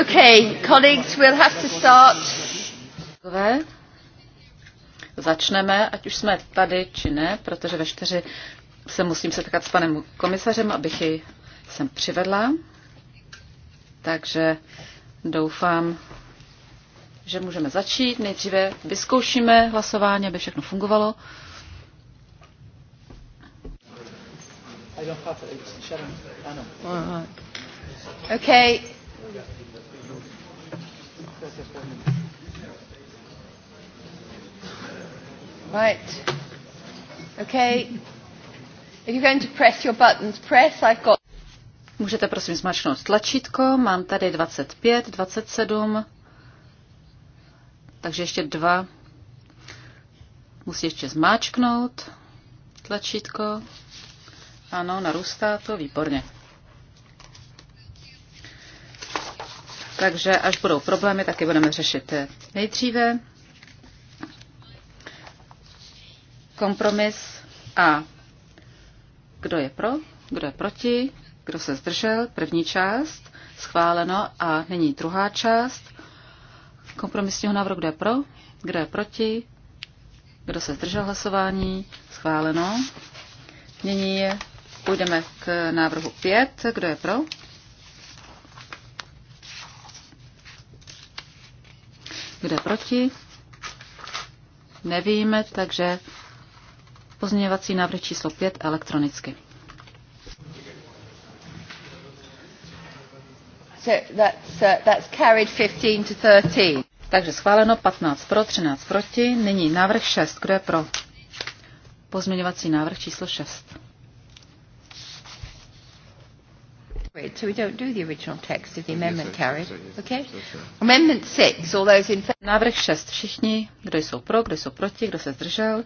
Okay, colleagues, we'll have to start. Začneme, ať už jsme tady či ne, protože ve čtyři se musím setkat s panem komisařem, abych ji sem přivedla. Takže doufám, že můžeme začít. Nejdříve vyzkoušíme hlasování, aby všechno fungovalo. Okay. Gracias, Right. Okay. If you're going to press your buttons, press. I've got... Můžete prosím zmačknout tlačítko. Mám tady 25, 27. Takže ještě dva. Musí ještě zmáčknout tlačítko. Ano, narůstá to, výborně. Takže až budou problémy, tak je budeme řešit nejdříve. Kompromis a kdo je pro, kdo je proti, kdo se zdržel, první část, schváleno a není druhá část kompromisního návrhu, kdo je pro, kdo je proti, kdo se zdržel hlasování, schváleno. Nyní půjdeme k návrhu 5, kdo je pro, Kdo je proti? Nevíme, takže pozměňovací návrh číslo 5 elektronicky. So that's, uh, that's carried 15 to 13. Takže schváleno 15 pro, 13 proti. Nyní návrh 6. Kdo je pro? Pozměňovací návrh číslo 6. Wait, so we don't do the original text of the amendment carried. Okay? Amendment 6, all those in Návrh 6. Všichni, kdo jsou pro, kdo jsou proti, kdo se zdržel,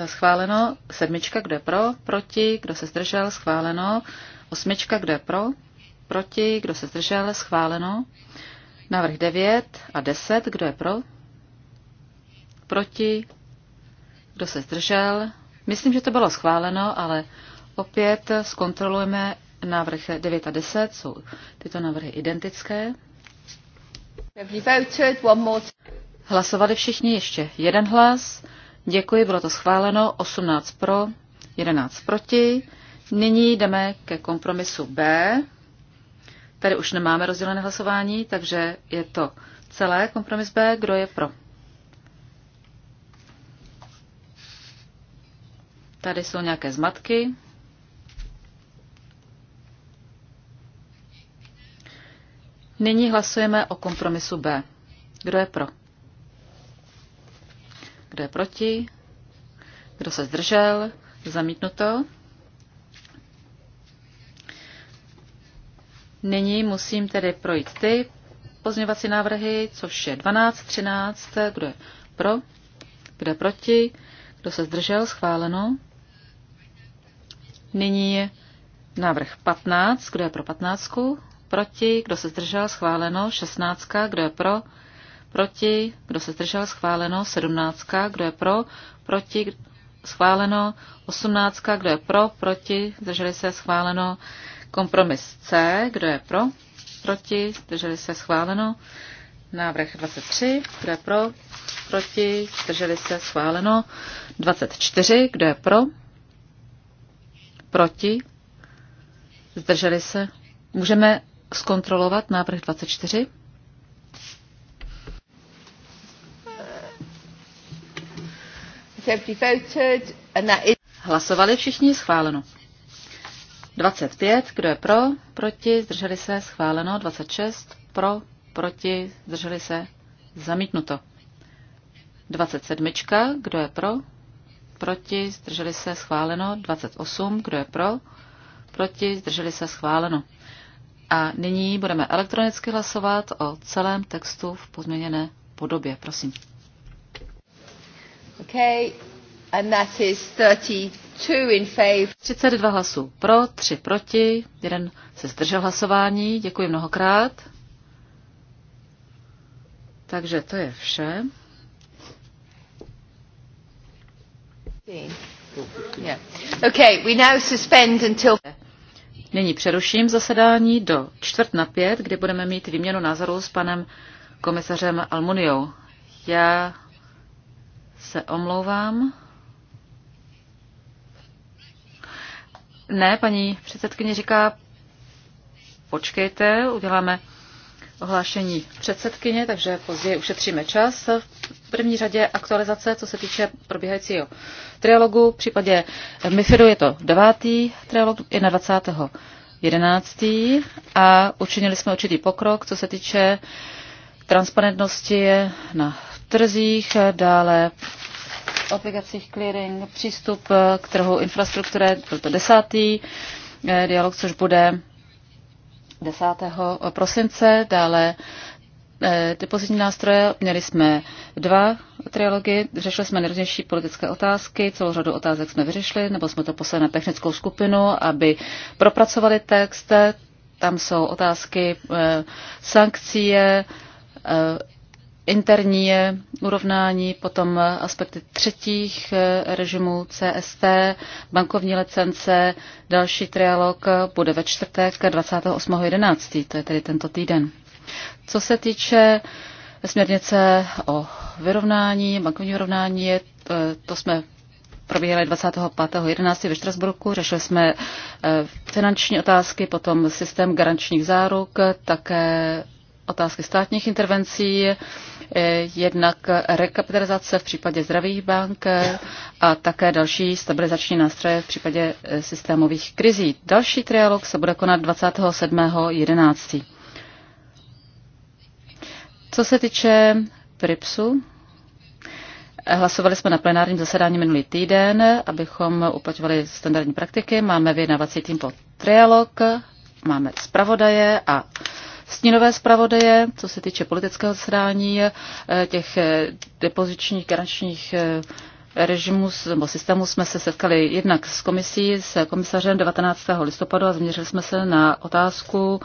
eh, schváleno. Sedmička, kdo je pro, proti, kdo se zdržel, schváleno. Osmička, kdo je pro, proti, kdo se zdržel, schváleno. Návrh 9 a 10, kdo je pro, proti, kdo se zdržel. Myslím, že to bylo schváleno, ale opět zkontrolujeme Návrh 9 a 10 jsou tyto návrhy identické. Hlasovali všichni ještě jeden hlas. Děkuji, bylo to schváleno. 18 pro, 11 proti. Nyní jdeme ke kompromisu B. Tady už nemáme rozdělené hlasování, takže je to celé kompromis B. Kdo je pro? Tady jsou nějaké zmatky. Nyní hlasujeme o kompromisu B. Kdo je pro? Kdo je proti? Kdo se zdržel? Zamítnuto. Nyní musím tedy projít ty pozměňovací návrhy, což je 12, 13, kdo je pro, kdo je proti, kdo se zdržel, schváleno. Nyní je návrh 15, kdo je pro 15, proti, kdo se zdržel, schváleno, 16, kdo je pro, proti, kdo se zdržel, schváleno, 17, kdo je pro, proti, schváleno, 18, kdo je pro, proti, zdrželi se, schváleno, kompromis C, kdo je pro, proti, zdrželi se, schváleno, návrh 23, kdo je pro, proti, zdrželi se, schváleno, 24, kdo je pro, proti, zdrželi se, Můžeme zkontrolovat návrh 24. Hlasovali všichni, schváleno. 25, kdo je pro, proti, zdrželi se, schváleno. 26, pro, proti, zdrželi se, zamítnuto. 27, kdo je pro, proti, zdrželi se, schváleno. 28, kdo je pro, proti, zdrželi se, schváleno. A nyní budeme elektronicky hlasovat o celém textu v pozměněné podobě. Prosím. Okay. And that is 32 in favor. 32 hlasů pro, 3 proti, jeden se zdržel hlasování. Děkuji mnohokrát. Takže to je vše. Okay, we now suspend until... Nyní přeruším zasedání do čtvrt na pět, kdy budeme mít výměnu názorů s panem komisařem Almuniou. Já se omlouvám. Ne, paní předsedkyně říká, počkejte, uděláme hlášení předsedkyně, takže později ušetříme čas. V první řadě aktualizace, co se týče probíhajícího trialogu. V případě MIFIDu je to devátý trialog, 20. 11. a učinili jsme určitý pokrok, co se týče transparentnosti na trzích, dále obligacích clearing, přístup k trhu infrastruktury, byl to desátý eh, dialog, což bude 10. prosince, dále eh, depozitní nástroje. Měli jsme dva trialogy, řešili jsme nejrůznější politické otázky, celou řadu otázek jsme vyřešili, nebo jsme to poslali na technickou skupinu, aby propracovali text. Tam jsou otázky eh, sankcie, eh, interní urovnání, potom aspekty třetích eh, režimů CST, bankovní licence, další trialog bude ve čtvrtek 28.11., to je tedy tento týden. Co se týče směrnice o vyrovnání, bankovní vyrovnání, eh, to jsme probíhali 25.11. ve Štrasburku. Řešili jsme eh, finanční otázky, potom systém garančních záruk, také otázky státních intervencí, eh, jednak rekapitalizace v případě zdravých bank eh, a také další stabilizační nástroje v případě eh, systémových krizí. Další trialog se bude konat 27.11. Co se týče PRIPSu, Hlasovali jsme na plenárním zasedání minulý týden, abychom uplatňovali standardní praktiky. Máme vyjednávací tým po trialog, máme zpravodaje a stínové zpravodaje, co se týče politického zasedání eh, těch eh, depozičních garančních eh, režimu nebo systému jsme se setkali jednak s komisí, s komisařem 19. listopadu a změřili jsme se na otázku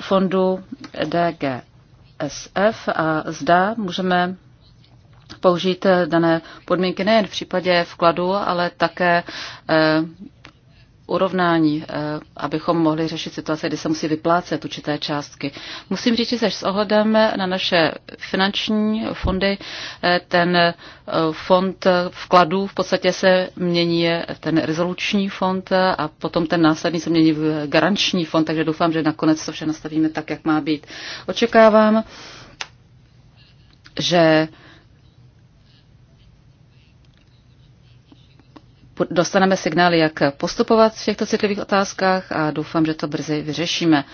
fondu DGSF a zda můžeme použít dané podmínky nejen v případě vkladu, ale také urovnání, eh, abychom mohli řešit situace, kdy se musí vyplácet určité částky. Musím říct, že s ohledem na naše finanční fondy eh, ten eh, fond vkladů v podstatě se mění ten rezoluční fond a potom ten následný se mění v garanční fond, takže doufám, že nakonec to vše nastavíme tak, jak má být. Očekávám, že dostaneme signály, jak postupovat v těchto citlivých otázkách a doufám, že to brzy vyřešíme.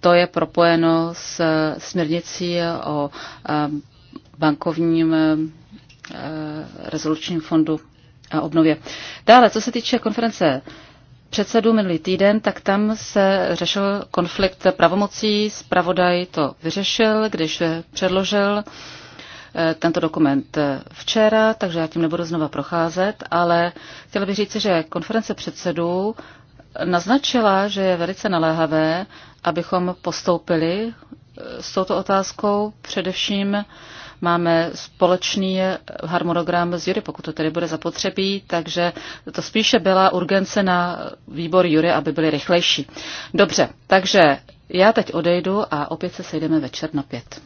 To je propojeno s směrnicí o eh, bankovním eh, rezolučním fondu a obnově. Dále, co se týče konference předsedů minulý týden, tak tam se řešil konflikt pravomocí. Spravodaj to vyřešil, když předložil uh, Eh, tento dokument eh, včera, takže já tím nebudu znova procházet, ale chtěla bych říci, že konference předsedů naznačila, že je velice naléhavé, abychom postoupili eh, s touto otázkou. Především máme společný harmonogram z Jury, pokud to tedy bude zapotřebí, takže to spíše byla urgence na výbor Jury, aby byly rychlejší. Dobře, takže já teď odejdu a opět se sejdeme večer na pět.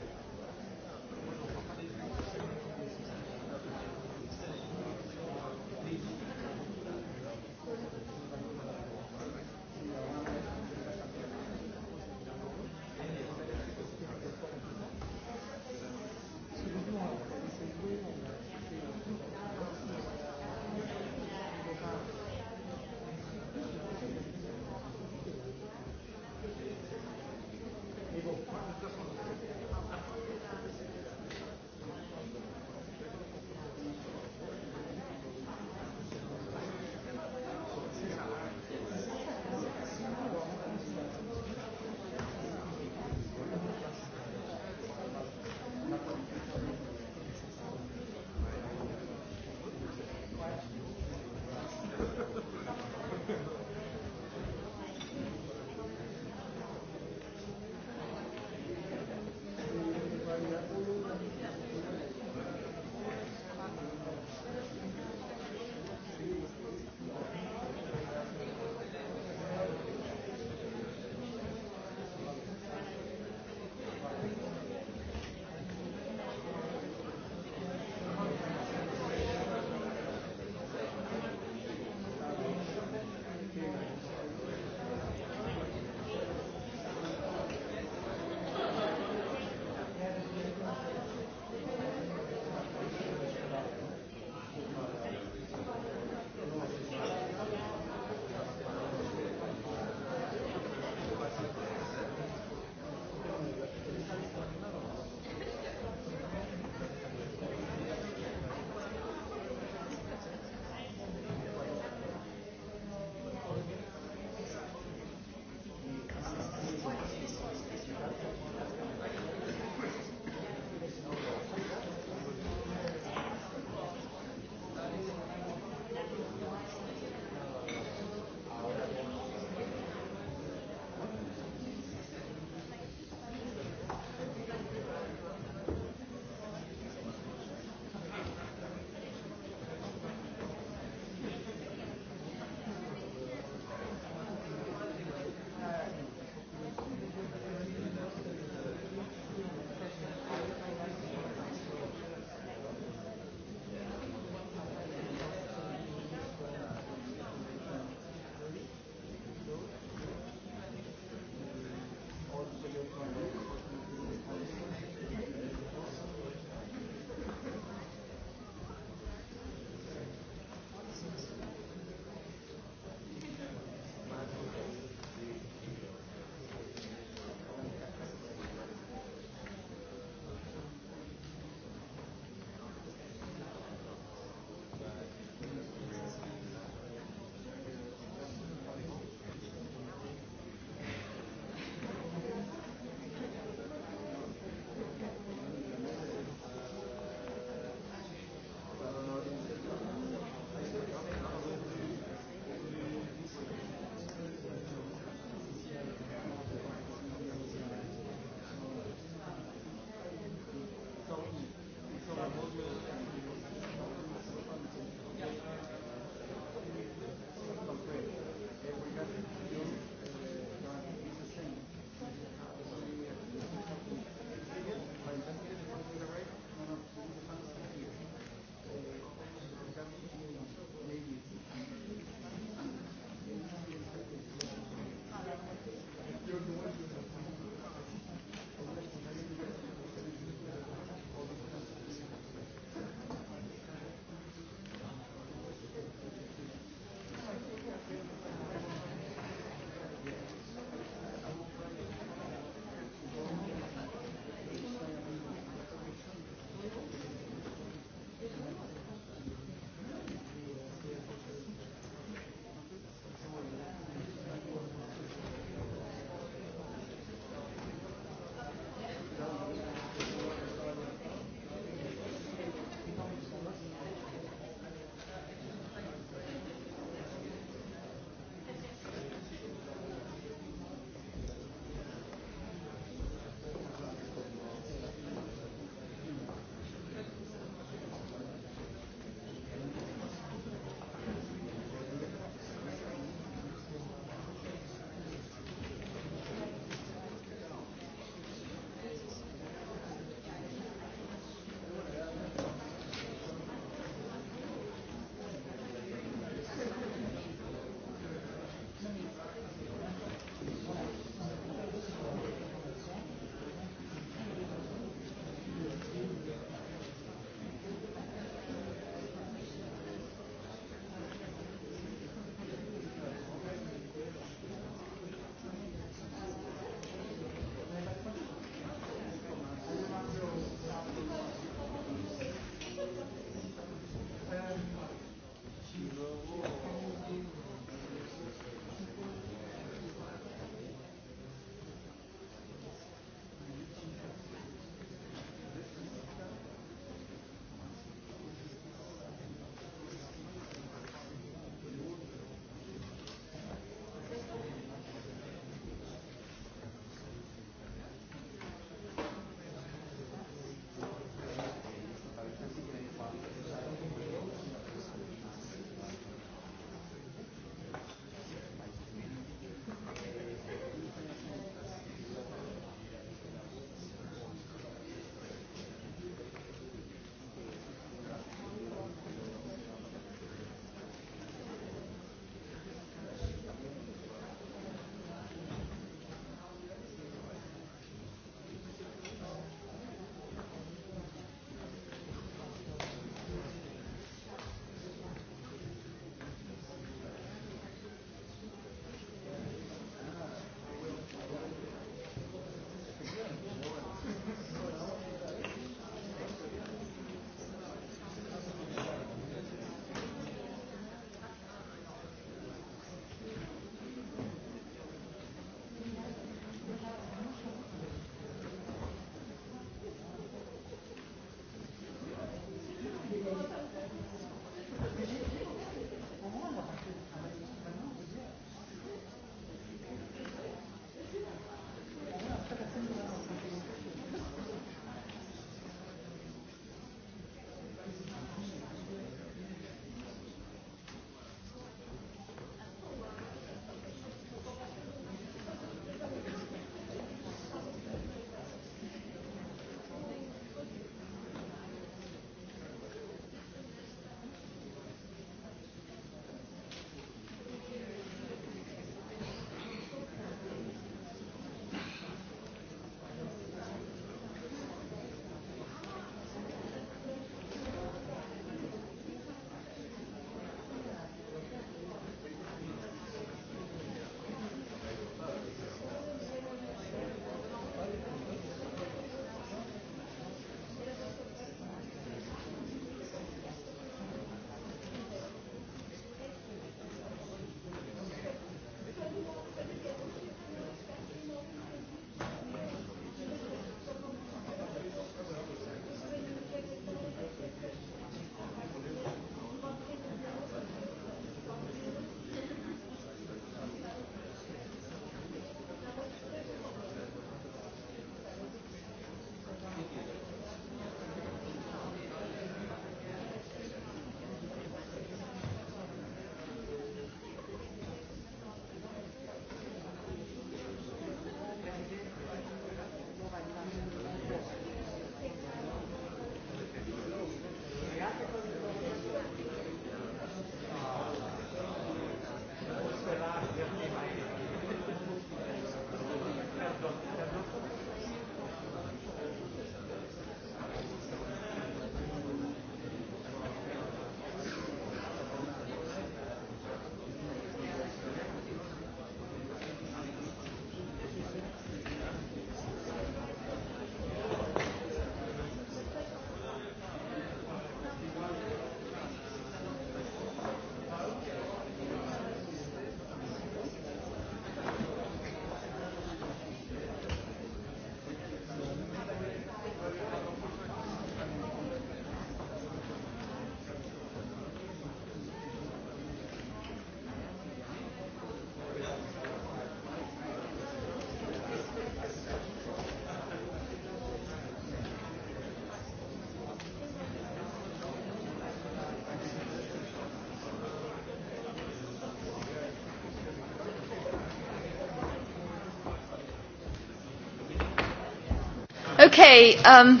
Um,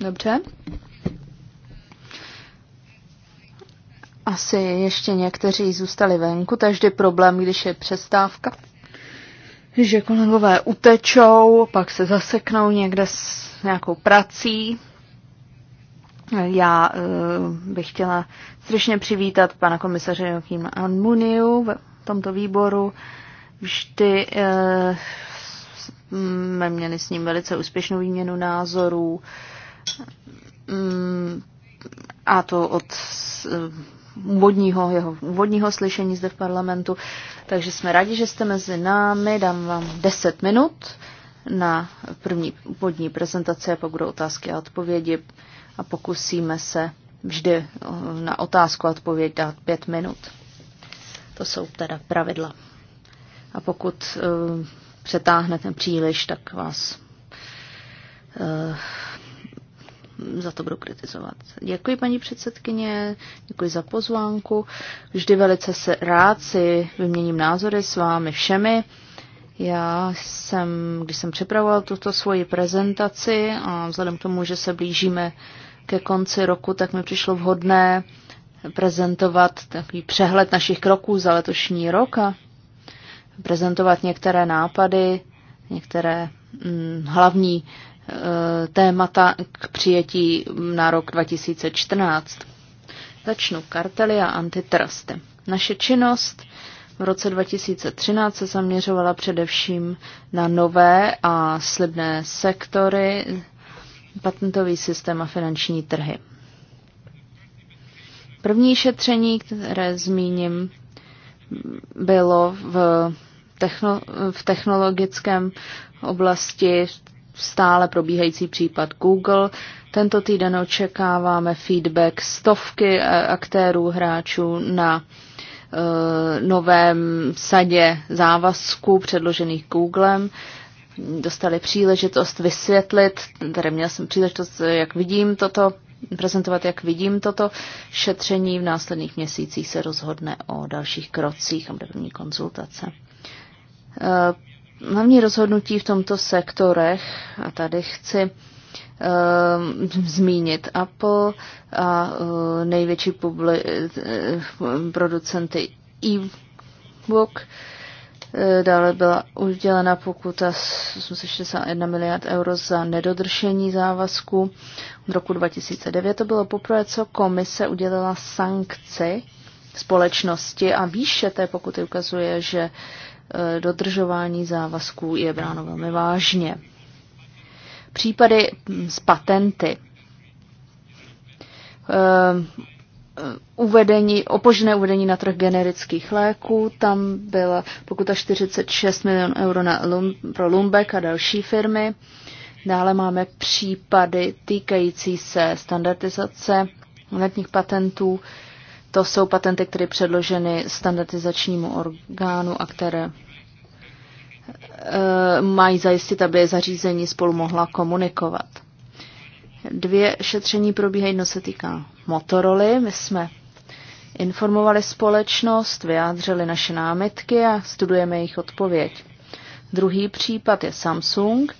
Dobře. Asi ještě někteří zůstali venku, to je vždy problém, když je přestávka. Že kolegové utečou, pak se zaseknou někde s nějakou prací. Já uh, bych chtěla srdečně přivítat pana komisaře Joachim Anmuniu v tomto výboru. Vždy uh, jsme měli s ním velice úspěšnou výměnu názorů mm, a to od úvodního, jeho úvodního slyšení zde v parlamentu. Takže jsme rádi, že jste mezi námi. Dám vám 10 minut na první úvodní prezentaci a pak budou otázky a odpovědi a pokusíme se vždy eh, na otázku a odpověď dát pět minut. To jsou teda pravidla. A pokud eh, přetáhnete příliš, tak vás uh, za to budu kritizovat. Děkuji, paní předsedkyně, děkuji za pozvánku. Vždy velice se rád si vyměním názory s vámi všemi. Já jsem, když jsem připravoval tuto svoji prezentaci a vzhledem k tomu, že se blížíme ke konci roku, tak mi přišlo vhodné prezentovat takový přehled našich kroků za letošní rok a prezentovat některé nápady, některé mm, hlavní e, témata k přijetí mm, na rok 2014. Začnu kartely a antitrusty. Naše činnost v roce 2013 se zaměřovala především na nové a slibné sektory, patentový systém a finanční trhy. První šetření, které zmíním, bylo v, techno, v technologickém oblasti stále probíhající případ Google. Tento týden očekáváme feedback stovky eh, aktérů, hráčů na eh, novém sadě závazků předložených Googlem. Dostali příležitost vysvětlit, tady měl jsem příležitost, jak vidím toto prezentovat, jak vidím toto šetření. V následných měsících se rozhodne o dalších krocích a první konzultace. Eh, hlavní rozhodnutí v tomto sektorech, a tady chci eh, zmínit Apple a eh, největší publi- producenty e-book, Eh, dále byla udělena pokuta 861 miliard euro za nedodržení závazku. v roku 2009 to bylo poprvé, co komise udělila sankci společnosti a výše té pokuty ukazuje, že eh, dodržování závazků je bráno velmi vážně. Případy z patenty eh, Eh, uvedení, opožné uvedení na trh generických léků. Tam byla pokuta 46 milionů euro na, pro Lumbek a další firmy. Dále máme případy týkající se standardizace letních patentů. To jsou patenty, které předloženy standardizačnímu orgánu a které e, mají zajistit, aby zařízení spolu mohla komunikovat. Dvě šetření probíhají, no se týká Motorola. My jsme informovali společnost, vyjádřili naše námitky a studujeme jejich odpověď. Druhý případ je Samsung.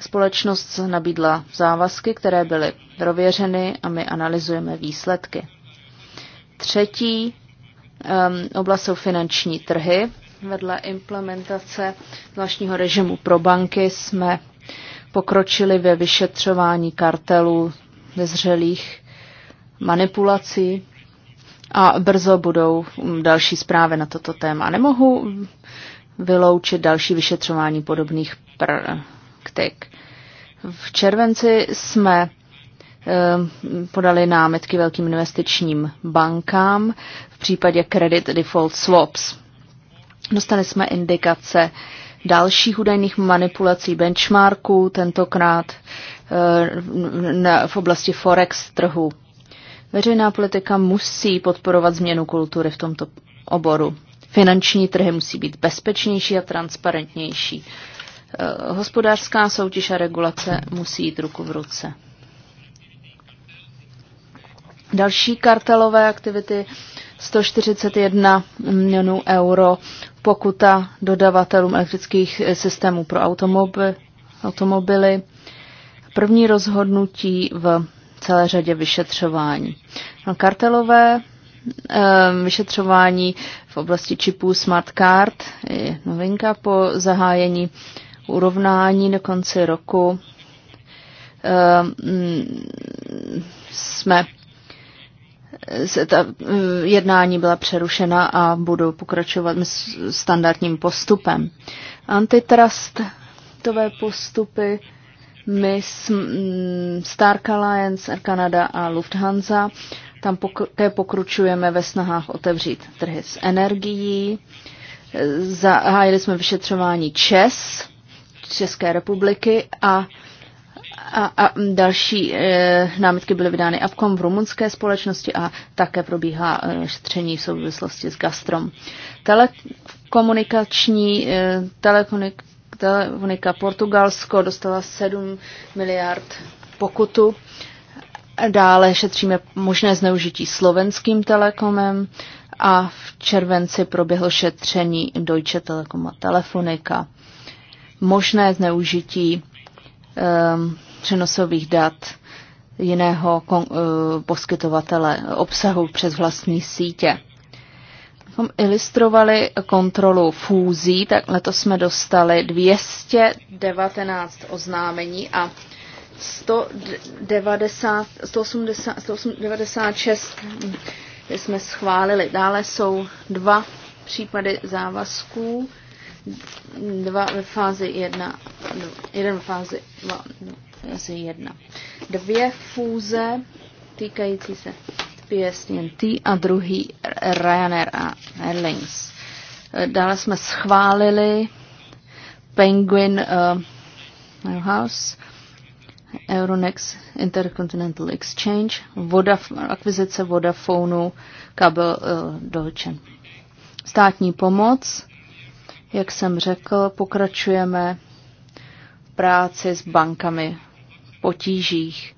Společnost nabídla závazky, které byly prověřeny a my analyzujeme výsledky. Třetí um, oblast jsou finanční trhy. Vedle implementace zvláštního režimu pro banky jsme pokročili ve vyšetřování kartelů nezřelých manipulací a brzo budou další zprávy na toto téma. Nemohu vyloučit další vyšetřování podobných praktik. V červenci jsme eh, podali námitky velkým investičním bankám v případě credit default swaps. Dostali jsme indikace dalších údajných manipulací benchmarků, tentokrát eh, v oblasti forex trhu. Veřejná politika musí podporovat změnu kultury v tomto oboru. Finanční trhy musí být bezpečnější a transparentnější. Eh, hospodářská soutěž a regulace musí jít ruku v ruce. Další kartelové aktivity 141 milionů euro pokuta dodavatelům elektrických eh, systémů pro automobily, první rozhodnutí v celé řadě vyšetřování. No, kartelové eh, vyšetřování v oblasti čipů smart card je novinka po zahájení urovnání do konci roku. Eh, mm, jsme se ta eh, jednání byla přerušena a budou pokračovat s standardním postupem. Antitrustové postupy my mm, Stark Alliance, Air Canada a Lufthansa tam také pokručujeme ve snahách otevřít trhy s energií. Zahájili jsme vyšetřování ČES, České republiky a a, a další e, námitky byly vydány APCOM v rumunské společnosti a také probíhá e, šetření v souvislosti s Gastrom. Telekomunikační, e, telekomunik, telekomunika Portugalsko dostala 7 miliard pokutu. Dále šetříme možné zneužití slovenským telekomem a v červenci proběhlo šetření Deutsche Telekom a Telefonika. Možné zneužití ehm, přenosových dat jiného eh, poskytovatele obsahu přes vlastní sítě. Abychom ilustrovali kontrolu fúzí, tak letos jsme dostali 219 oznámení a 190, 180, 196 jsme schválili. Dále jsou dva případy závazků, dva ve fázi 1, no, jeden ve fázi 2, no asi jedna. Dvě fůze týkající se PSNT a druhý Ryanair a Airlines. Dále jsme schválili Penguin uh, House, Euronext Intercontinental Exchange, Vodaf- akvizice Vodafonu, kabel uh, eh, Dolce. Státní pomoc, jak jsem řekl, pokračujeme práci s bankami v potížích.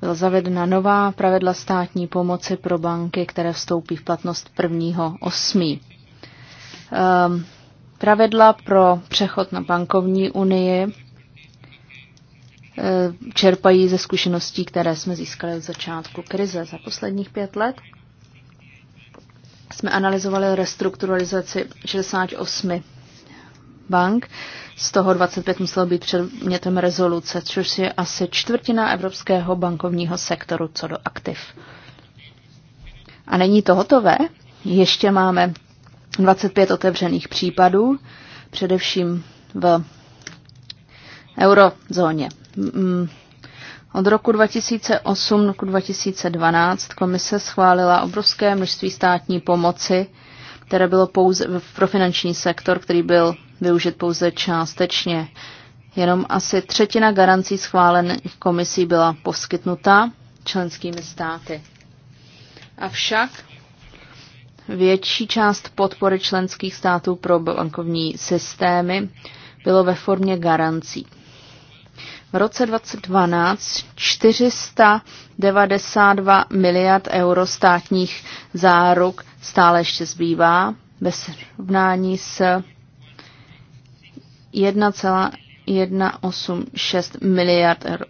Byla zavedena nová pravidla státní pomoci pro banky, které vstoupí v platnost 1.8. Ehm, pravidla pro přechod na bankovní unii e, čerpají ze zkušeností, které jsme získali od začátku krize za posledních pět let. Jsme analyzovali restrukturalizaci 68 bank. Z toho 25 muselo být předmětem rezoluce, což je asi čtvrtina evropského bankovního sektoru co do aktiv. A není to hotové? Ještě máme 25 otevřených případů, především v eurozóně. Mm, od roku 2008 do roku 2012 komise schválila obrovské množství státní pomoci, které bylo pouze pro finanční sektor, který byl využit pouze částečně. Jenom asi třetina garancí schválených komisí byla poskytnuta členskými státy. Avšak větší část podpory členských států pro bankovní systémy bylo ve formě garancí. V roce 2012 492 miliard euro státních záruk stále ještě zbývá ve srovnání s 1,186 miliard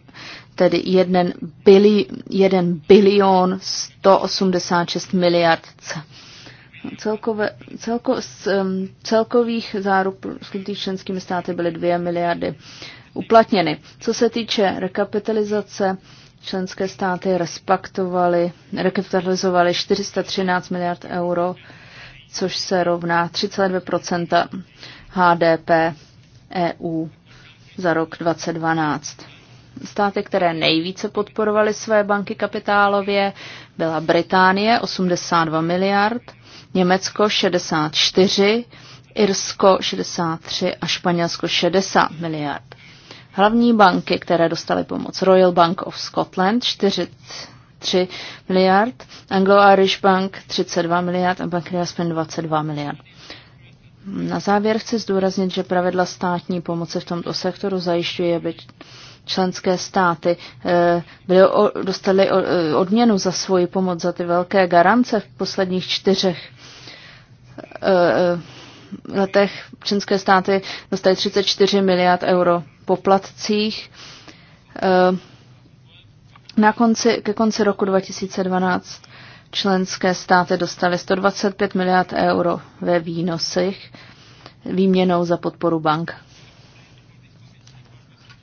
tedy 1, bili, 1 bilion 186 miliard Celkové, celko, z, celkových záruk skutých členskými státy byly 2 miliardy uplatněny. Co se týče rekapitalizace, členské státy respektovaly, rekapitalizovaly 413 miliard euro, což se rovná 3,2 HDP EU za rok 2012. Státy, které nejvíce podporovaly své banky kapitálově, byla Británie 82 miliard, Německo 64, Irsko 63 a Španělsko 60 miliard. Hlavní banky, které dostaly pomoc Royal Bank of Scotland 43 miliard, Anglo-Irish Bank 32 miliard a Bank of 22 miliard. Na závěr chci zdůraznit, že pravidla státní pomoci v tomto sektoru zajišťují, aby členské státy eh, byly, dostali eh, odměnu za svoji pomoc, za ty velké garance v posledních čtyřech eh, letech. Členské státy dostaly 34 miliard euro poplatcích. Na konci, ke konci roku 2012 Členské státy dostaly 125 miliard euro ve výnosech výměnou za podporu bank.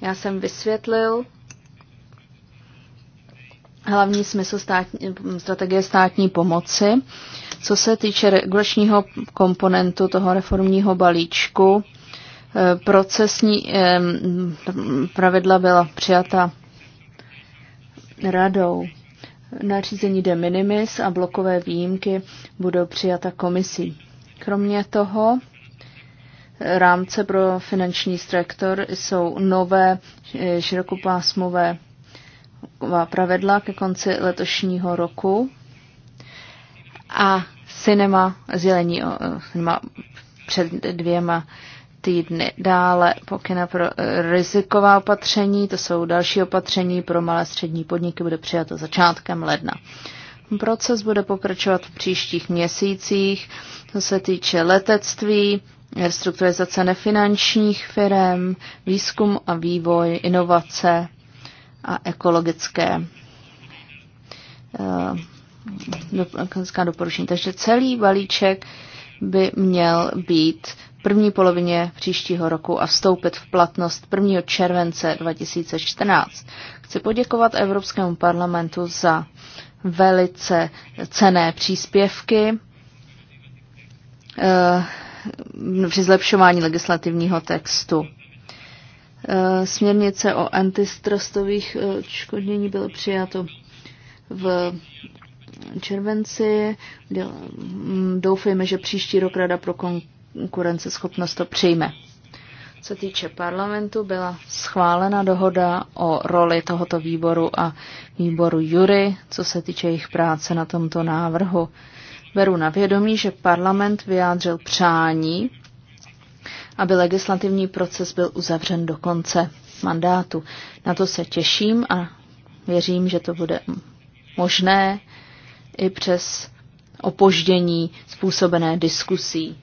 Já jsem vysvětlil hlavní smysl státní, strategie státní pomoci. Co se týče regulačního komponentu toho reformního balíčku, eh, procesní eh, pravidla byla přijata radou nařízení de minimis a blokové výjimky budou přijata komisí. Kromě toho rámce pro finanční sektor jsou nové eh, širokopásmové pravidla ke konci letošního roku a cinema, zelení, eh, cinema před dvěma týdny. Dále pokyna pro e, riziková opatření, to jsou další opatření pro malé střední podniky, bude přijato začátkem ledna. Proces bude pokračovat v příštích měsících, co se týče letectví, restrukturizace nefinančních firm, výzkum a vývoj, inovace a ekologické e, ekologická doporučení. Takže celý balíček by měl být první polovině příštího roku a vstoupit v platnost 1. července 2014. Chci poděkovat Evropskému parlamentu za velice cené příspěvky eh, při zlepšování legislativního textu. Eh, směrnice o antistrastových eh, škodnění bylo přijato v červenci. Mm, doufejme, že příští rok Rada pro kon- konkurenceschopnost to přijme. Co týče parlamentu, byla schválena dohoda o roli tohoto výboru a výboru Jury, co se týče jejich práce na tomto návrhu. Beru na vědomí, že parlament vyjádřil přání, aby legislativní proces byl uzavřen do konce mandátu. Na to se těším a věřím, že to bude možné i přes opoždění způsobené diskusí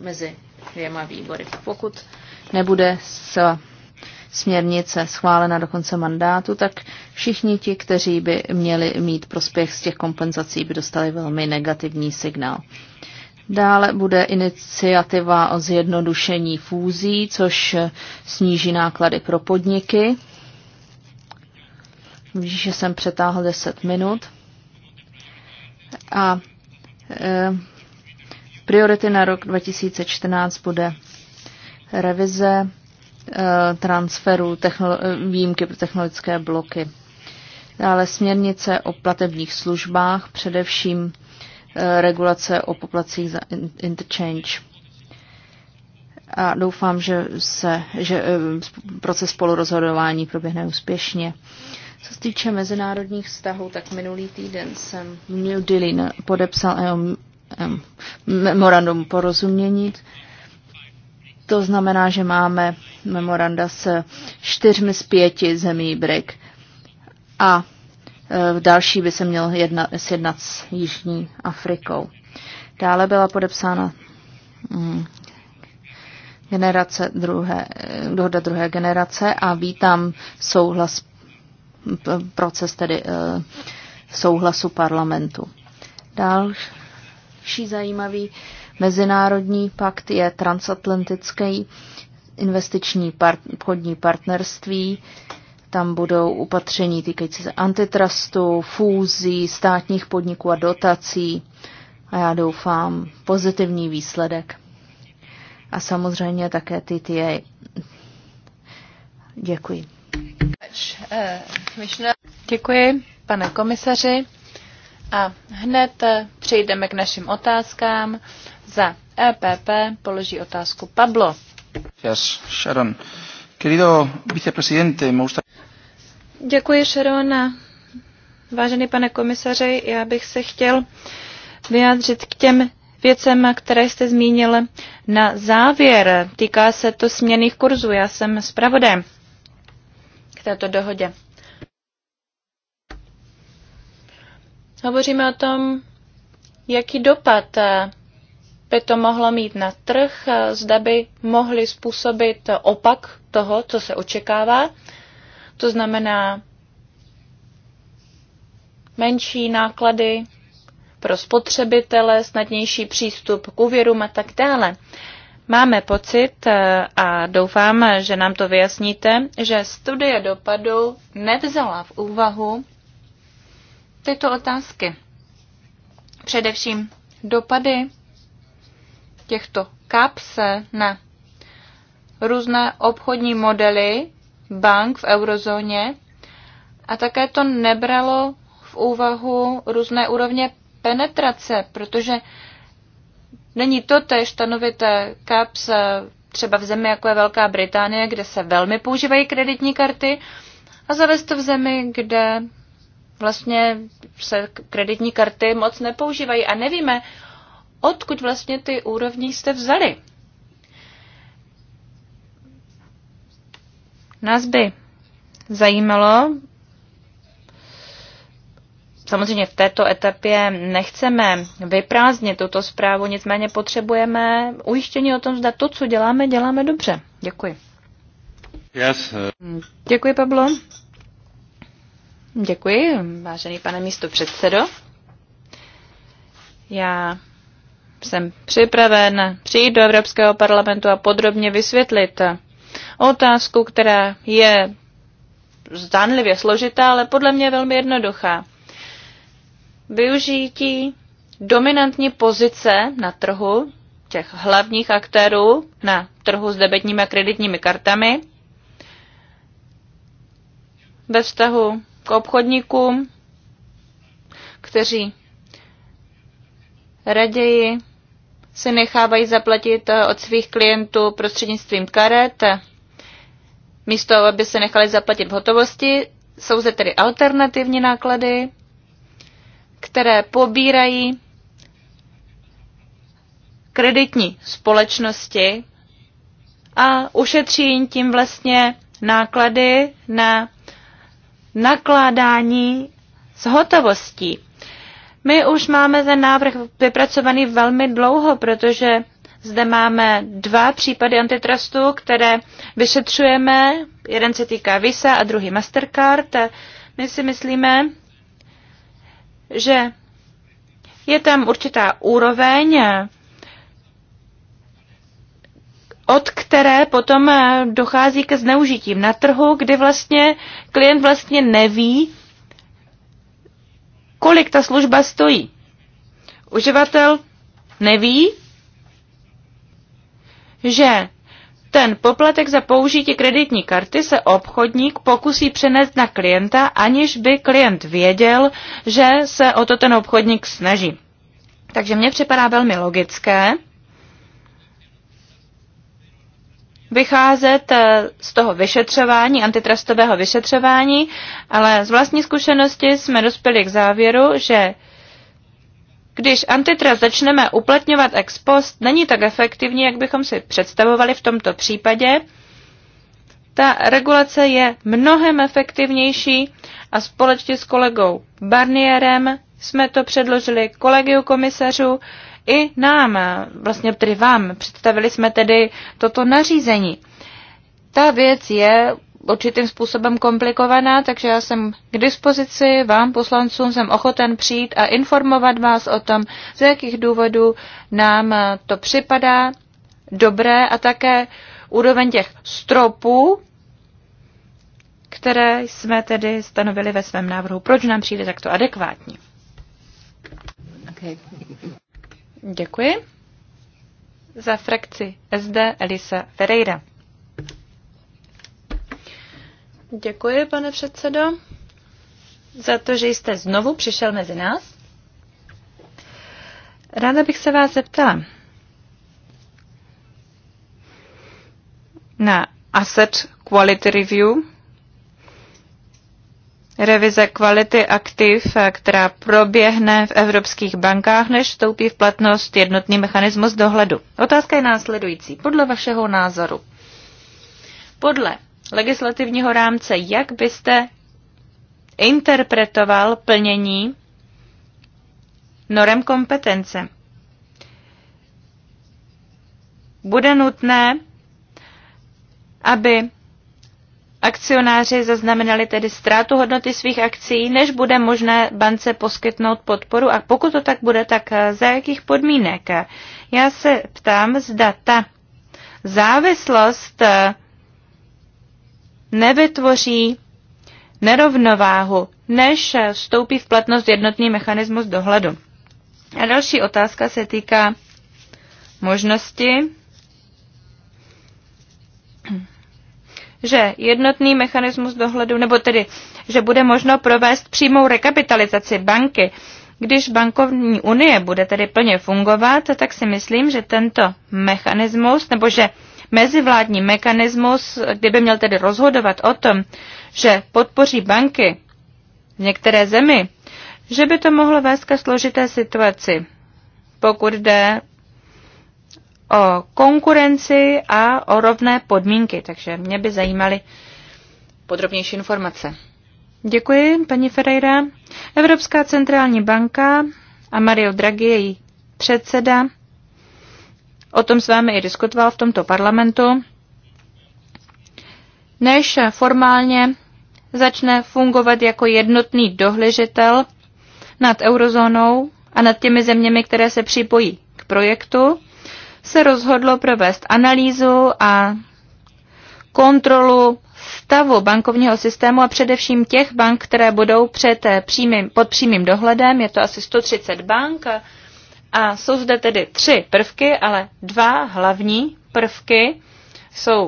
mezi dvěma výbory. Pokud nebude s směrnice schválena do konce mandátu, tak všichni ti, kteří by měli mít prospěch z těch kompenzací, by dostali velmi negativní signál. Dále bude iniciativa o zjednodušení fúzí, což sníží náklady pro podniky. Víš, že jsem přetáhl 10 minut. A e, Priority na rok 2014 bude revize eh, transferu výjimky pro technologické bloky. Dále směrnice o platebních službách, především eh, regulace o poplacích za interchange. A doufám, že, se, že eh, proces spolurozhodování proběhne úspěšně. Co se týče mezinárodních vztahů, tak minulý týden jsem v New Delhi podepsal e memorandum porozumění. To znamená, že máme memoranda s čtyřmi z pěti zemí BRIC a e, další by se měl jedna sjednat s Jižní Afrikou. Dále byla podepsána mm, generace druhé, dohoda druhé generace a vítám souhlas, proces tedy e, souhlasu parlamentu. Další Další zajímavý mezinárodní pakt je transatlantický investiční part, obchodní partnerství. Tam budou upatření týkající se antitrustu, fúzí, státních podniků a dotací. A já doufám pozitivní výsledek. A samozřejmě také TTA. Děkuji. Děkuji, pane komisaři. A hned eh, přejdeme k našim otázkám. Za EPP položí otázku Pablo. Yes, Sharon. Querido vicepresidente, me gusta... Děkuji, Sharon. Vážený pane komisaři, já bych se chtěl vyjádřit k těm věcem, které jste zmínil na závěr. Týká se to směných kurzů. Já jsem zpravodajem k této dohodě. Hovoříme o tom, jaký dopad eh, by to mohlo mít na trh, eh, zda by mohli způsobit opak toho, co se očekává. To znamená menší náklady pro spotřebitele, snadnější přístup k úvěrům a tak dále. Máme pocit eh, a doufám, že nám to vyjasníte, že studie dopadu nevzala v úvahu tyto otázky. Především dopady těchto kapse na různé obchodní modely bank v eurozóně a také to nebralo v úvahu různé úrovně penetrace, protože není to tež stanovit kaps třeba v zemi, jako je Velká Británie, kde se velmi používají kreditní karty, a zavést to v zemi, kde vlastně se kreditní karty moc nepoužívají a nevíme, odkud vlastně ty úrovně jste vzali. Nás by zajímalo, samozřejmě v této etapě nechceme vyprázdnit tuto zprávu, nicméně potřebujeme ujištění o tom, zda to, co děláme, děláme dobře. Děkuji. Yes. Uh, Děkuji, Pablo. Děkuji, vážený pane místo předsedo. Já jsem připraven přijít do Evropského parlamentu a podrobně vysvětlit otázku, která je zdánlivě složitá, ale podle mě velmi jednoduchá. Využití dominantní pozice na trhu těch hlavních aktérů na trhu s debetními a kreditními kartami ve vztahu k obchodníkům, kteří raději se nechávají zaplatit eh, od svých klientů prostřednictvím karet, eh, místo aby se nechali zaplatit v hotovosti. Jsou zde tedy alternativní náklady, které pobírají kreditní společnosti a ušetří jim tím vlastně náklady na nakládání s hotovostí. My už máme ten návrh vypracovaný velmi dlouho, protože zde máme dva případy antitrustu, které vyšetřujeme. Jeden se týká Visa a druhý Mastercard. My si myslíme, že je tam určitá úroveň od které potom eh, dochází ke zneužitím na trhu, kdy vlastně klient vlastně neví, kolik ta služba stojí. Uživatel neví, že ten poplatek za použití kreditní karty se obchodník pokusí přenést na klienta, aniž by klient věděl, že se o to ten obchodník snaží. Takže mně připadá velmi logické, vycházet eh, z toho vyšetřování, antitrustového vyšetřování, ale z vlastní zkušenosti jsme dospěli k závěru, že když antitrust začneme uplatňovat ex post, není tak efektivní, jak bychom si představovali v tomto případě. Ta regulace je mnohem efektivnější a společně s kolegou Barnierem jsme to předložili kolegiu komisařů, i nám, vlastně tedy vám, představili jsme tedy toto nařízení. Ta věc je určitým způsobem komplikovaná, takže já jsem k dispozici vám, poslancům, jsem ochoten přijít a informovat vás o tom, ze jakých důvodů nám to připadá dobré a také úroveň těch stropů, které jsme tedy stanovili ve svém návrhu. Proč nám přijde takto adekvátní? Okay. Děkuji. Za frakci SD Elisa Ferreira. Děkuji, pane předsedo, za to, že jste znovu přišel mezi nás. Ráda bych se vás zeptala na Asset Quality Review, revize kvality aktiv, eh, která proběhne v evropských bankách, než vstoupí v platnost jednotný mechanismus dohledu. Otázka je následující. Podle vašeho názoru, podle legislativního rámce, jak byste interpretoval plnění norem kompetence? Bude nutné, aby Akcionáři zaznamenali tedy ztrátu hodnoty svých akcí, než bude možné bance poskytnout podporu a pokud to tak bude, tak eh, za jakých podmínek? Já se ptám, zda ta závislost eh, nevytvoří nerovnováhu, než eh, vstoupí v platnost jednotný mechanismus dohledu. A další otázka se týká možnosti že jednotný mechanismus dohledu, nebo tedy, že bude možno provést přímou rekapitalizaci banky. Když bankovní unie bude tedy plně fungovat, tak si myslím, že tento mechanismus, nebo že mezivládní mechanismus, kdyby měl tedy rozhodovat o tom, že podpoří banky v některé zemi, že by to mohlo vést ke složité situaci, pokud jde o konkurenci a o rovné podmínky, takže mě by zajímaly podrobnější informace. Děkuji, paní Ferreira. Evropská centrální banka a Mario Draghi, její předseda, o tom s vámi i diskutoval v tomto parlamentu, než formálně začne fungovat jako jednotný dohležitel nad eurozónou a nad těmi zeměmi, které se připojí k projektu, se rozhodlo provést analýzu a kontrolu stavu bankovního systému a především těch bank, které budou před eh, přímým, pod přímým dohledem, je to asi 130 bank a jsou zde tedy tři prvky, ale dva hlavní prvky jsou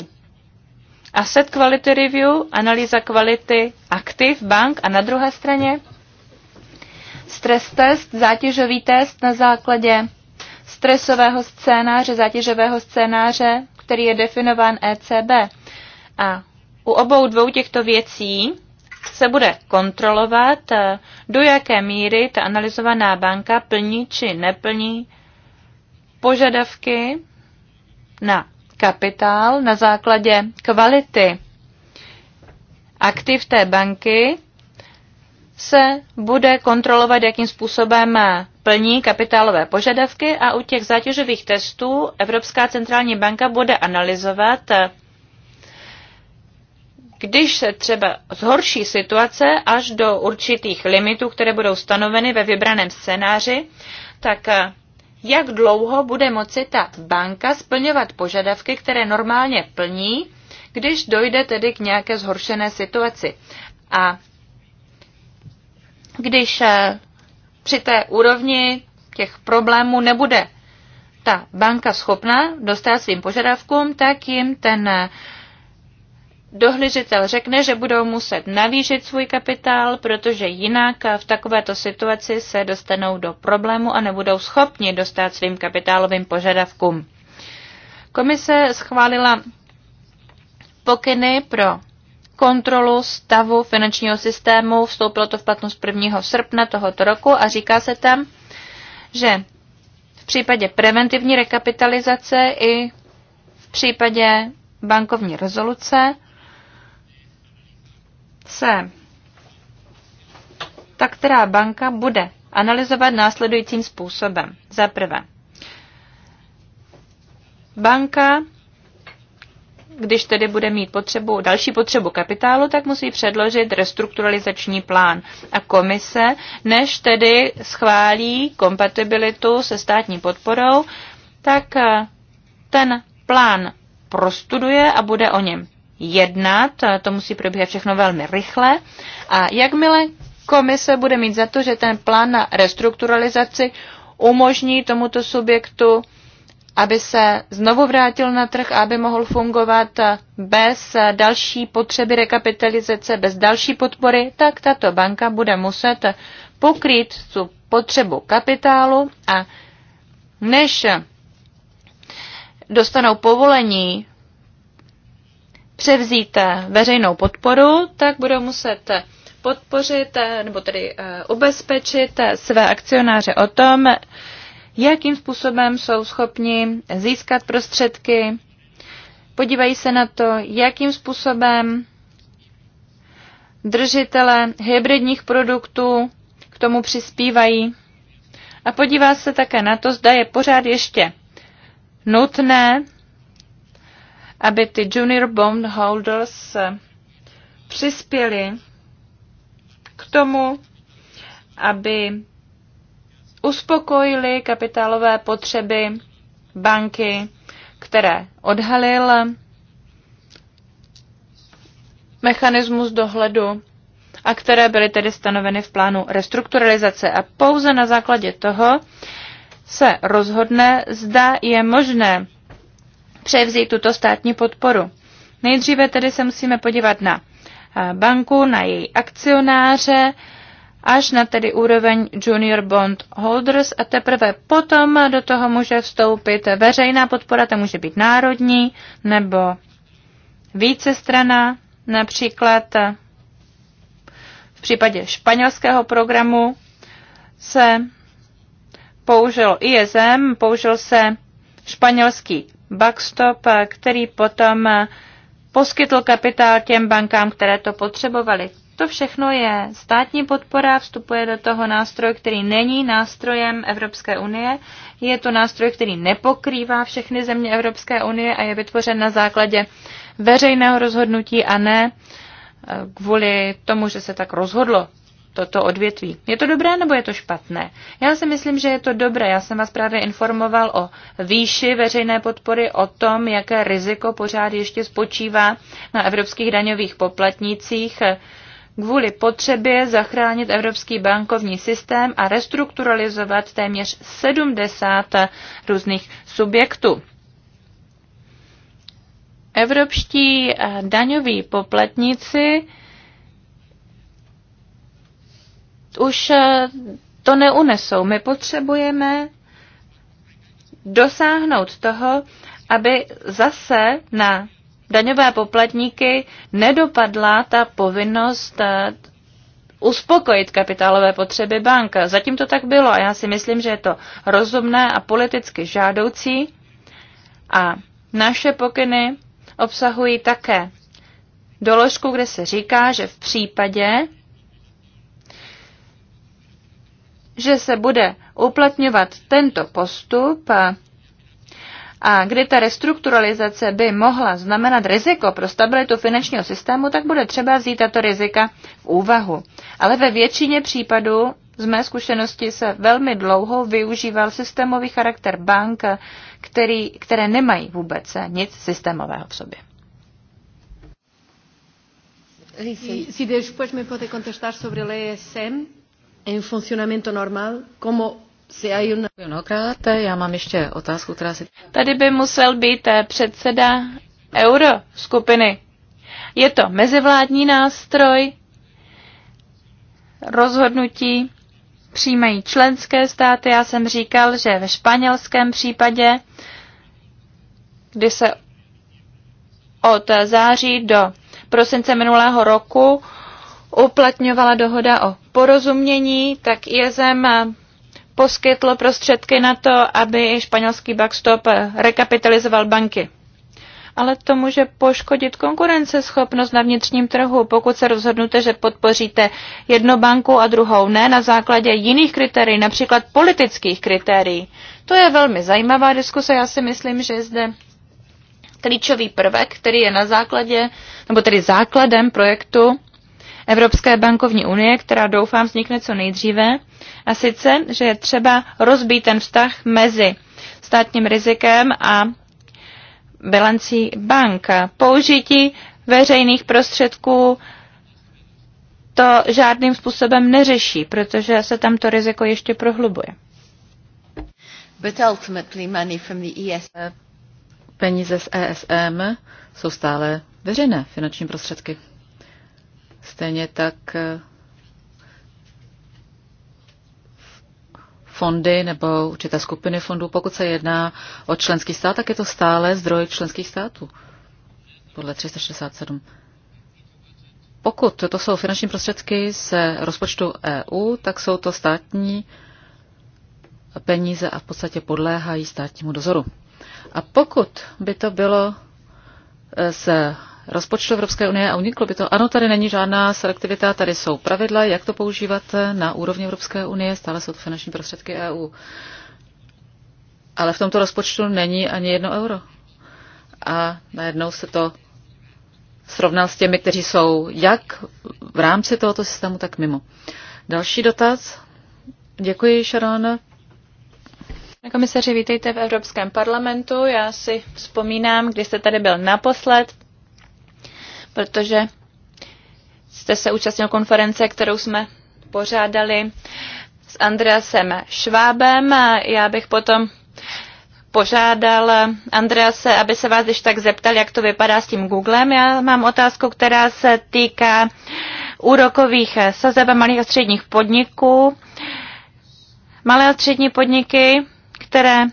asset quality review, analýza kvality aktiv bank a na druhé straně stres test, zátěžový test na základě stresového scénáře, zátěžového scénáře, který je definován ECB. A u obou dvou těchto věcí se bude kontrolovat, eh, do jaké míry ta analyzovaná banka plní či neplní požadavky na kapitál na základě kvality aktiv té banky se bude kontrolovat, jakým způsobem eh, plní kapitálové požadavky a u těch zátěžových testů Evropská centrální banka bude analyzovat, když se třeba zhorší situace až do určitých limitů, které budou stanoveny ve vybraném scénáři, tak eh, jak dlouho bude moci ta banka splňovat požadavky, které normálně plní, když dojde tedy k nějaké zhoršené situaci. A když eh, při té úrovni těch problémů nebude ta banka schopna dostat svým požadavkům, tak jim ten eh, dohlížitel řekne, že budou muset navýšit svůj kapitál, protože jinak eh, v takovéto situaci se dostanou do problému a nebudou schopni dostat svým kapitálovým požadavkům. Komise schválila pokyny pro kontrolu stavu finančního systému. Vstoupilo to v platnost 1. srpna tohoto roku a říká se tam, že v případě preventivní rekapitalizace i v případě bankovní rezoluce se ta která banka bude analyzovat následujícím způsobem. Za prvé, banka když tedy bude mít potřebu, další potřebu kapitálu, tak musí předložit restrukturalizační plán. A komise, než tedy schválí kompatibilitu se státní podporou, tak eh, ten plán prostuduje a bude o něm jednat. To musí probíhat všechno velmi rychle. A jakmile komise bude mít za to, že ten plán na restrukturalizaci umožní tomuto subjektu aby se znovu vrátil na trh a aby mohl fungovat bez další potřeby rekapitalizace, bez další podpory, tak tato banka bude muset pokrýt tu potřebu kapitálu a než dostanou povolení převzít veřejnou podporu, tak budou muset podpořit nebo tedy eh, ubezpečit své akcionáře o tom, jakým způsobem jsou schopni získat prostředky, podívají se na to, jakým způsobem držitele hybridních produktů k tomu přispívají a podívá se také na to, zda je pořád ještě nutné, aby ty junior bondholders přispěli k tomu, aby uspokojily kapitálové potřeby banky, které odhalil mechanismus dohledu a které byly tedy stanoveny v plánu restrukturalizace. A pouze na základě toho se rozhodne, zda je možné převzít tuto státní podporu. Nejdříve tedy se musíme podívat na banku, na její akcionáře, až na tedy úroveň junior bond holders a teprve potom do toho může vstoupit veřejná podpora, To může být národní nebo více strana. například v případě španělského programu se použil ISM, použil se španělský backstop, který potom poskytl kapitál těm bankám, které to potřebovaly. To všechno je státní podpora, vstupuje do toho nástroj, který není nástrojem Evropské unie. Je to nástroj, který nepokrývá všechny země Evropské unie a je vytvořen na základě veřejného rozhodnutí a ne eh, kvůli tomu, že se tak rozhodlo toto odvětví. Je to dobré nebo je to špatné? Já si myslím, že je to dobré. Já jsem vás právě informoval o výši veřejné podpory, o tom, jaké riziko pořád ještě spočívá na evropských daňových poplatnících kvůli potřebě zachránit evropský bankovní systém a restrukturalizovat téměř 70 různých subjektů. Evropští eh, daňoví poplatníci už eh, to neunesou. My potřebujeme dosáhnout toho, aby zase na daňové poplatníky nedopadla ta povinnost eh, uspokojit kapitálové potřeby bank. Zatím to tak bylo a já si myslím, že je to rozumné a politicky žádoucí. A naše pokyny obsahují také doložku, kde se říká, že v případě, že se bude uplatňovat tento postup, a eh, a kdy ta restrukturalizace by mohla znamenat riziko pro stabilitu finančního systému, tak bude třeba vzít tato rizika v úvahu. Ale ve většině případů z mé zkušenosti se velmi dlouho využíval systémový charakter bank, který, které nemají vůbec nic systémového v sobě. Si, si después me puede contestar sobre el ESM en funcionamiento normal, como já mám ještě otázku, která Tady by musel být eh, předseda euro skupiny. Je to mezivládní nástroj, rozhodnutí přijímají členské státy. Já jsem říkal, že ve španělském případě, kdy se od září do prosince minulého roku uplatňovala dohoda o porozumění, tak ISM poskytl prostředky na to, aby španělský backstop rekapitalizoval banky. Ale to může poškodit konkurenceschopnost na vnitřním trhu, pokud se rozhodnete, že podpoříte jednu banku a druhou ne na základě jiných kritérií, například politických kritérií. To je velmi zajímavá diskuse. Já si myslím, že zde klíčový prvek, který je na základě, nebo tedy základem projektu Evropské bankovní unie, která doufám vznikne co nejdříve, a sice, že je třeba rozbít ten vztah mezi státním rizikem a bilancí bank. Použití veřejných prostředků to žádným způsobem neřeší, protože se tam to riziko ještě prohlubuje. But ultimately money from the ESM. Peníze z ESM jsou stále veřejné finanční prostředky. Stejně tak eh, fondy nebo určité skupiny fondů, pokud se jedná o členský stát, tak je to stále zdroj členských států podle 367. Pokud to jsou finanční prostředky z rozpočtu EU, tak jsou to státní peníze a v podstatě podléhají státnímu dozoru. A pokud by to bylo eh, z rozpočtu Evropské unie a uniklo by to. Ano, tady není žádná selektivita, tady jsou pravidla, jak to používat na úrovni Evropské unie, stále jsou to finanční prostředky EU. Ale v tomto rozpočtu není ani jedno euro. A najednou se to srovnal s těmi, kteří jsou jak v rámci tohoto systému, tak mimo. Další dotaz. Děkuji, Sharon. Pane komisaři, vítejte v Evropském parlamentu. Já si vzpomínám, kdy jste tady byl naposled protože jste se účastnil konference, kterou jsme pořádali s Andreasem Švábem. Já bych potom požádal Andrease, aby se vás když tak zeptal, jak to vypadá s tím Googlem. Já mám otázku, která se týká úrokových sazeb malých a středních podniků. Malé a střední podniky, které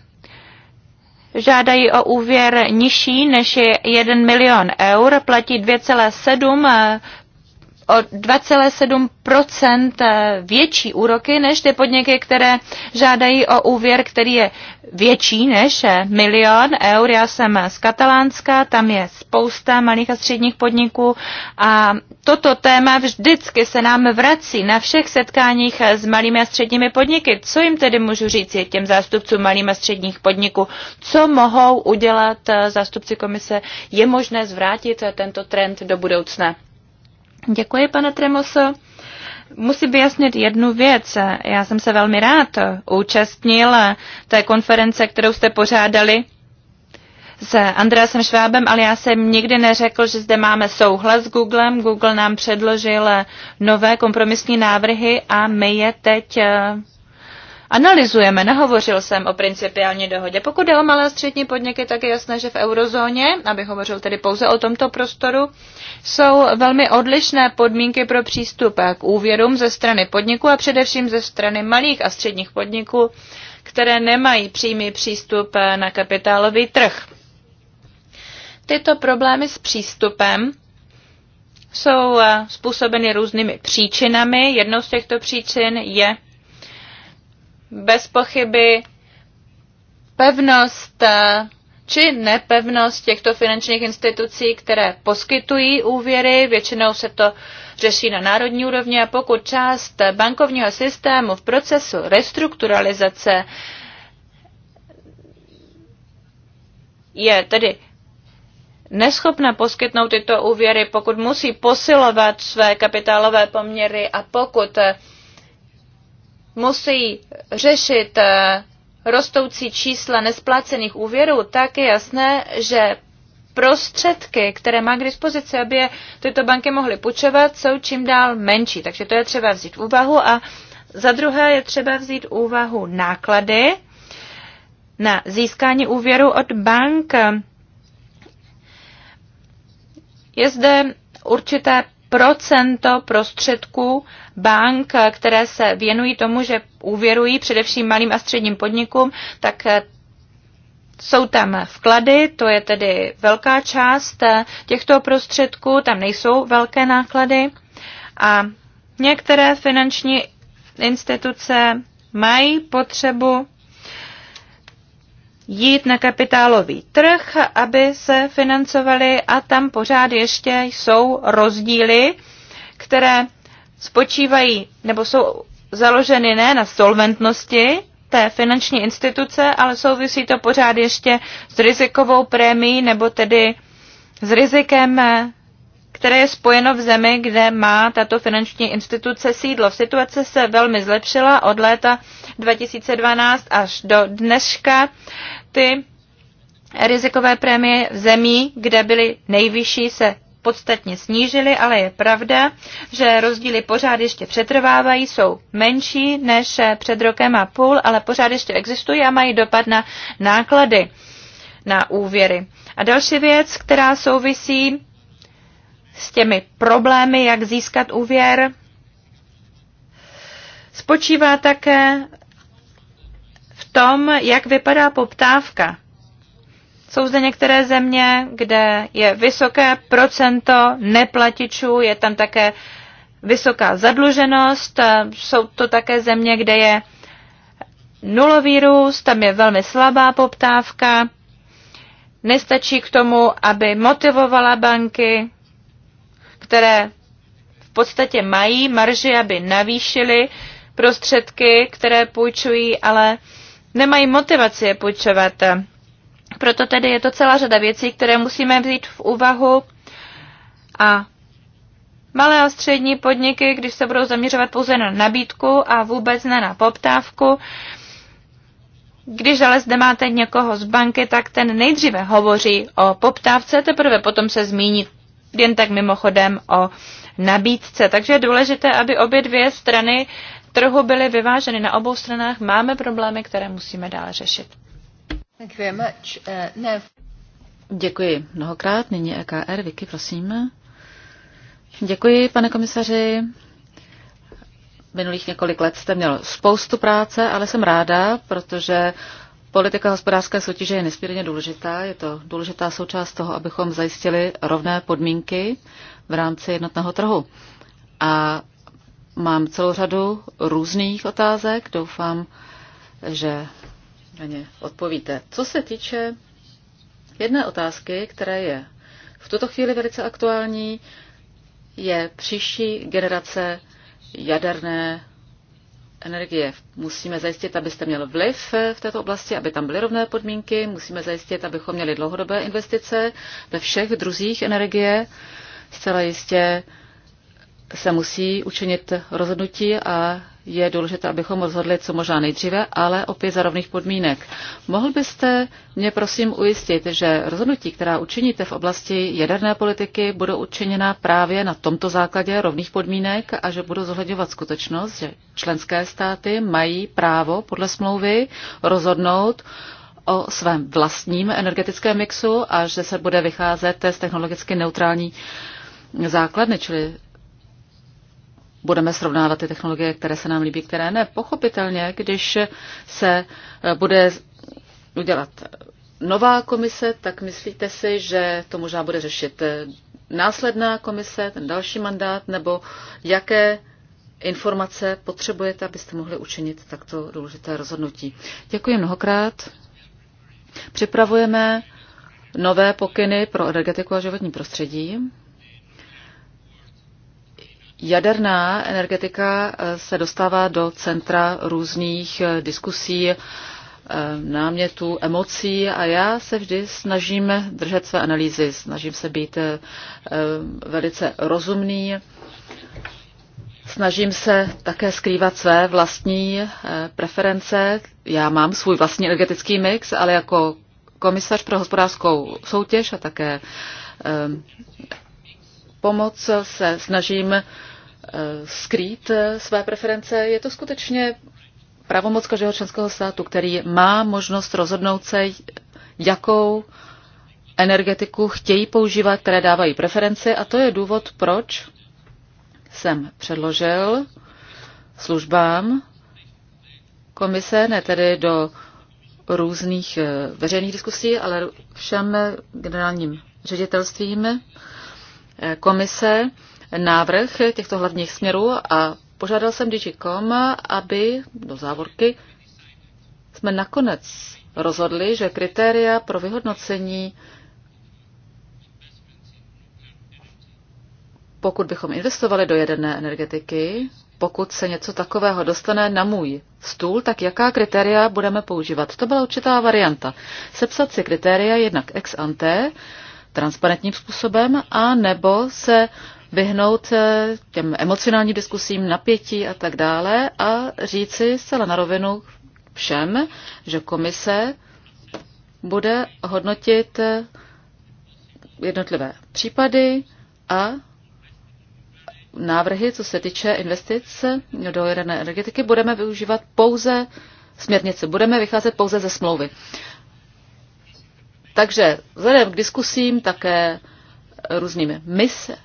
žádají o úvěr nižší než je 1 milion eur, platí 2,7 o 2,7 eh, větší úroky než ty podniky, které žádají o úvěr, který je větší než eh, milion eur. Já jsem z Katalánska, tam je spousta malých a středních podniků a toto téma vždycky se nám vrací na všech setkáních eh, s malými a středními podniky. Co jim tedy můžu říct je těm zástupcům malých a středních podniků? Co mohou udělat zástupci komise? Je možné zvrátit tento trend do budoucna? Děkuji, pane Tremoso. Musím vyjasnit jednu věc. Já jsem se velmi rád účastnil té konference, kterou jste pořádali s Andreasem Švábem, ale já jsem nikdy neřekl, že zde máme souhlas s Googlem. Google nám předložil nové kompromisní návrhy a my je teď eh, analyzujeme. Nehovořil jsem o principiální dohodě. Pokud jde o malé a střední podniky, tak je jasné, že v eurozóně, aby hovořil tedy pouze o tomto prostoru, jsou velmi odlišné podmínky pro přístup k úvěrům ze strany podniků a především ze strany malých a středních podniků, které nemají přímý přístup na kapitálový trh. Tyto problémy s přístupem jsou způsobeny různými příčinami. Jednou z těchto příčin je bez pochyby pevnost eh, či nepevnost těchto finančních institucí, které poskytují úvěry. Většinou se to řeší na národní úrovni a pokud část bankovního systému v procesu restrukturalizace je tedy neschopna poskytnout tyto úvěry, pokud musí posilovat své kapitálové poměry a pokud eh, musí řešit eh, rostoucí čísla nesplácených úvěrů, tak je jasné, že prostředky, které má k dispozici, aby je tyto banky mohly půjčovat, jsou čím dál menší. Takže to je třeba vzít v úvahu. A za druhé je třeba vzít v úvahu náklady na získání úvěru od bank. Je zde určité procento prostředků bank, které se věnují tomu, že uvěrují především malým a středním podnikům, tak eh, jsou tam vklady, to je tedy velká část eh, těchto prostředků, tam nejsou velké náklady a některé finanční instituce mají potřebu jít na kapitálový trh, aby se financovali a tam pořád ještě jsou rozdíly, které spočívají nebo jsou založeny ne na solventnosti té finanční instituce, ale souvisí to pořád ještě s rizikovou prémií nebo tedy s rizikem, které je spojeno v zemi, kde má tato finanční instituce sídlo. Situace se velmi zlepšila od léta 2012 až do dneška ty rizikové prémie v zemí, kde byly nejvyšší, se podstatně snížily, ale je pravda, že rozdíly pořád ještě přetrvávají, jsou menší než před rokem a půl, ale pořád ještě existují a mají dopad na náklady na úvěry. A další věc, která souvisí s těmi problémy, jak získat úvěr, spočívá také tom, jak vypadá poptávka. Jsou zde některé země, kde je vysoké procento neplatičů, je tam také vysoká zadluženost, jsou to také země, kde je nulový růst, tam je velmi slabá poptávka, nestačí k tomu, aby motivovala banky, které v podstatě mají marži, aby navýšily prostředky, které půjčují, ale uh, nemají motivaci je půjčovat. Proto tedy je to celá řada věcí, které musíme vzít v úvahu a malé a střední podniky, když se budou zaměřovat pouze na nabídku a vůbec ne na poptávku, když ale zde máte někoho z banky, tak ten nejdříve hovoří o poptávce, teprve potom se zmíní jen tak mimochodem o nabídce. Takže je důležité, aby obě dvě strany trhu byly vyváženy na obou stranách, máme problémy, které musíme dál řešit. Thank you very much. Uh, Děkuji mnohokrát. Nyní EKR. Vicky, prosím. Děkuji, pane komisaři. Minulých několik let jste měl spoustu práce, ale jsem ráda, protože politika hospodářské soutěže je nesmírně důležitá. Je to důležitá součást toho, abychom zajistili rovné podmínky v rámci jednotného trhu. A Mám celou řadu různých otázek, doufám, že na ně odpovíte. Co se týče jedné otázky, která je v tuto chvíli velice aktuální, je příští generace jaderné energie. Musíme zajistit, abyste měl vliv v této oblasti, aby tam byly rovné podmínky, musíme zajistit, abychom měli dlouhodobé investice ve všech druzích energie. Zcela jistě se musí učinit rozhodnutí a je důležité, abychom rozhodli co možná nejdříve, ale opět za rovných podmínek. Mohl byste mě prosím ujistit, že rozhodnutí, která učiníte v oblasti jaderné politiky, budou učiněna právě na tomto základě rovných podmínek a že budou zohledňovat skutečnost, že členské státy mají právo podle smlouvy rozhodnout o svém vlastním energetickém mixu a že se bude vycházet z technologicky neutrální základny, čili budeme srovnávat ty technologie, které se nám líbí, které ne. Pochopitelně, když se eh, bude udělat nová komise, tak myslíte si, že to možná bude řešit eh, následná komise, ten další mandát, nebo jaké informace potřebujete, abyste mohli učinit takto důležité rozhodnutí. Děkuji mnohokrát. Připravujeme nové pokyny pro energetiku a životní prostředí. Jaderná energetika eh, se dostává do centra různých eh, diskusí, eh, námětů, emocí a já se vždy snažím držet své analýzy, snažím se být velice rozumný, snažím se také skrývat své vlastní preference. Já mám svůj vlastní energetický mix, ale jako komisař pro hospodářskou soutěž a také pomoc se snažím Eh, skrýt eh, své preference. Je to skutečně pravomoc každého členského státu, který má možnost rozhodnout se, jakou energetiku chtějí používat, které dávají preference a to je důvod, proč jsem předložil službám komise, ne tedy do různých eh, veřejných diskusí, ale všem generálním ředitelstvím komise návrh těchto hlavních směrů a požádal jsem DigiCom, aby do závorky jsme nakonec rozhodli, že kritéria pro vyhodnocení, pokud bychom investovali do jaderné energetiky, pokud se něco takového dostane na můj stůl, tak jaká kritéria budeme používat? To byla určitá varianta. Sepsat si kritéria jednak ex ante, transparentním způsobem, a nebo se vyhnout eh, těm emocionálním diskusím, napětí a tak dále a říci zcela na rovinu všem, že komise bude hodnotit eh, jednotlivé případy a návrhy, co se týče investic do jaderné energetiky, budeme využívat pouze směrnice, budeme vycházet pouze ze smlouvy. Takže vzhledem k diskusím také různými mise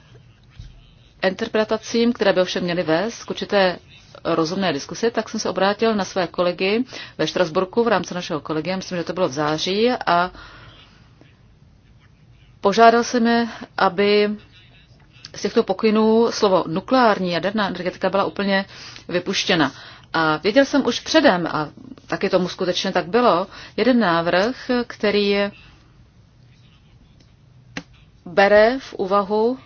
interpretacím, které by ovšem měly vést k určité rozumné diskusy, tak jsem se obrátil na své kolegy ve Štrasburku v rámci našeho kolegia, myslím, že to bylo v září, a požádal jsem je, aby z těchto pokynů slovo nukleární jaderná energetika byla úplně vypuštěna. A věděl jsem už předem, a taky tomu skutečně tak bylo, jeden návrh, který bere v úvahu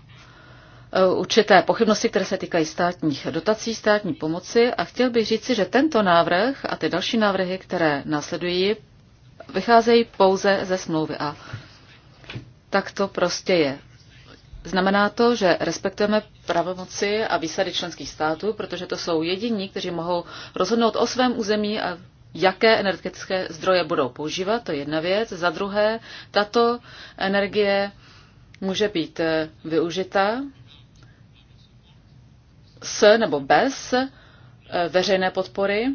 Eh, určité pochybnosti, které se týkají státních dotací, státní pomoci a chtěl bych říci, že tento návrh a ty další návrhy, které následují, vycházejí pouze ze smlouvy a tak to prostě je. Znamená to, že respektujeme pravomoci a výsady členských států, protože to jsou jediní, kteří mohou rozhodnout o svém území a jaké energetické zdroje budou používat, to je jedna věc. Za druhé, tato energie může být eh, využita s nebo bez eh, veřejné podpory.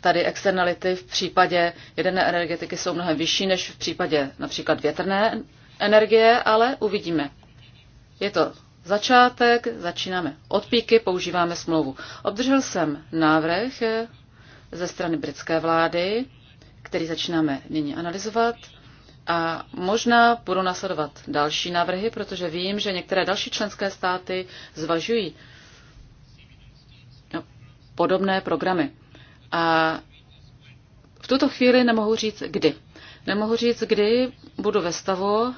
Tady externality v případě jedné energetiky jsou mnohem vyšší než v případě například větrné energie, ale uvidíme. Je to začátek, začínáme od píky, používáme smlouvu. Obdržel jsem návrh eh, ze strany britské vlády, který začínáme nyní analyzovat a možná budou nasledovat další návrhy, protože vím, že některé další členské státy zvažují podobné programy. A v tuto chvíli nemohu říct kdy. Nemohu říct, kdy budu ve stavu,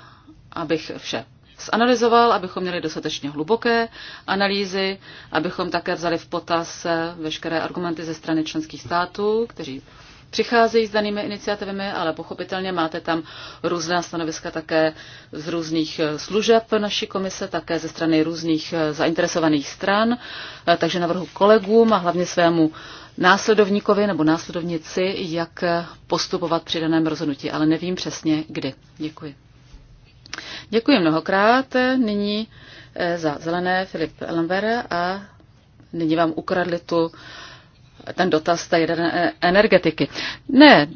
abych vše zanalizoval, abychom měli dostatečně hluboké analýzy, abychom také vzali v potaz veškeré argumenty ze strany členských států, kteří přicházejí s danými iniciativami, ale pochopitelně máte tam různá stanoviska také z různých eh, služeb naší komise, také ze strany různých eh, zainteresovaných stran, eh, takže navrhu kolegům a hlavně svému následovníkovi nebo následovnici, jak postupovat při daném rozhodnutí, ale nevím přesně kdy. Děkuji. Děkuji mnohokrát. Nyní za zelené Filip Lambert a nyní vám ukradli tu ten dotaz té jedné e, energetiky. Ne,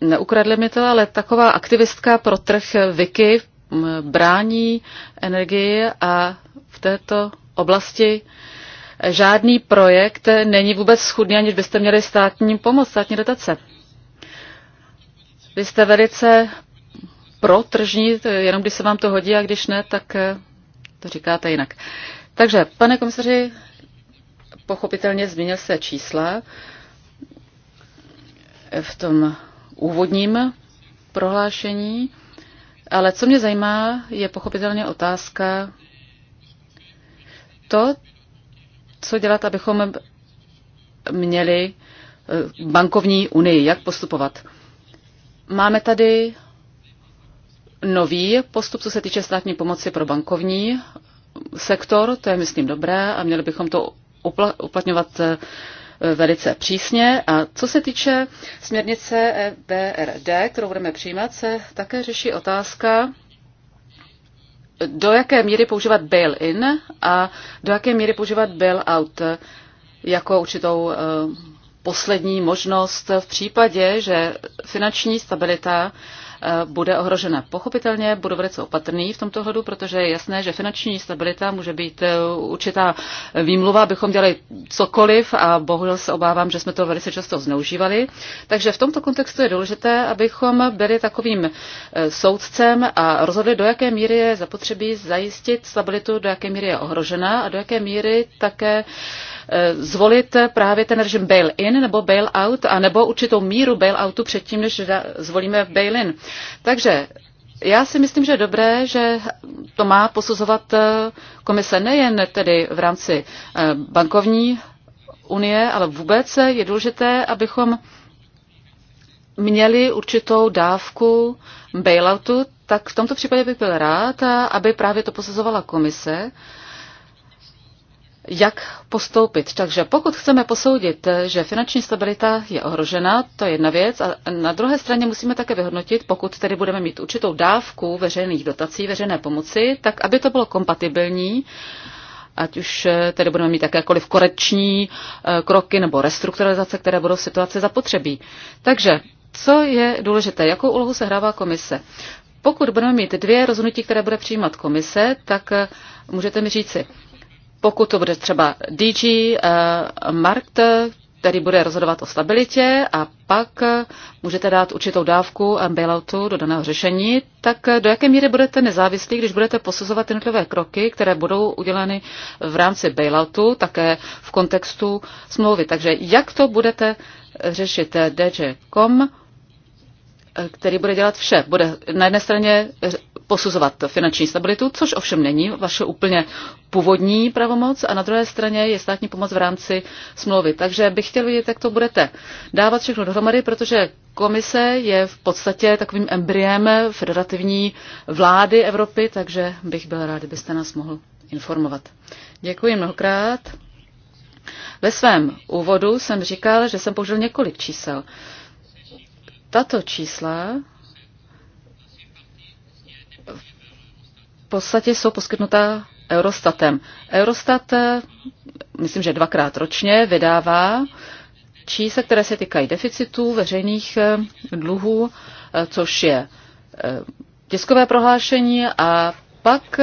neukradli mi to, ale taková aktivistka pro trh Vicky brání energii a v této oblasti žádný projekt není vůbec schudný, aniž byste měli státní pomoc, státní dotace. Vy jste velice protržní, jenom když se vám to hodí a když ne, tak eh, to říkáte jinak. Takže, pane komisaři pochopitelně změnil se čísla v tom úvodním prohlášení, ale co mě zajímá, je pochopitelně otázka to, co dělat, abychom měli eh, bankovní unii, jak postupovat. Máme tady nový postup, co se týče státní pomoci pro bankovní sektor, to je, myslím, dobré a měli bychom to uplatňovat eh, velice přísně. A co se týče směrnice e BRD, kterou budeme přijímat, se také řeší otázka, do jaké míry používat bail-in a do jaké míry používat bail-out jako určitou eh, poslední možnost v případě, že finanční stabilita Eh, bude ohrožena. Pochopitelně budu velice opatrný v tomto hledu, protože je jasné, že finanční stabilita může být eh, určitá výmluva, abychom dělali cokoliv a bohužel se obávám, že jsme to velice často zneužívali. Takže v tomto kontextu je důležité, abychom byli takovým eh, soudcem a rozhodli, do jaké míry je zapotřebí zajistit stabilitu, do jaké míry je ohrožena a do jaké míry také uh, Eh, zvolit právě ten režim bail-in nebo bail-out, anebo určitou míru bail-outu předtím, než zvolíme bail-in. Takže já si myslím, že je dobré, že to má posuzovat eh, komise nejen tedy v rámci eh, bankovní unie, ale vůbec je důležité, abychom měli určitou dávku bailoutu, tak v tomto případě bych byl rád, aby právě to posuzovala komise, jak postoupit. Takže pokud chceme posoudit, že finanční stabilita je ohrožena, to je jedna věc. A na druhé straně musíme také vyhodnotit, pokud tedy budeme mít určitou dávku veřejných dotací, veřejné pomoci, tak aby to bylo kompatibilní, ať už eh, tedy budeme mít jakékoliv koreční eh, kroky nebo restrukturalizace, které budou v situaci zapotřebí. Takže co je důležité? Jakou úlohu se hrává komise? Pokud budeme mít dvě rozhodnutí, které bude přijímat komise, tak eh, můžete mi říci, pokud to bude třeba DG eh, Markt, který bude rozhodovat o stabilitě a pak eh, můžete dát určitou dávku bailoutu do daného řešení, tak eh, do jaké míry budete nezávislí, když budete posuzovat jednotlivé kroky, které budou uděleny v rámci bailoutu, také v kontextu smlouvy. Takže jak to budete řešit DG.com? který bude dělat vše. Bude na jedné straně posuzovat finanční stabilitu, což ovšem není vaše úplně původní pravomoc, a na druhé straně je státní pomoc v rámci smlouvy. Takže bych chtěl vidět, jak to budete dávat všechno dohromady, protože komise je v podstatě takovým embryem federativní vlády Evropy, takže bych byl rád, kdybyste nás mohl informovat. Děkuji mnohokrát. Ve svém úvodu jsem říkal, že jsem použil několik čísel. Tato čísla v podstatě jsou poskytnutá Eurostatem. Eurostat, eh, myslím, že dvakrát ročně vydává čísla, které se týkají deficitů, veřejných eh, dluhů, eh, což je tiskové prohlášení a pak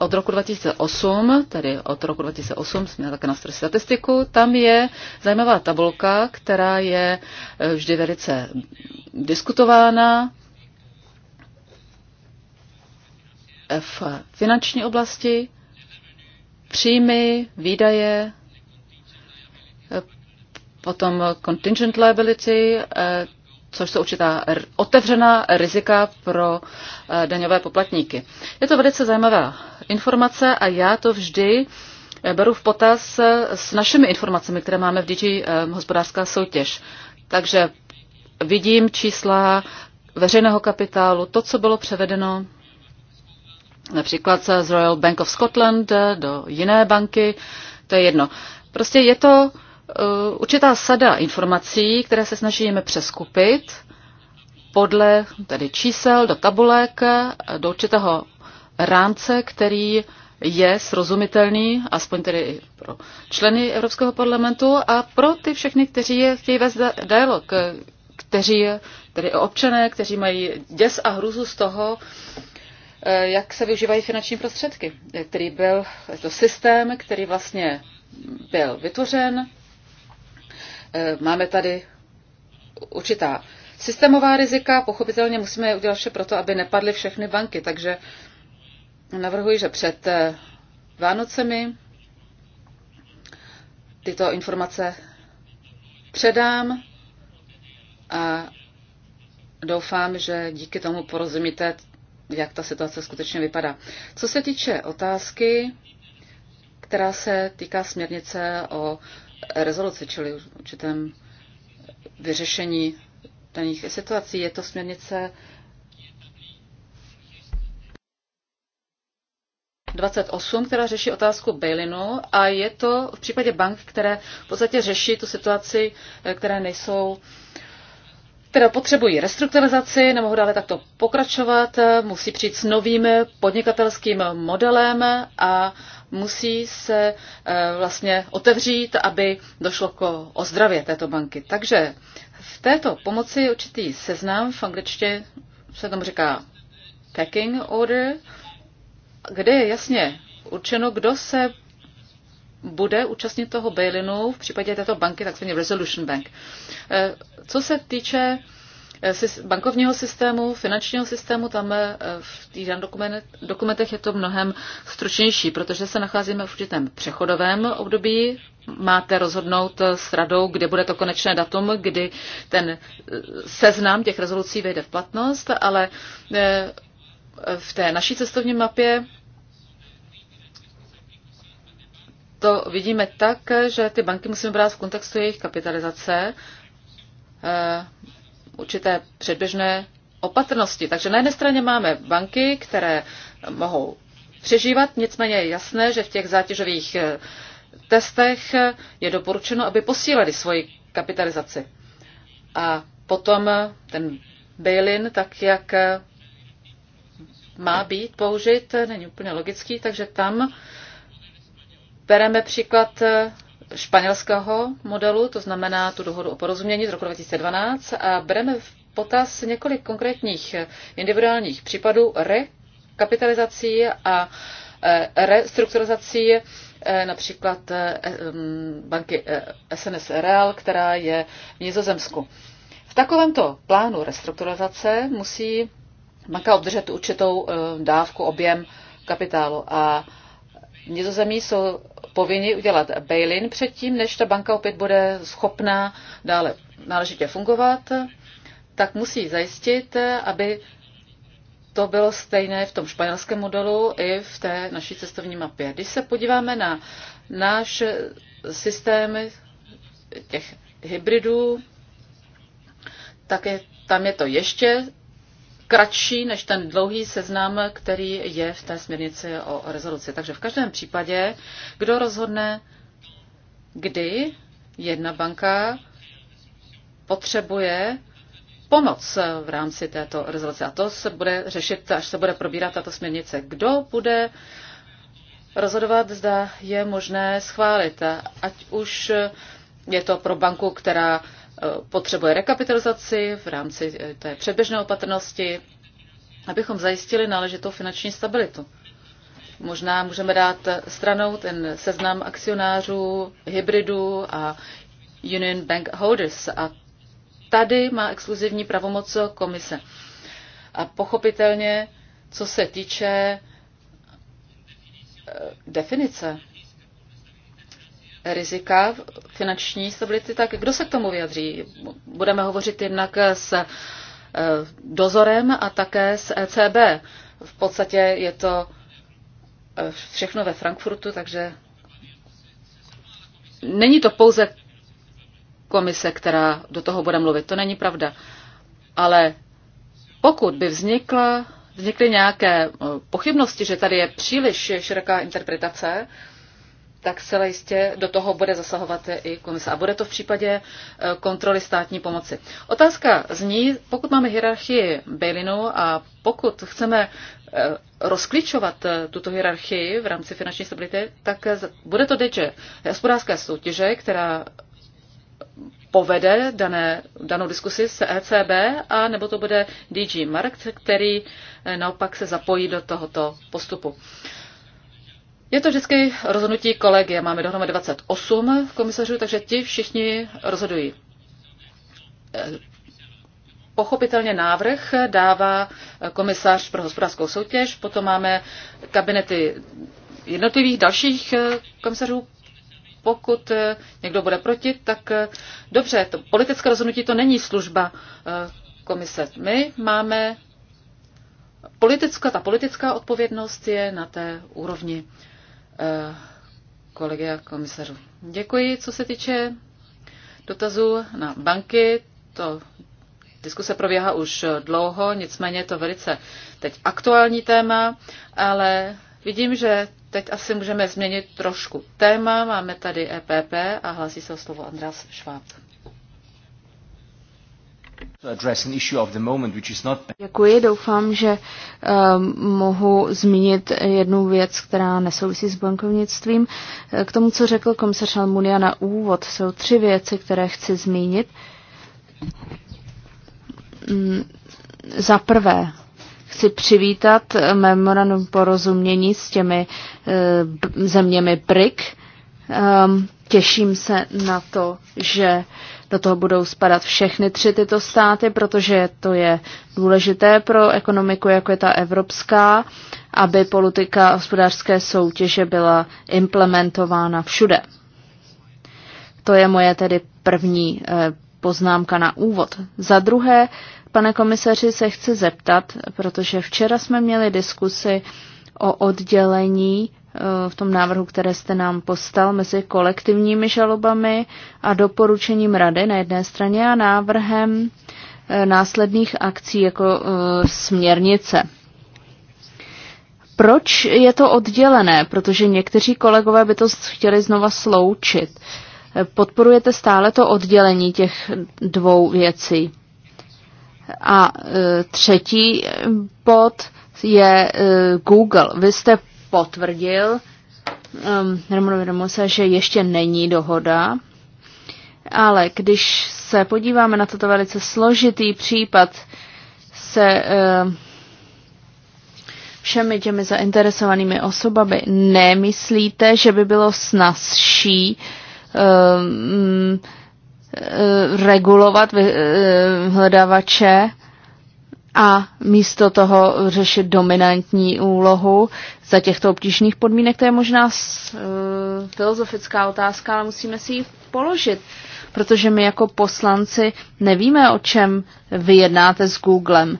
od roku 2008, tedy od roku 2008 jsme také na stroji statistiku, tam je zajímavá tabulka, která je eh, vždy velice diskutována eh, v finanční oblasti, příjmy, výdaje, eh, potom contingent liability, což jsou určitá otevřená rizika pro daňové poplatníky. Je to velice zajímavá informace a já to vždy eh, beru v potaz eh, s našimi informacemi, které máme v DG eh, hospodářská soutěž. Takže vidím čísla veřejného kapitálu, to, co bylo převedeno například z Royal Bank of Scotland do jiné banky, to je jedno. Prostě je to určitá sada informací, které se snažíme přeskupit podle tedy čísel do tabulek do určitého rámce, který je srozumitelný, aspoň tedy i pro členy Evropského parlamentu a pro ty všechny, kteří chtějí vést dialog, kteří, tedy občané, kteří mají děs a hruzu z toho, eh, jak se využívají finanční prostředky, eh, který byl to systém, který vlastně byl vytvořen. Eh, máme tady určitá systémová rizika, pochopitelně musíme udělat vše pro to, aby nepadly všechny banky, takže navrhuji, že před eh, Vánocemi tyto informace předám a doufám, že díky tomu porozumíte, jak ta situace skutečně vypadá. Co se týče otázky, která se týká směrnice o rezoluci, čili určitém vyřešení daných situací, je to směrnice 28, která řeší otázku bailinu a je to v případě bank, které v podstatě řeší tu situaci, eh, které nejsou které potřebují restrukturalizaci, nemohou dále takto pokračovat, eh, musí přijít s novým podnikatelským modelem a musí se eh, vlastně otevřít, aby došlo k ozdravě této banky. Takže v této pomoci je určitý seznam, v angličtině se tomu říká packing order, kde je jasně určeno, kdo se bude účastnit toho bailinu v případě této banky, takzvaný Resolution Bank. Eh, co se týče eh, bankovního systému, finančního systému, tam eh, v těch dokumentech je to mnohem stručnější, protože se nacházíme v určitém přechodovém období. Máte rozhodnout s radou, kde bude to konečné datum, kdy ten seznam těch rezolucí vejde v platnost, ale v té naší cestovní mapě to vidíme tak, že ty banky musíme brát v kontextu jejich kapitalizace, eh, určité předběžné opatrnosti. Takže na jedné straně máme banky, které mohou přežívat, nicméně je jasné, že v těch zátěžových eh, testech je doporučeno, aby posílali svoji kapitalizaci. A potom ten bail-in, tak jak eh, má být použit, není úplně logický, takže tam bereme příklad eh, španělského modelu, to znamená tu dohodu o porozumění z roku 2012 a bereme v potaz několik konkrétních eh, individuálních případů rekapitalizací a eh, restrukturalizací například banky SNS Real, která je v Nizozemsku. V takovémto plánu restrukturalizace musí Banka obdržet určitou eh, dávku, objem kapitálu a nizozemí jsou povinni udělat bail-in předtím, než ta banka opět bude schopná dále náležitě fungovat, tak musí zajistit, aby to bylo stejné v tom španělském modelu i v té naší cestovní mapě. Když se podíváme na náš systém těch hybridů, tak je, tam je to ještě kratší než ten dlouhý seznam, který je v té směrnici o rezoluci. Takže v každém případě, kdo rozhodne, kdy jedna banka potřebuje pomoc v rámci této rezoluce. A to se bude řešit, až se bude probírat tato směrnice. Kdo bude rozhodovat, zda je možné schválit, ať už je to pro banku, která potřebuje rekapitalizaci v rámci eh, té předběžné opatrnosti, abychom zajistili náležitou finanční stabilitu. Možná můžeme dát stranou ten seznam akcionářů, hybridů a Union Bank Holders. A tady má exkluzivní pravomoc komise. A pochopitelně, co se týče eh, definice rizika finanční stability, tak kdo se k tomu vyjadří? Budeme hovořit jednak s eh, dozorem a také s ECB. V podstatě je to eh, všechno ve Frankfurtu, takže není to pouze komise, která do toho bude mluvit. To není pravda. Ale pokud by vznikla, vznikly nějaké eh, pochybnosti, že tady je příliš široká interpretace, tak se jistě do toho bude zasahovat i komise. A bude to v případě eh, kontroly státní pomoci. Otázka zní, pokud máme hierarchii bailinu a pokud chceme eh, rozklíčovat eh, tuto hierarchii v rámci finanční stability, tak bude to DG hospodářské soutěže, která povede dané, danou diskusi s ECB, a nebo to bude DG Markt, který naopak se zapojí do tohoto postupu. Uh, je to vždycky rozhodnutí kolegia. Máme dohromady 28 komisařů, takže ti všichni rozhodují. Eh, pochopitelně návrh dává komisař pro hospodářskou soutěž, potom máme kabinety jednotlivých dalších eh, komisařů. Pokud eh, někdo bude proti, tak dobře, to politické rozhodnutí to není služba komise. My máme politická, ta politická odpovědnost je na té úrovni Eh, kolegy a komisařů. Děkuji. Co se týče dotazů na banky, to diskuse proběhá už dlouho, nicméně je to velice teď aktuální téma, ale vidím, že teď asi můžeme změnit trošku téma. Máme tady EPP a hlásí se o slovo Andreas Schwab. Děkuji, doufám, že um, mohu zmínit jednu věc, která nesouvisí s bankovnictvím. Eh, k tomu, co řekl komisař Almunia na úvod, jsou tři věci, které chci zmínit. Mm, za prvé, chci přivítat memorandum porozumění s těmi eh, zeměmi BRIC. Um, Těším se na to, že do toho budou spadat všechny tři tyto státy, protože to je důležité pro ekonomiku, jako je ta evropská, aby politika hospodářské soutěže byla implementována všude. To je moje tedy první eh, poznámka na úvod. Za druhé, pane komisaři, se chci zeptat, protože včera jsme měli diskusi o oddělení v tom návrhu, které jste nám postal, mezi kolektivními žalobami a doporučením rady na jedné straně a návrhem eh, následných akcí jako eh, směrnice. Proč je to oddělené? Protože někteří kolegové by to chtěli znova sloučit. Podporujete stále to oddělení těch dvou věcí. A eh, třetí bod je Google. Vy jste potvrdil um, Ramon že ještě není dohoda, ale když se podíváme na toto velice složitý případ se uh, všemi těmi zainteresovanými osobami, nemyslíte, že by bylo snazší um, regulovat vyhledávače a místo toho řešit dominantní úlohu za těchto obtížných podmínek, to je možná uh, filozofická otázka, ale musíme si ji položit, protože my jako poslanci nevíme, o čem vyjednáte s Googlem.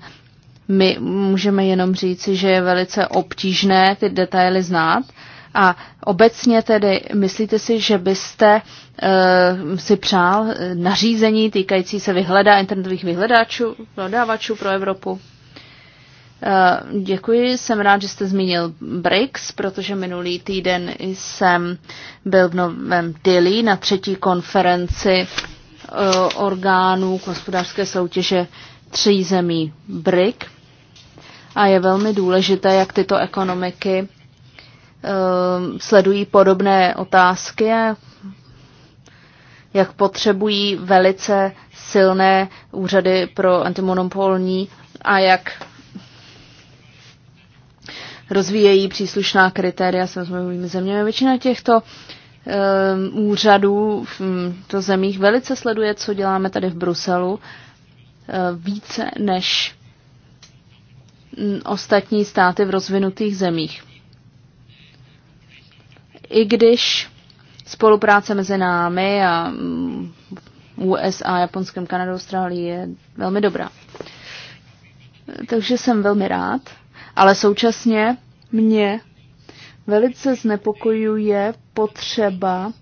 My můžeme jenom říci, že je velice obtížné ty detaily znát. A obecně tedy myslíte si, že byste Eh, si přál nařízení týkající se vyhledá internetových vyhledáčů, prodávačů pro Evropu. Eh, děkuji, jsem rád, že jste zmínil BRICS, protože minulý týden jsem byl v Novém Dili na třetí konferenci eh, orgánů k hospodářské soutěže tří zemí BRIC a je velmi důležité, jak tyto ekonomiky sledují podobné otázky jak potřebují velice silné úřady pro antimonopolní a jak rozvíjejí příslušná kritéria se rozvojovými zeměmi. Většina těchto um, úřadů mm, v to zemích velice sleduje, co děláme tady v Bruselu, uh, více než mm, ostatní státy v rozvinutých zemích. I když Spolupráce mezi námi a mm, USA, Japonskem, Kanadou, Austrálií je velmi dobrá. Takže jsem velmi rád, ale současně mě velice znepokojuje potřeba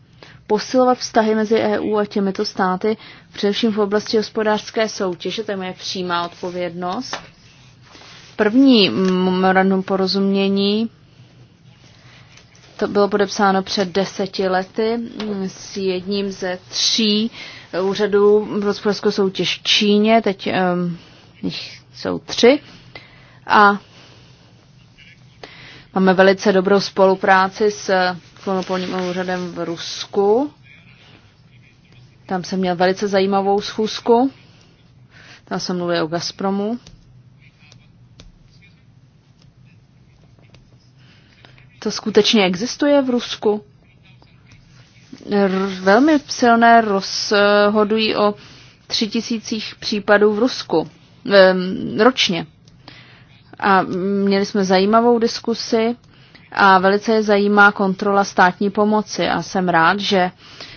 posilovat vztahy mezi EU a těmito státy, především v oblasti hospodářské soutěže, to je moje přímá odpovědnost. První memorandum porozumění to bylo podepsáno před deseti lety mm, s jedním ze tří úřadů v hospodářskou soutěž v Číně, teď um, jich jsou tři. A máme velice dobrou spolupráci s monopolním úřadem v Rusku. Tam jsem měl velice zajímavou schůzku. Tam jsem mluvil o Gazpromu. To skutečně existuje v Rusku? velmi silné rozhodují o tři tisících případů v Rusku ročně. A měli jsme zajímavou diskusi a velice je zajímá kontrola státní pomoci a jsem rád, že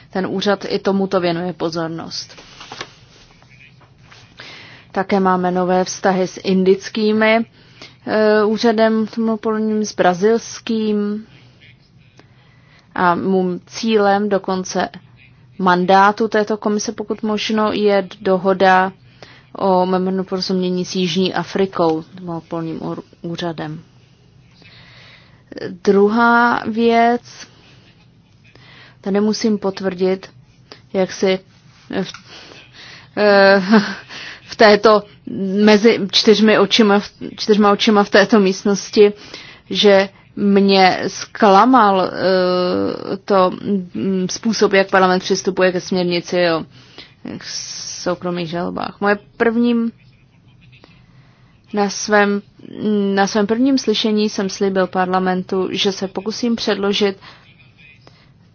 ten úřad i tomuto věnuje pozornost. Také máme nové vztahy s indickými Eh, úřadem monopolním s brazilským a mým cílem dokonce mandátu této komise, pokud možno, je dohoda o memorandum porozumění s Jižní Afrikou, monopolním úřadem. Druhá věc, tady musím potvrdit, jak si v, eh, v této mezi čtyřmi očima, čtyřma očima v této místnosti, že mě zklamal eh, to mm, způsob, jak parlament přistupuje ke směrnici o soukromých žalbách. Moje prvním na svém, na svém prvním slyšení jsem slíbil parlamentu, že se pokusím předložit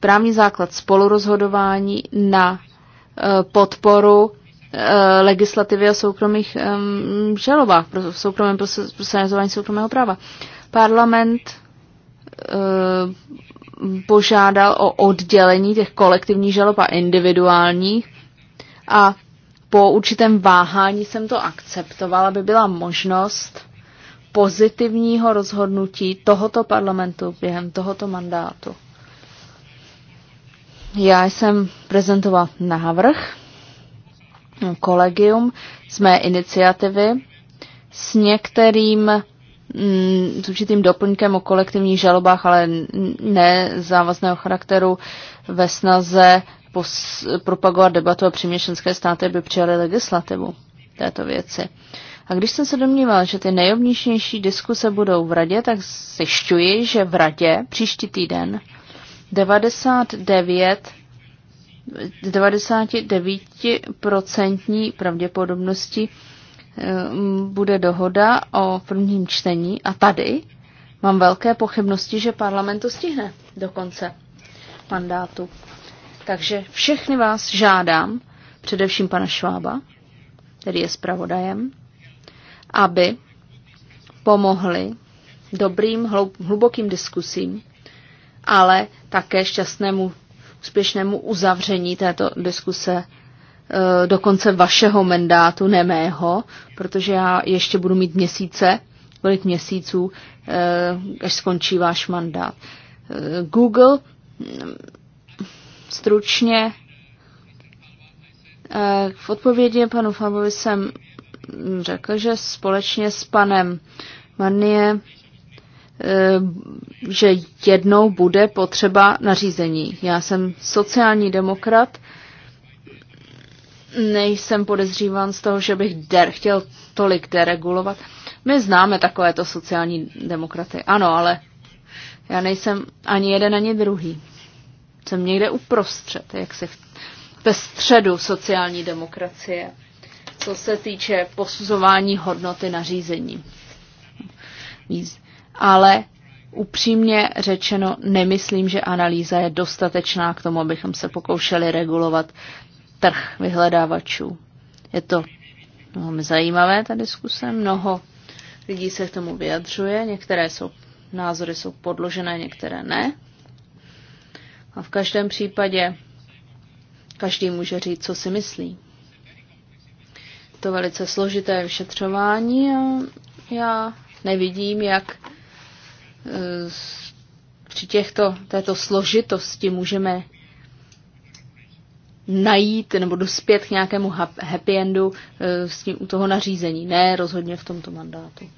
právní základ spolurozhodování na eh, podporu Eh, legislativy o soukromých žalobách, v soukromém prosazování soukromého práva. Parlament eh, požádal o oddělení těch kolektivních žalob a individuálních a po určitém váhání jsem to akceptovala, aby byla možnost pozitivního rozhodnutí tohoto parlamentu během tohoto mandátu. Já jsem prezentoval návrh kolegium z mé iniciativy s některým mm, s určitým doplňkem o kolektivních žalobách, ale ne závazného charakteru ve snaze propagovat debatu a přimě členské státy, aby přijaly legislativu této věci. A když jsem se domníval, že ty nejobnížnější diskuse budou v radě, tak zjišťuji, že v radě příští týden 99 99% pravděpodobnosti eh, bude dohoda o prvním čtení a tady mám velké pochybnosti, že parlament to stihne do konce mandátu. Takže všechny vás žádám, především pana Švába, který je zpravodajem, aby pomohli dobrým, hlubokým diskusím, ale také šťastnému úspěšnému uzavření této diskuse e, do konce vašeho mandátu, ne mého, protože já ještě budu mít měsíce, kolik měsíců, e, až skončí váš mandát. E, Google mm, stručně v odpovědi panu Fabovi jsem řekl, že společně s panem Marnie Eh, že jednou bude potřeba nařízení. Já jsem sociální demokrat, nejsem podezříván z toho, že bych der, chtěl tolik deregulovat. My známe takovéto sociální demokraty, ano, ale já nejsem ani jeden, ani druhý. Jsem někde uprostřed, jak se ve středu sociální demokracie, co se týče posuzování hodnoty nařízení ale upřímně řečeno nemyslím, že analýza je dostatečná k tomu, abychom se pokoušeli regulovat trh vyhledávačů. Je to velmi zajímavé, ta diskuse. Mnoho lidí se k tomu vyjadřuje, některé jsou, názory jsou podložené, některé ne. A v každém případě každý může říct, co si myslí. To velice složité vyšetřování a já nevidím, jak Eh, při těchto, této složitosti můžeme najít nebo dospět k nějakému happy endu eh, s tím, u toho nařízení. Ne rozhodně v tomto mandátu.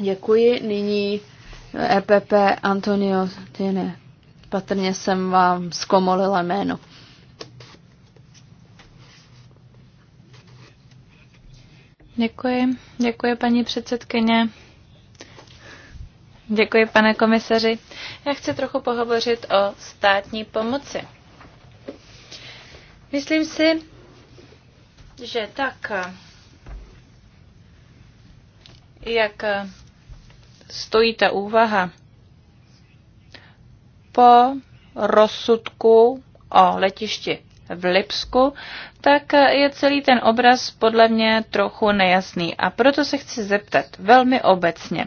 Děkuji. Nyní EPP Antonio Tine. Patrně jsem vám zkomolila jméno. Děkuji, děkuji paní předsedkyně. Děkuji, pane komisaři. Já chci trochu pohovořit o státní pomoci. Myslím si, že tak, jak stojí ta úvaha po rozsudku o letišti v Lipsku, tak je celý ten obraz podle mě trochu nejasný. A proto se chci zeptat velmi obecně.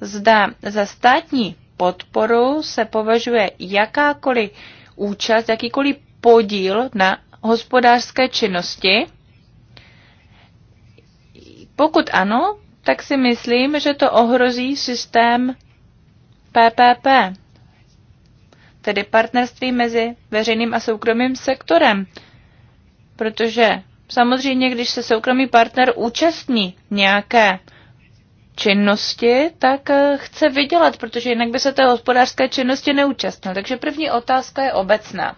Zda za státní podporu se považuje jakákoliv účast, jakýkoliv podíl na hospodářské činnosti? Pokud ano, tak si myslím, že to ohrozí systém PPP tedy partnerství mezi veřejným a soukromým sektorem. Protože samozřejmě, když se soukromý partner účastní nějaké činnosti, tak eh, chce vydělat, protože jinak by se té hospodářské činnosti neúčastnil. Takže první otázka je obecná.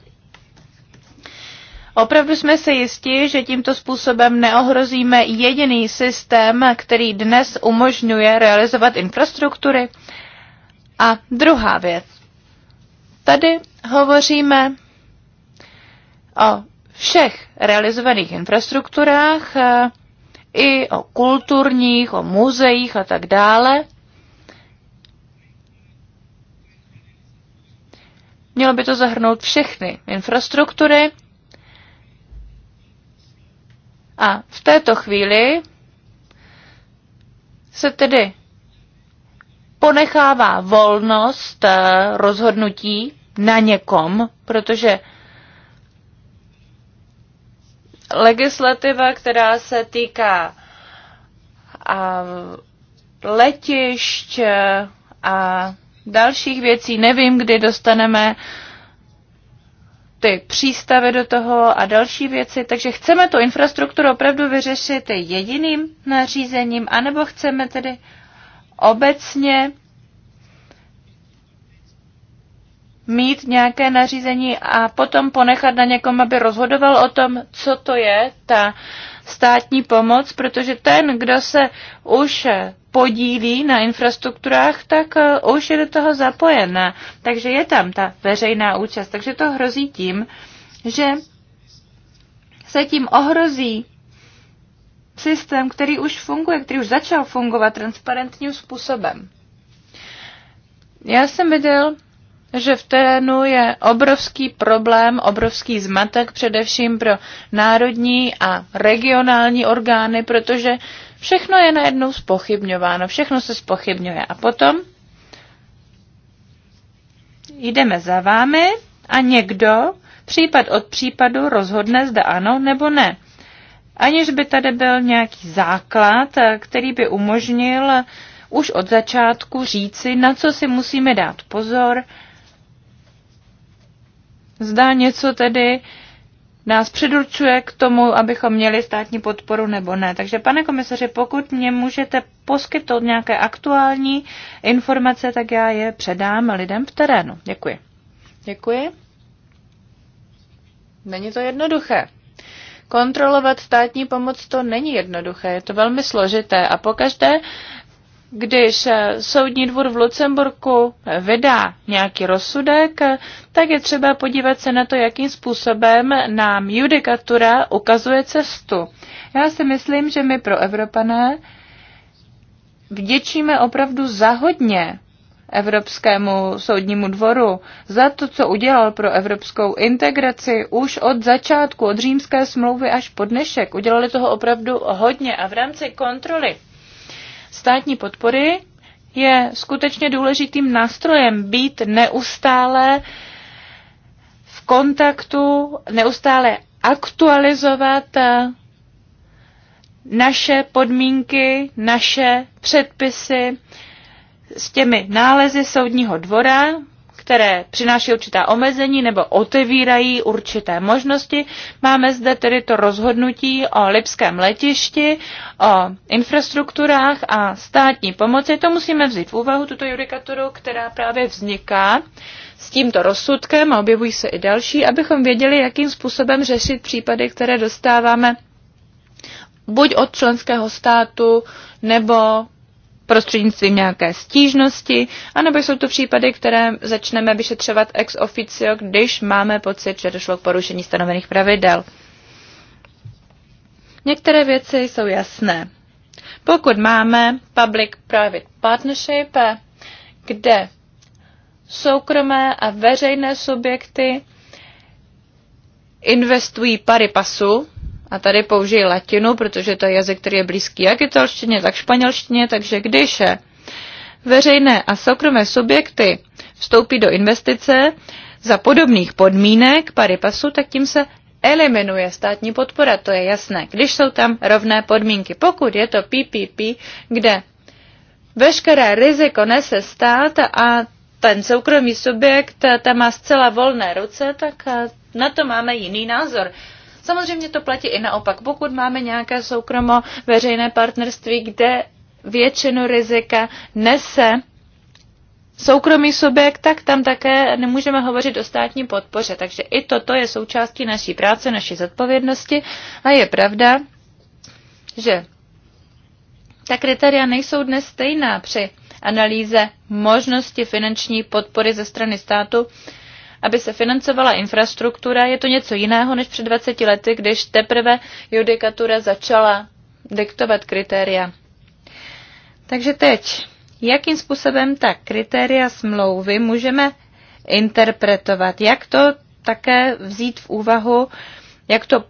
Opravdu jsme si jistí, že tímto způsobem neohrozíme jediný systém, který dnes umožňuje realizovat infrastruktury? A druhá věc. Tady hovoříme o všech realizovaných infrastrukturách, eh, i o kulturních, o muzeích a tak dále. Mělo by to zahrnout všechny infrastruktury. A v této chvíli se tedy ponechává volnost eh, rozhodnutí na někom, protože legislativa, která se týká a letišť eh, a dalších věcí. Nevím, kdy dostaneme ty přístavy do toho a další věci. Takže chceme tu infrastrukturu opravdu vyřešit jediným nařízením, anebo chceme tedy obecně mít nějaké nařízení a potom ponechat na někom, aby rozhodoval o tom, co to je ta státní pomoc, protože ten, kdo se už podílí na infrastrukturách, tak eh, už je do toho zapojen. Takže je tam ta veřejná účast. Takže to hrozí tím, že se tím ohrozí systém, který už funguje, který už začal fungovat transparentním způsobem. Já jsem viděl, že v terénu je obrovský problém, obrovský zmatek především pro národní a regionální orgány, protože všechno je najednou spochybňováno, všechno se spochybňuje. A potom jdeme za vámi a někdo případ od případu rozhodne, zda ano nebo ne aniž by tady byl nějaký základ, eh, který by umožnil eh, už od začátku říci, na co si musíme dát pozor, Zdá něco tedy nás předurčuje k tomu, abychom měli státní podporu nebo ne. Takže pane komisaři, pokud mě můžete poskytnout nějaké aktuální informace, tak já je předám lidem v terénu. Děkuji. Děkuji. Není to jednoduché. Kontrolovat státní pomoc to není jednoduché, je to velmi složité a pokaždé, když soudní dvůr v Lucemburku vydá nějaký rozsudek, tak je třeba podívat se na to, jakým způsobem nám judikatura ukazuje cestu. Já si myslím, že my pro Evropané vděčíme opravdu za hodně Evropskému soudnímu dvoru za to, co udělal pro evropskou integraci už od začátku, od římské smlouvy až po dnešek. Udělali toho opravdu hodně a v rámci kontroly státní podpory je skutečně důležitým nástrojem být neustále v kontaktu, neustále aktualizovat eh, naše podmínky, naše předpisy, s těmi nálezy soudního dvora, které přináší určitá omezení nebo otevírají určité možnosti. Máme zde tedy to rozhodnutí o Lipském letišti, o infrastrukturách a státní pomoci. To musíme vzít v úvahu, tuto judikaturu, která právě vzniká s tímto rozsudkem a objevují se i další, abychom věděli, jakým způsobem řešit případy, které dostáváme buď od členského státu nebo prostřednictvím nějaké stížnosti, anebo jsou to případy, které začneme vyšetřovat ex officio, když máme pocit, že došlo k porušení stanovených pravidel. Některé věci jsou jasné. Pokud máme public-private partnership, kde soukromé a veřejné subjekty investují pary pasu a tady použiji latinu, protože to je jazyk, který je blízký jak italštině, tak španělštině, takže když je veřejné a soukromé subjekty vstoupí do investice za podobných podmínek pary pasu, tak tím se eliminuje státní podpora, to je jasné, když jsou tam rovné podmínky. Pokud je to PPP, kde veškeré riziko nese stát a ten soukromý subjekt tam má zcela volné ruce, tak eh, na to máme jiný názor. Samozřejmě to platí i naopak. Pokud máme nějaké soukromo veřejné partnerství, kde většinu rizika nese soukromý subjekt, tak tam také nemůžeme hovořit o státní podpoře. Takže i toto je součástí naší práce, naší zodpovědnosti a je pravda, že ta kritéria nejsou dnes stejná při analýze možnosti finanční podpory ze strany státu aby se financovala infrastruktura, je to něco jiného než před 20 lety, když teprve judikatura začala diktovat kritéria. Takže teď, jakým způsobem ta kritéria smlouvy můžeme interpretovat? Jak to také vzít v úvahu, jak to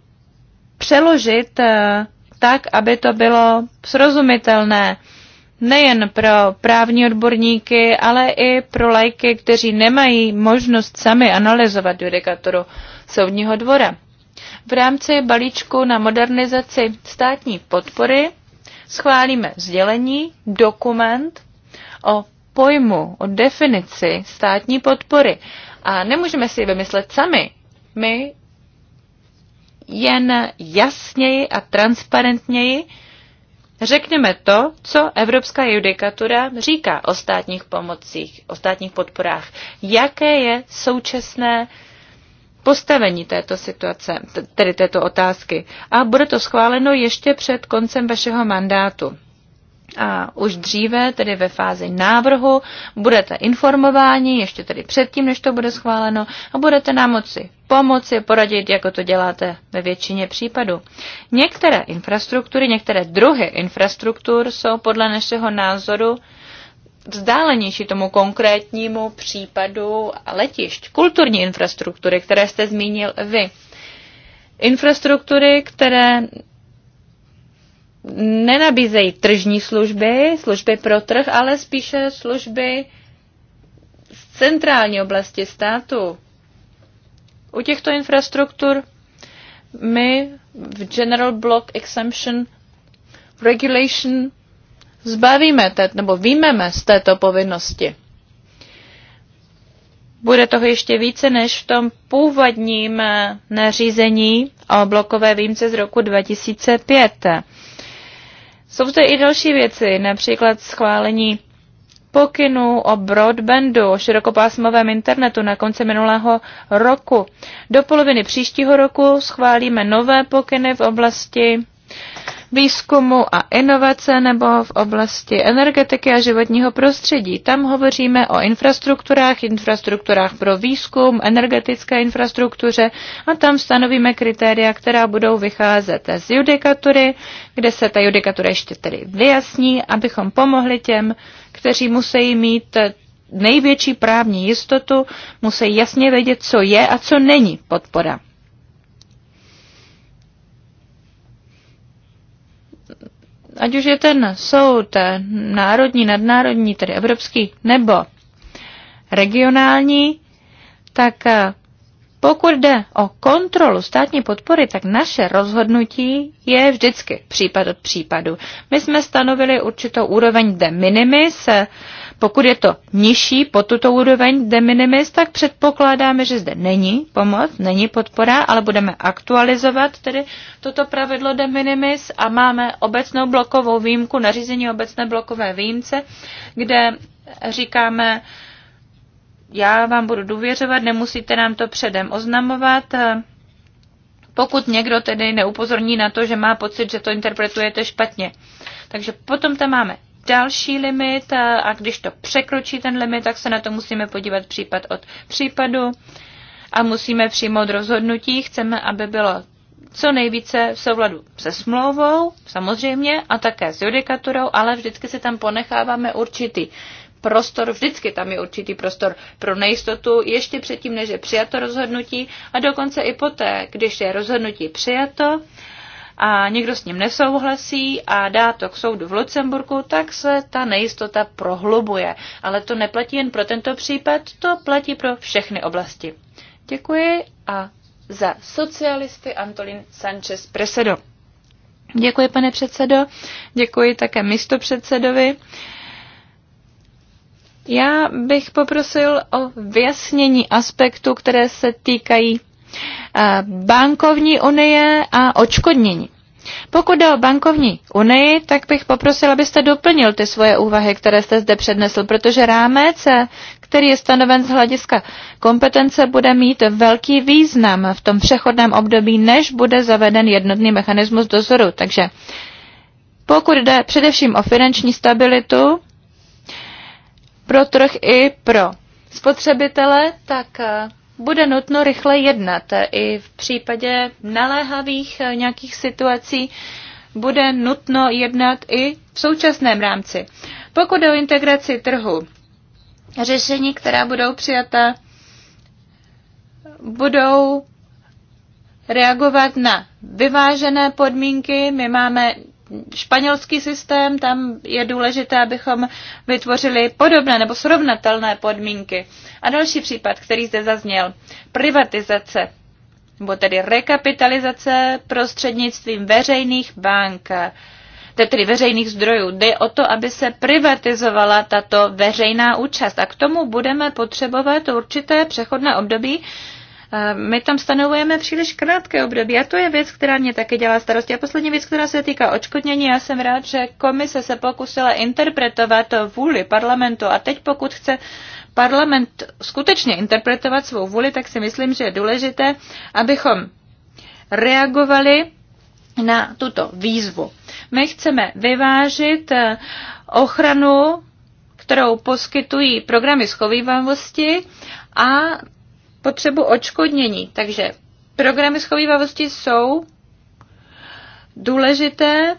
přeložit eh, tak, aby to bylo srozumitelné nejen pro právní odborníky, ale i pro lajky, kteří nemají možnost sami analyzovat judikaturu soudního dvora. V rámci balíčku na modernizaci státní podpory schválíme sdělení, dokument o pojmu, o definici státní podpory. A nemůžeme si vymyslet sami. My jen jasněji a transparentněji Řekněme to, co Evropská judikatura říká o státních pomocích, o státních podporách. Jaké je současné postavení této situace, tedy této otázky. A bude to schváleno ještě před koncem vašeho mandátu a už dříve, tedy ve fázi návrhu, budete informováni, ještě tedy předtím, než to bude schváleno, a budete nám moci pomoci, poradit, jako to děláte ve většině případů. Některé infrastruktury, některé druhy infrastruktur jsou podle našeho názoru vzdálenější tomu konkrétnímu případu letišť, kulturní infrastruktury, které jste zmínil vy. Infrastruktury, které nenabízejí tržní služby, služby pro trh, ale spíše služby z centrální oblasti státu. U těchto infrastruktur my v General Block Exemption Regulation zbavíme té, nebo výjmeme z této povinnosti. Bude toho ještě více než v tom původním eh, nařízení o blokové výjimce z roku 2005. Jsou zde i další věci, například schválení pokynů o broadbandu, o širokopásmovém internetu na konci minulého roku. Do poloviny příštího roku schválíme nové pokyny v oblasti výzkumu a inovace nebo v oblasti energetiky a životního prostředí. Tam hovoříme o infrastrukturách, infrastrukturách pro výzkum, energetické infrastruktuře a tam stanovíme kritéria, která budou vycházet z judikatury, kde se ta judikatura ještě tedy vyjasní, abychom pomohli těm, kteří musí mít největší právní jistotu, musí jasně vědět, co je a co není podpora. ať už je ten soud eh, národní, nadnárodní, tedy evropský, nebo regionální, tak eh, pokud jde o kontrolu státní podpory, tak naše rozhodnutí je vždycky případ od případu. My jsme stanovili určitou úroveň de minimis, eh, pokud je to nižší po tuto úroveň de minimis, tak předpokládáme, že zde není pomoc, není podpora, ale budeme aktualizovat tedy toto pravidlo de minimis a máme obecnou blokovou výjimku, nařízení obecné blokové výjimce, kde říkáme, já vám budu důvěřovat, nemusíte nám to předem oznamovat, pokud někdo tedy neupozorní na to, že má pocit, že to interpretujete špatně. Takže potom tam máme další limit a když to překročí ten limit, tak se na to musíme podívat případ od případu a musíme přijmout rozhodnutí. Chceme, aby bylo co nejvíce v souladu se smlouvou, samozřejmě, a také s judikaturou, ale vždycky si tam ponecháváme určitý prostor, vždycky tam je určitý prostor pro nejistotu, ještě předtím, než je přijato rozhodnutí a dokonce i poté, když je rozhodnutí přijato a někdo s ním nesouhlasí a dá to k soudu v Lucemburku, tak se ta nejistota prohlubuje. Ale to neplatí jen pro tento případ, to platí pro všechny oblasti. Děkuji a za socialisty Antolin Sanchez Presedo. Děkuji, pane předsedo. Děkuji také místopředsedovi. Já bych poprosil o vyjasnění aspektu, které se týkají Eh, bankovní unie a očkodnění. Pokud jde o bankovní unii, tak bych poprosil, abyste doplnil ty svoje úvahy, které jste zde přednesl, protože rámec, eh, který je stanoven z hlediska kompetence, bude mít velký význam v tom přechodném období, než bude zaveden jednotný mechanismus dozoru. Takže pokud jde především o finanční stabilitu pro trh i pro spotřebitele, tak eh, bude nutno rychle jednat. I v případě naléhavých eh, nějakých situací bude nutno jednat i v současném rámci. Pokud o integraci trhu, řešení, která budou přijata, budou reagovat na vyvážené podmínky. My máme španělský systém, tam je důležité, abychom vytvořili podobné nebo srovnatelné podmínky. A další případ, který zde zazněl, privatizace nebo tedy rekapitalizace prostřednictvím veřejných bank, tedy veřejných zdrojů. Jde o to, aby se privatizovala tato veřejná účast. A k tomu budeme potřebovat určité přechodné období, my tam stanovujeme příliš krátké období a to je věc, která mě taky dělá starosti. A poslední věc, která se týká očkodnění, já jsem rád, že komise se pokusila interpretovat vůli parlamentu a teď pokud chce parlament skutečně interpretovat svou vůli, tak si myslím, že je důležité, abychom reagovali na tuto výzvu. My chceme vyvážit eh, ochranu, kterou poskytují programy schovývavosti a potřebu očkodnění. Takže programy schovývavosti jsou důležité,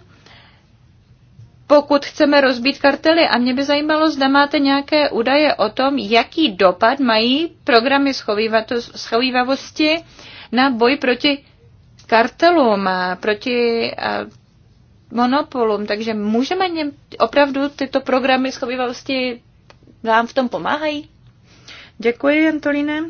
pokud chceme rozbít kartely. A mě by zajímalo, zda máte nějaké údaje o tom, jaký dopad mají programy schovývavosti na boj proti kartelům, proti monopolům. Takže můžeme něm, opravdu tyto programy schovývavosti vám v tom pomáhají? Děkuji, Antolíne.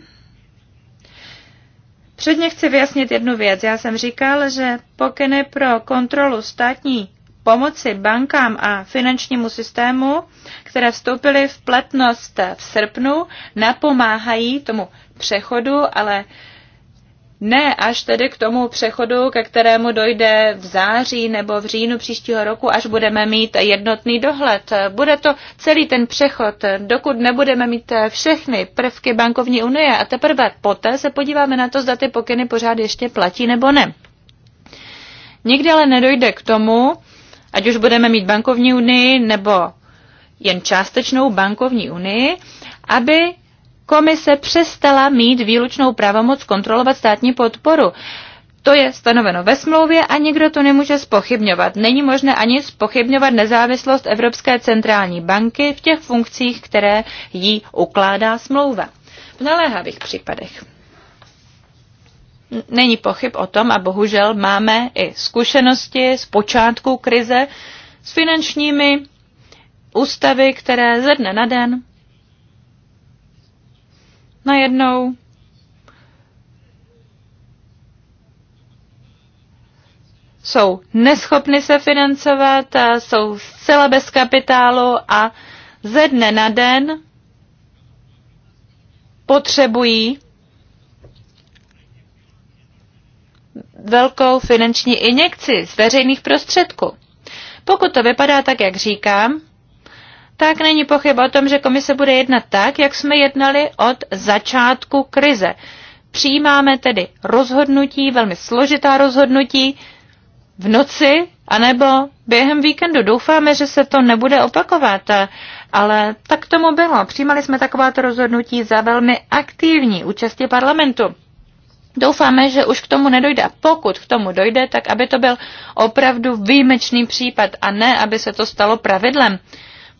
Předně chci vyjasnit jednu věc. Já jsem říkal, že pokyny pro kontrolu státní pomoci bankám a finančnímu systému, které vstoupily v platnost v srpnu, napomáhají tomu přechodu, ale ne až tedy k tomu přechodu, ke kterému dojde v září nebo v říjnu příštího roku, až budeme mít jednotný dohled. Bude to celý ten přechod, dokud nebudeme mít všechny prvky bankovní unie a teprve poté se podíváme na to, zda ty pokyny pořád ještě platí nebo ne. Nikdy ale nedojde k tomu, ať už budeme mít bankovní unii nebo jen částečnou bankovní unii, aby komise přestala mít výlučnou pravomoc kontrolovat státní podporu. To je stanoveno ve smlouvě a nikdo to nemůže spochybňovat. Není možné ani spochybňovat nezávislost Evropské centrální banky v těch funkcích, které jí ukládá smlouva. V naléhavých případech. Není pochyb o tom a bohužel máme i zkušenosti z počátku krize s finančními ústavy, které ze dne na den najednou jsou neschopny se financovat, a jsou zcela bez kapitálu a ze dne na den potřebují velkou finanční injekci z veřejných prostředků. Pokud to vypadá tak, jak říkám, tak není pochyb o tom, že komise bude jednat tak, jak jsme jednali od začátku krize. Přijímáme tedy rozhodnutí, velmi složitá rozhodnutí v noci, anebo během víkendu. Doufáme, že se to nebude opakovat, ale tak tomu bylo. Přijímali jsme takováto rozhodnutí za velmi aktivní účasti parlamentu. Doufáme, že už k tomu nedojde. A pokud k tomu dojde, tak aby to byl opravdu výjimečný případ a ne, aby se to stalo pravidlem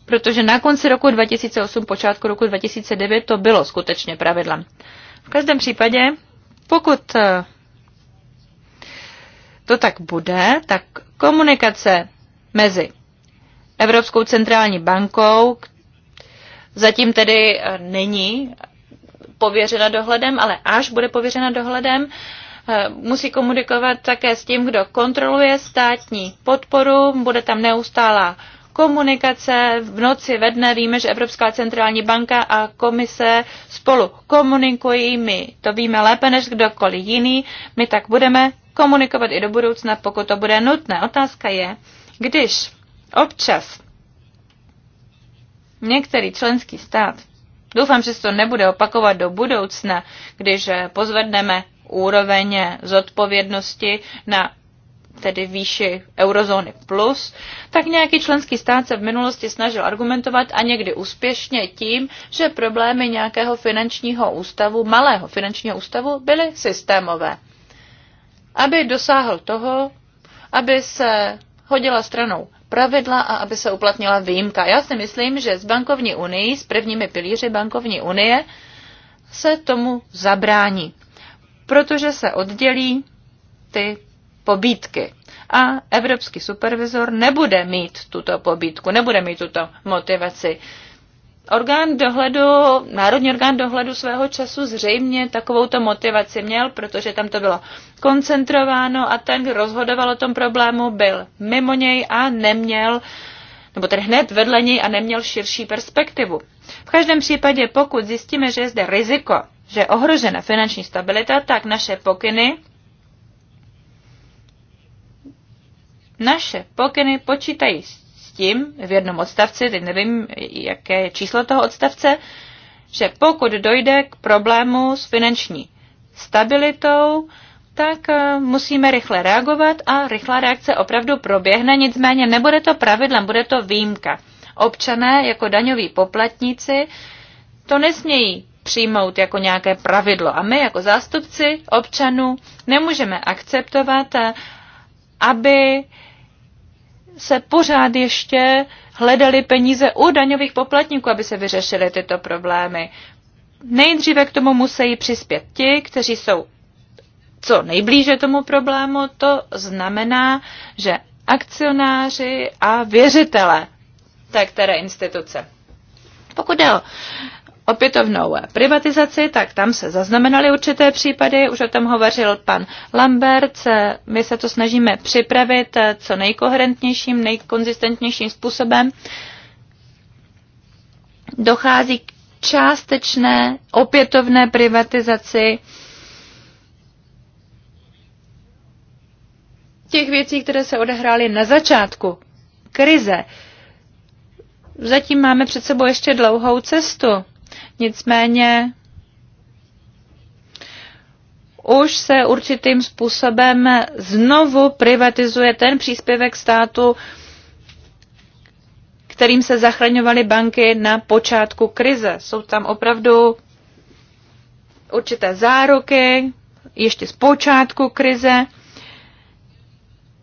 protože na konci roku 2008, počátku roku 2009 to bylo skutečně pravidlem. V každém případě, pokud eh, to tak bude, tak komunikace mezi Evropskou centrální bankou, zatím tedy eh, není pověřena dohledem, ale až bude pověřena dohledem, eh, musí komunikovat také s tím, kdo kontroluje státní podporu, bude tam neustálá komunikace v noci, ve dne. Víme, že Evropská centrální banka a komise spolu komunikují. My to víme lépe než kdokoliv jiný. My tak budeme komunikovat i do budoucna, pokud to bude nutné. Otázka je, když občas některý členský stát, doufám, že se to nebude opakovat do budoucna, když pozvedneme úroveň zodpovědnosti na tedy výši eurozóny plus, tak nějaký členský stát se v minulosti snažil argumentovat a někdy úspěšně tím, že problémy nějakého finančního ústavu, malého finančního ústavu, byly systémové. Aby dosáhl toho, aby se hodila stranou pravidla a aby se uplatnila výjimka. Já si myslím, že s bankovní unii, s prvními pilíři bankovní unie, se tomu zabrání, protože se oddělí ty pobídky. A evropský supervizor nebude mít tuto pobídku, nebude mít tuto motivaci. Orgán dohledu, národní orgán dohledu svého času zřejmě takovouto motivaci měl, protože tam to bylo koncentrováno a ten, kdo rozhodoval o tom problému, byl mimo něj a neměl, nebo tedy hned vedle něj a neměl širší perspektivu. V každém případě, pokud zjistíme, že je zde riziko, že je ohrožena finanční stabilita, tak naše pokyny Naše pokyny počítají s tím v jednom odstavci, teď nevím, jaké je číslo toho odstavce, že pokud dojde k problému s finanční stabilitou, tak eh, musíme rychle reagovat a rychlá reakce opravdu proběhne, nicméně nebude to pravidlem, bude to výjimka. Občané jako daňoví poplatníci to nesmějí přijmout jako nějaké pravidlo a my jako zástupci občanů nemůžeme akceptovat, eh, aby se pořád ještě hledali peníze u daňových poplatníků, aby se vyřešily tyto problémy. Nejdříve k tomu musí přispět ti, kteří jsou co nejblíže tomu problému. To znamená, že akcionáři a věřitele té které instituce. Pokud jde o opětovnou privatizaci, tak tam se zaznamenaly určité případy, už o tom hovořil pan Lambert, my se to snažíme připravit co nejkoherentnějším, nejkonzistentnějším způsobem. Dochází k částečné opětovné privatizaci těch věcí, které se odehrály na začátku krize. Zatím máme před sebou ještě dlouhou cestu. Nicméně už se určitým způsobem znovu privatizuje ten příspěvek státu, kterým se zachraňovaly banky na počátku krize. Jsou tam opravdu určité záruky, ještě z počátku krize.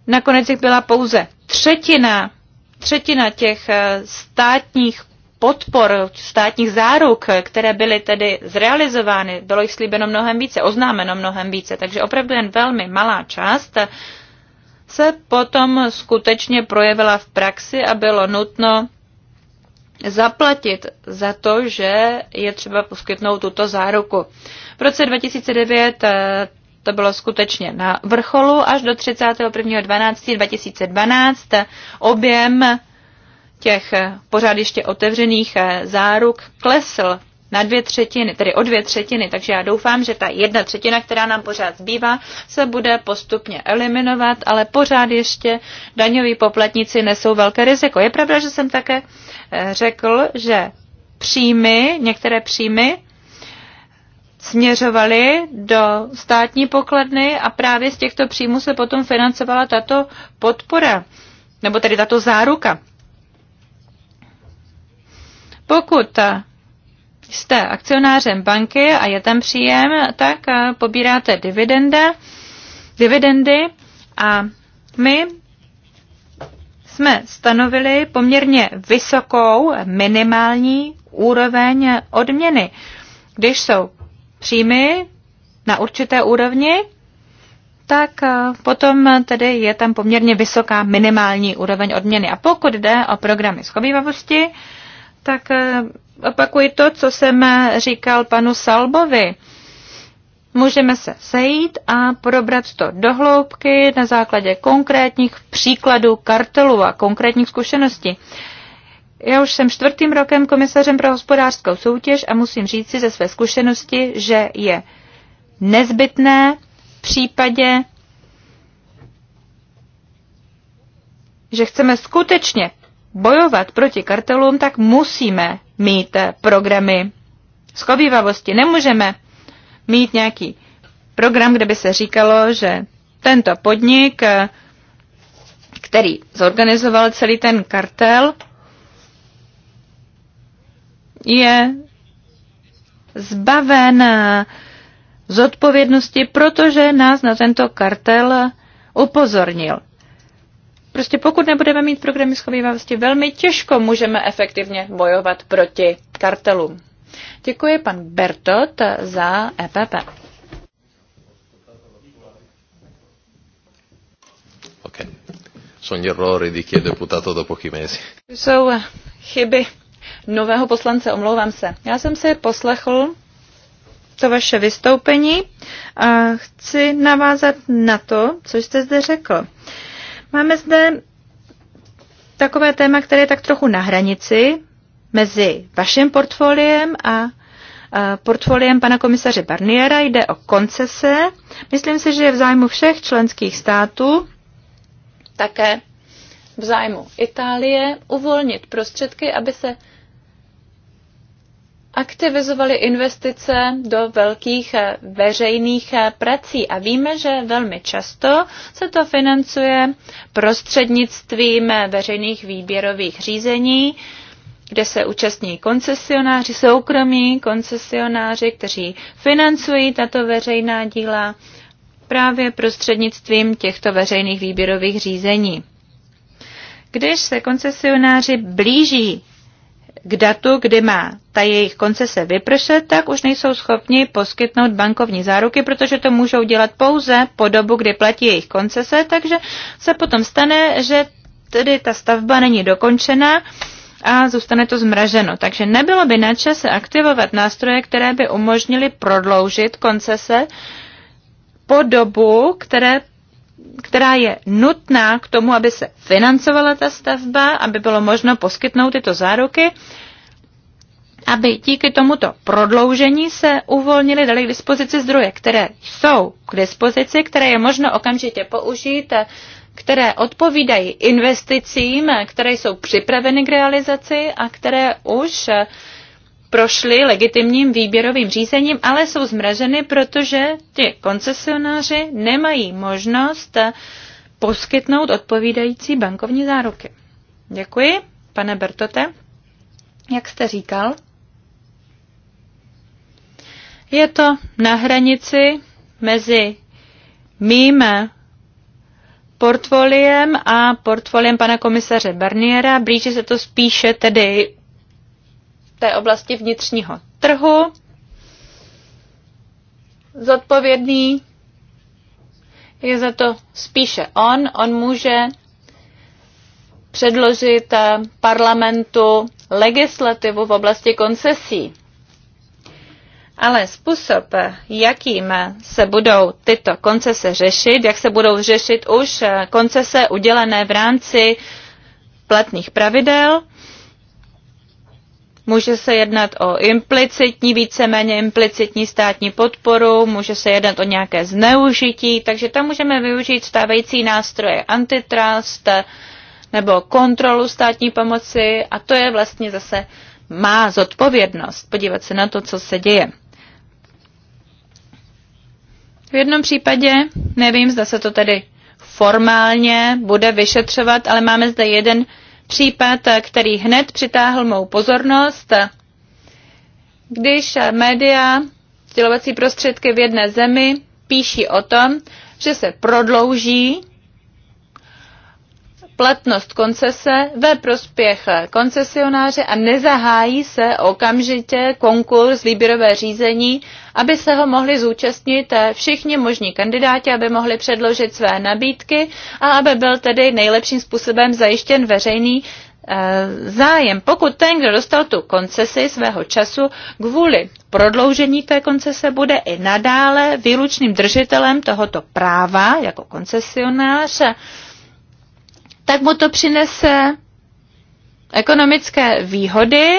Nakonec jich byla pouze třetina, třetina těch eh, státních podpor státních záruk, které byly tedy zrealizovány, bylo jich slíbeno mnohem více, oznámeno mnohem více, takže opravdu jen velmi malá část se potom skutečně projevila v praxi a bylo nutno zaplatit za to, že je třeba poskytnout tuto záruku. V roce 2009 eh, to bylo skutečně na vrcholu až do 31.12.2012 eh, objem těch eh, pořád ještě otevřených eh, záruk klesl na dvě třetiny, tedy o dvě třetiny, takže já doufám, že ta jedna třetina, která nám pořád zbývá, se bude postupně eliminovat, ale pořád ještě daňoví poplatníci nesou velké riziko. Je pravda, že jsem také eh, řekl, že příjmy, některé příjmy směřovaly do státní pokladny a právě z těchto příjmů se potom financovala tato podpora, nebo tedy tato záruka. Pokud jste akcionářem banky a je tam příjem, tak eh, pobíráte dividenda, dividendy a my jsme stanovili poměrně vysokou minimální úroveň odměny. Když jsou příjmy na určité úrovni, tak eh, potom tedy je tam poměrně vysoká minimální úroveň odměny. A pokud jde o programy schovývavosti, tak eh, opakuji to, co jsem eh, říkal panu Salbovi. Můžeme se sejít a probrat to do hloubky na základě konkrétních příkladů kartelů a konkrétních zkušeností. Já už jsem čtvrtým rokem komisařem pro hospodářskou soutěž a musím říci ze své zkušenosti, že je nezbytné v případě, že chceme skutečně bojovat proti kartelům, tak musíme mít programy schovývavosti. Nemůžeme mít nějaký program, kde by se říkalo, že tento podnik, který zorganizoval celý ten kartel, je zbaven zodpovědnosti, protože nás na tento kartel upozornil. Prostě pokud nebudeme mít programy schovývavosti, velmi těžko můžeme efektivně bojovat proti kartelům. Děkuji pan Bertot za EPP. Okay. Sono errori di chi è deputato dopo mesi. Jsou chyby nového poslance, omlouvám se. Já jsem si poslechl to vaše vystoupení a chci navázat na to, co jste zde řekl. Uh, Máme zde takové téma, které je tak trochu na hranici mezi vaším portfoliem a portfoliem pana komisaře Barniera. Jde o koncese. Myslím si, že je v zájmu všech členských států, také v zájmu Itálie, uvolnit prostředky, aby se aktivizovali investice do velkých eh, veřejných eh, prací a víme, že velmi často se to financuje prostřednictvím eh, veřejných výběrových řízení, kde se účastní koncesionáři, soukromí koncesionáři, kteří financují tato veřejná díla právě prostřednictvím těchto veřejných výběrových řízení. Když se koncesionáři blíží k datu, kdy má ta jejich koncese vypršet, tak už nejsou schopni poskytnout bankovní záruky, protože to můžou dělat pouze po dobu, kdy platí jejich koncese, takže se potom stane, že tedy ta stavba není dokončená a zůstane to zmraženo. Takže nebylo by na čase aktivovat nástroje, které by umožnily prodloužit koncese po dobu, které která je nutná k tomu, aby se financovala ta stavba, aby bylo možno poskytnout tyto záruky, aby díky tomuto prodloužení se uvolnily, dali k dispozici zdroje, které jsou k dispozici, které je možno okamžitě použít, které odpovídají investicím, které jsou připraveny k realizaci a které už prošly legitimním výběrovým řízením, ale jsou zmraženy, protože ti koncesionáři nemají možnost poskytnout odpovídající bankovní záruky. Děkuji, pane Bertote. Jak jste říkal, je to na hranici mezi mým portfoliem a portfoliem pana komisaře Barniera. Blíží se to spíše tedy té oblasti vnitřního trhu, zodpovědný je za to spíše on. On může předložit eh, parlamentu legislativu v oblasti koncesí. Ale způsob, eh, jakým eh, se budou tyto koncese řešit, jak se budou řešit už koncese udělené v rámci platných pravidel, Může se jednat o implicitní, víceméně implicitní státní podporu, může se jednat o nějaké zneužití, takže tam můžeme využít stávající nástroje antitrust nebo kontrolu státní pomoci a to je vlastně zase má zodpovědnost podívat se na to, co se děje. V jednom případě, nevím, zda se to tedy formálně bude vyšetřovat, ale máme zde jeden případ, který hned přitáhl mou pozornost. Když média, sdělovací prostředky v jedné zemi píší o tom, že se prodlouží platnost koncese ve prospěch koncesionáře a nezahájí se okamžitě konkurs, výběrové řízení, aby se ho mohli zúčastnit všichni možní kandidáti, aby mohli předložit své nabídky a aby byl tedy nejlepším způsobem zajištěn veřejný eh, zájem. Pokud ten, kdo dostal tu koncesi svého času, kvůli prodloužení té koncese bude i nadále výlučným držitelem tohoto práva jako koncesionáře, tak mu to přinese ekonomické výhody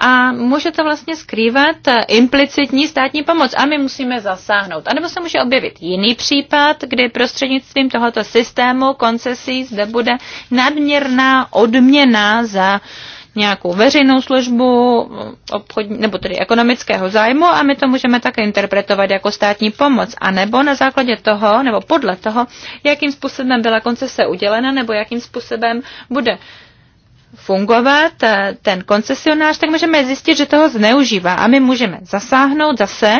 a může to vlastně skrývat implicitní státní pomoc a my musíme zasáhnout. A nebo se může objevit jiný případ, kdy prostřednictvím tohoto systému koncesí zde bude nadměrná odměna za uh, nějakou veřejnou službu obchodní, nebo tedy ekonomického zájmu a my to můžeme také interpretovat jako státní pomoc, a nebo na základě toho, nebo podle toho, jakým způsobem byla koncese udělena, nebo jakým způsobem bude fungovat eh, ten koncesionář, tak můžeme zjistit, že toho zneužívá a my můžeme zasáhnout zase,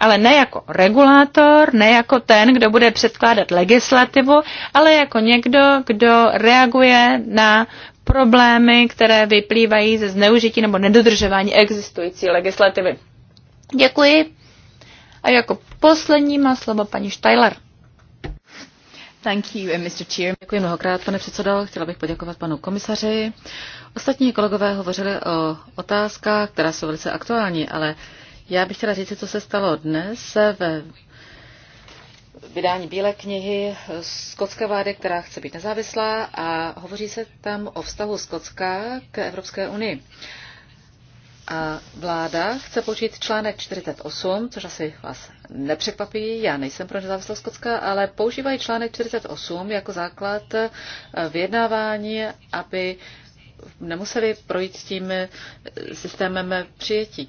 ale ne jako regulátor, ne jako ten, kdo bude předkládat legislativu, ale jako někdo, kdo reaguje na problémy, které vyplývají ze zneužití nebo nedodržování existující legislativy. Děkuji. A jako poslední má slovo paní Štajler. Thank you, uh, Mr. Chair. Děkuji mnohokrát, pane předsedo. Chtěla bych poděkovat panu komisaři. Ostatní kolegové hovořili o otázkách, která jsou velice aktuální, ale já bych chtěla říct, co se stalo dnes ve vydání Bílé knihy skotské vlády, která chce být nezávislá a hovoří se tam o vztahu Skotska k Evropské unii. A vláda chce použít článek 48, což asi vás nepřekvapí, já nejsem pro nezávislost Skotska, ale používají článek 48 jako základ vyjednávání, aby nemuseli projít tím systémem přijetí,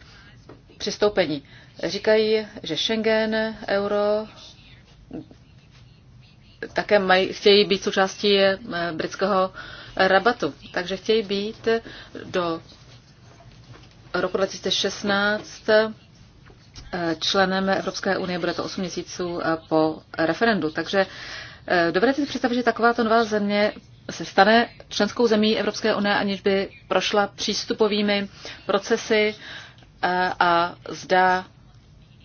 přistoupení. Říkají, že Schengen, euro, také mají, chtějí být součástí eh, britského eh, rabatu. Takže chtějí být eh, do roku 2016 členem Evropské unie, bude to 8 měsíců po referendu. Takže dovedete si představit, že takováto nová země se stane členskou zemí Evropské unie, aniž by prošla přístupovými procesy a zda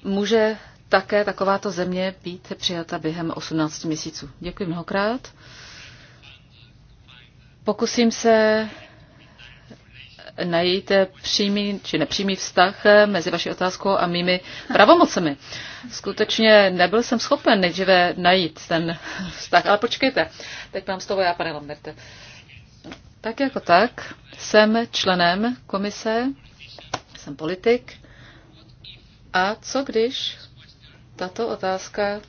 může také takováto země být přijata během 18 měsíců. Děkuji mnohokrát. Pokusím se najít přímý či nepřímý vztah mezi vaší otázkou a mými pravomocemi. Skutečně nebyl jsem schopen nejdříve najít ten vztah, ale počkejte, teď mám toho já, pane Lamberte. Tak jako tak, jsem členem komise, jsem politik a co když tato otázka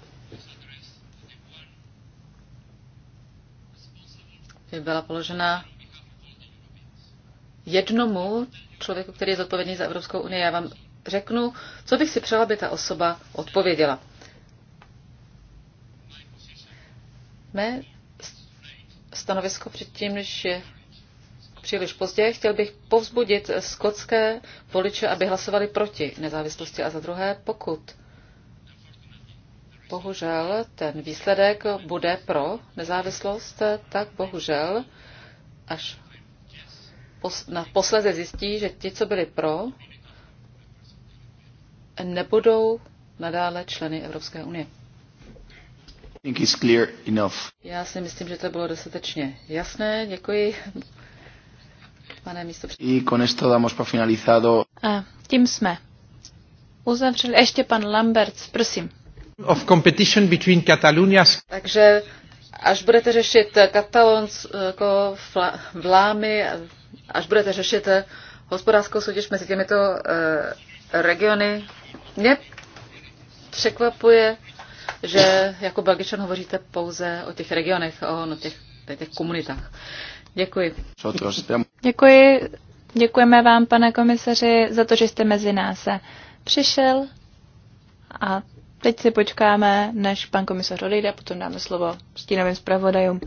by byla položena jednomu člověku, který je zodpovědný za Evropskou unii. Já vám řeknu, co bych si přála, aby ta osoba odpověděla. Mé stanovisko předtím, než je příliš pozdě, chtěl bych povzbudit skotské voliče, aby hlasovali proti nezávislosti a za druhé, pokud bohužel ten výsledek bude pro nezávislost, tak bohužel až na posledze zjistí, že ti, co byli pro, nebudou nadále členy Evropské unie. Já si myslím, že to bylo dostatečně jasné. Děkuji, pane místo. I con esto damos por finalizado. A tím jsme uzavřeli. Ještě pan Lambert, prosím. Of competition between Catalonia... Takže až budete řešit katalonsko vlámy, až budete řešit eh, hospodářskou soutěž mezi těmito eh, regiony, mě překvapuje, že jako Belgičan hovoříte pouze o těch regionech, o no, těch, těch komunitách. Děkuji. Děkuji. Děkujeme vám, pane komisaři, za to, že jste mezi nás přišel a Teď si počkáme, než pan komisař odejde, potom dáme slovo stínovým zpravodajům.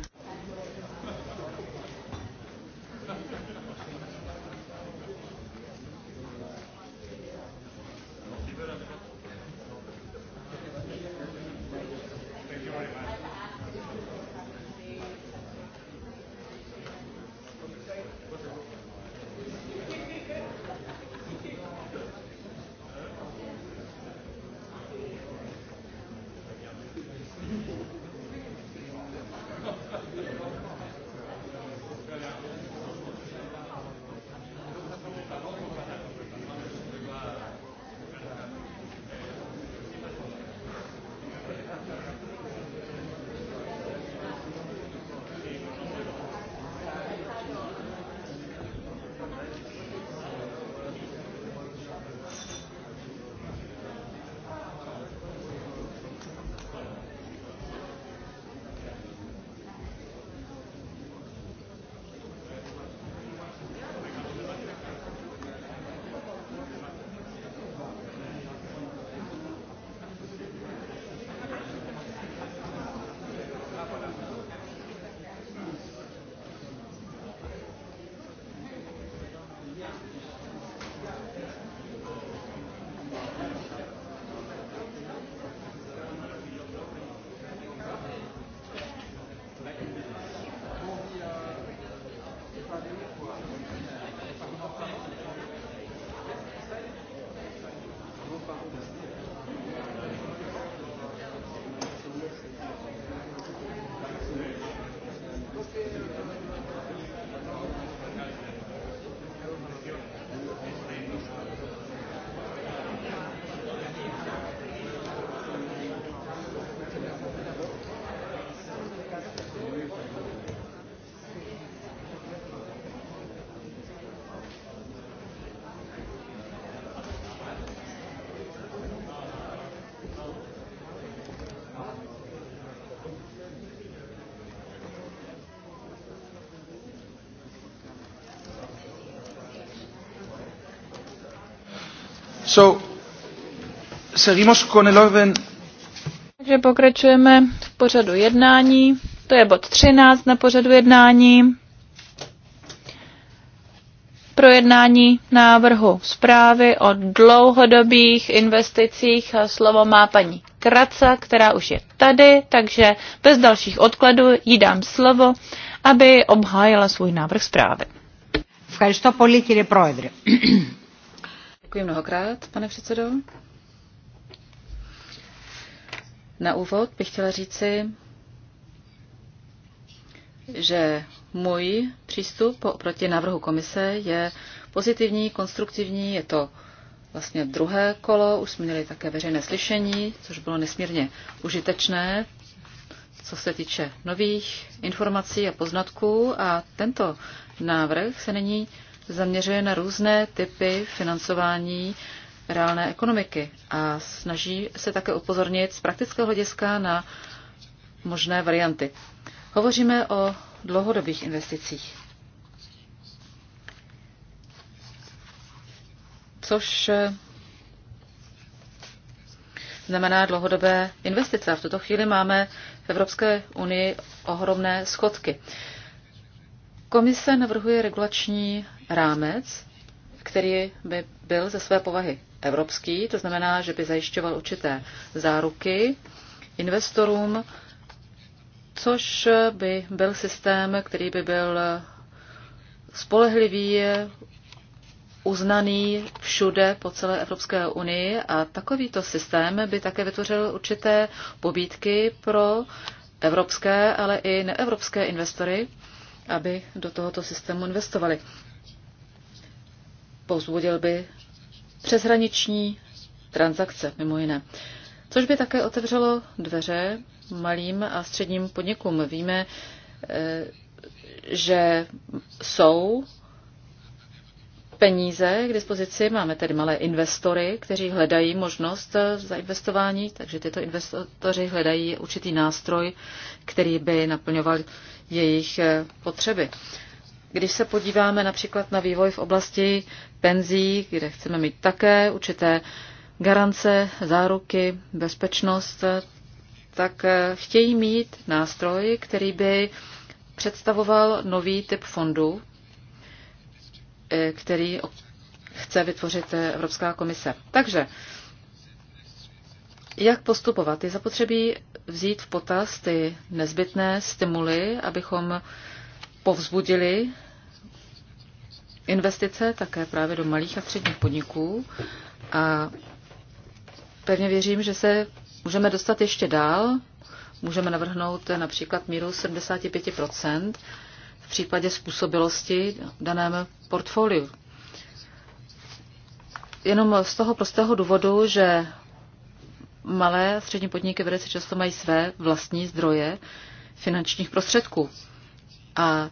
So, seguimos con el orden. Takže pokračujeme v pořadu jednání. To je bod 13 na pořadu jednání. Projednání návrhu zprávy o dlouhodobých investicích. Slovo má paní Kraca, která už je tady, takže bez dalších odkladů jí dám slovo, aby obhájila svůj návrh zprávy. Ευχαριστώ πολύ Děkuji mnohokrát, pane předsedo. Na úvod bych chtěla říci, že můj přístup oproti návrhu komise je pozitivní, konstruktivní, je to vlastně druhé kolo, už jsme měli také veřejné slyšení, což bylo nesmírně užitečné, co se týče nových informací a poznatků a tento návrh se nyní zaměřuje na různé typy financování reálné ekonomiky a snaží se také upozornit z praktického hlediska na možné varianty. Hovoříme o dlouhodobých investicích, což znamená dlouhodobé investice. A v tuto chvíli máme v Evropské unii ohromné schodky. Komise navrhuje regulační rámec, který by byl ze své povahy evropský, to znamená, že by zajišťoval určité záruky investorům, což by byl systém, který by byl spolehlivý, uznaný všude po celé Evropské unii a takovýto systém by také vytvořil určité pobídky pro evropské, ale i neevropské investory, aby do tohoto systému investovali. Pouzbudil by přeshraniční transakce, mimo jiné. Což by také otevřelo dveře malým a středním podnikům. Víme, eh, že jsou peníze k dispozici, máme tedy malé investory, kteří hledají možnost eh, zainvestování, takže tyto investoři hledají určitý nástroj, který by naplňoval jejich eh, potřeby. Když se podíváme například na vývoj v oblasti penzí, kde chceme mít také určité garance, záruky, bezpečnost, tak eh, chtějí mít nástroj, který by představoval nový typ fondu, eh, který chce vytvořit Evropská komise. Takže jak postupovat? Je zapotřebí vzít v potaz ty nezbytné stimuly, abychom povzbudili investice také právě do malých a středních podniků a pevně věřím, že se můžeme dostat ještě dál. Můžeme navrhnout například míru 75 v případě způsobilosti daném portfoliu. Jenom z toho prostého důvodu, že malé a střední podniky velice často mají své vlastní zdroje finančních prostředků. A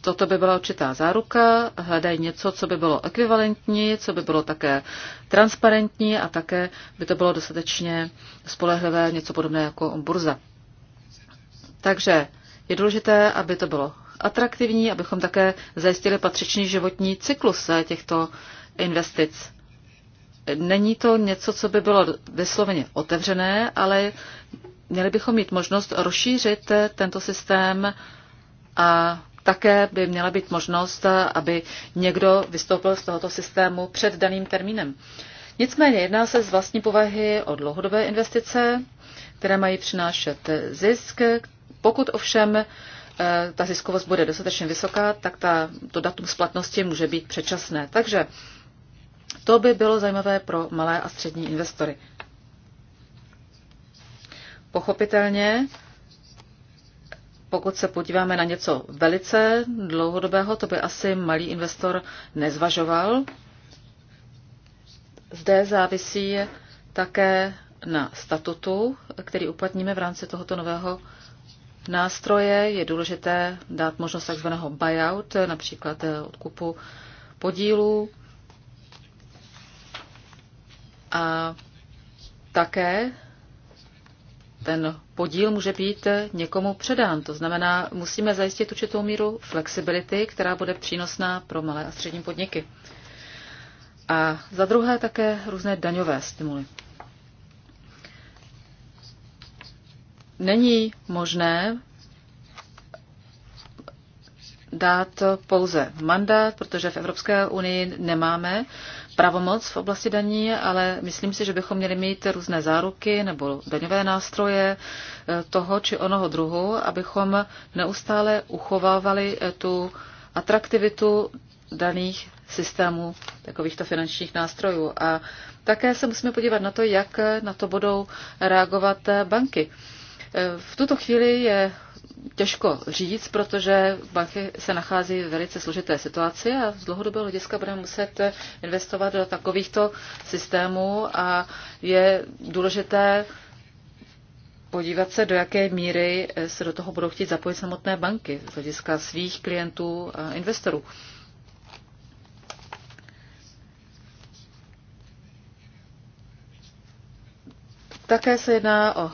toto by byla určitá záruka, hledají něco, co by bylo ekvivalentní, co by bylo také transparentní a také by to bylo dostatečně spolehlivé, něco podobné jako burza. Takže je důležité, aby to bylo atraktivní, abychom také zajistili patřičný životní cyklus eh, těchto investic. Není to něco, co by bylo vysloveně otevřené, ale měli bychom mít možnost rozšířit tento systém a také by měla být možnost, aby někdo vystoupil z tohoto systému před daným termínem. Nicméně jedná se z vlastní povahy o dlouhodobé investice, které mají přinášet zisk. Pokud ovšem eh, ta ziskovost bude dostatečně vysoká, tak ta, to datum splatnosti může být předčasné. Takže to by bylo zajímavé pro malé a střední investory. Pochopitelně, pokud se podíváme na něco velice dlouhodobého, to by asi malý investor nezvažoval. Zde závisí také na statutu, který uplatníme v rámci tohoto nového nástroje. Je důležité dát možnost takzvaného buyout, například odkupu podílů. A také ten podíl může být někomu předán. To znamená, musíme zajistit určitou míru flexibility, která bude přínosná pro malé a střední podniky. A za druhé také různé daňové stimuly. Není možné dát pouze mandát, protože v Evropské unii nemáme pravomoc v oblasti daní, ale myslím si, že bychom měli mít různé záruky nebo daňové nástroje eh, toho či onoho druhu, abychom neustále uchovávali eh, tu atraktivitu daných systémů takovýchto finančních nástrojů. A také se musíme podívat na to, jak eh, na to budou reagovat banky. V tuto chvíli je těžko říct, protože banky se nachází v velice složité situaci a z dlouhodobého hlediska budeme muset investovat do takovýchto systémů a je důležité podívat se, do jaké míry se do toho budou chtít zapojit samotné banky z hlediska svých klientů a investorů. Také se jedná o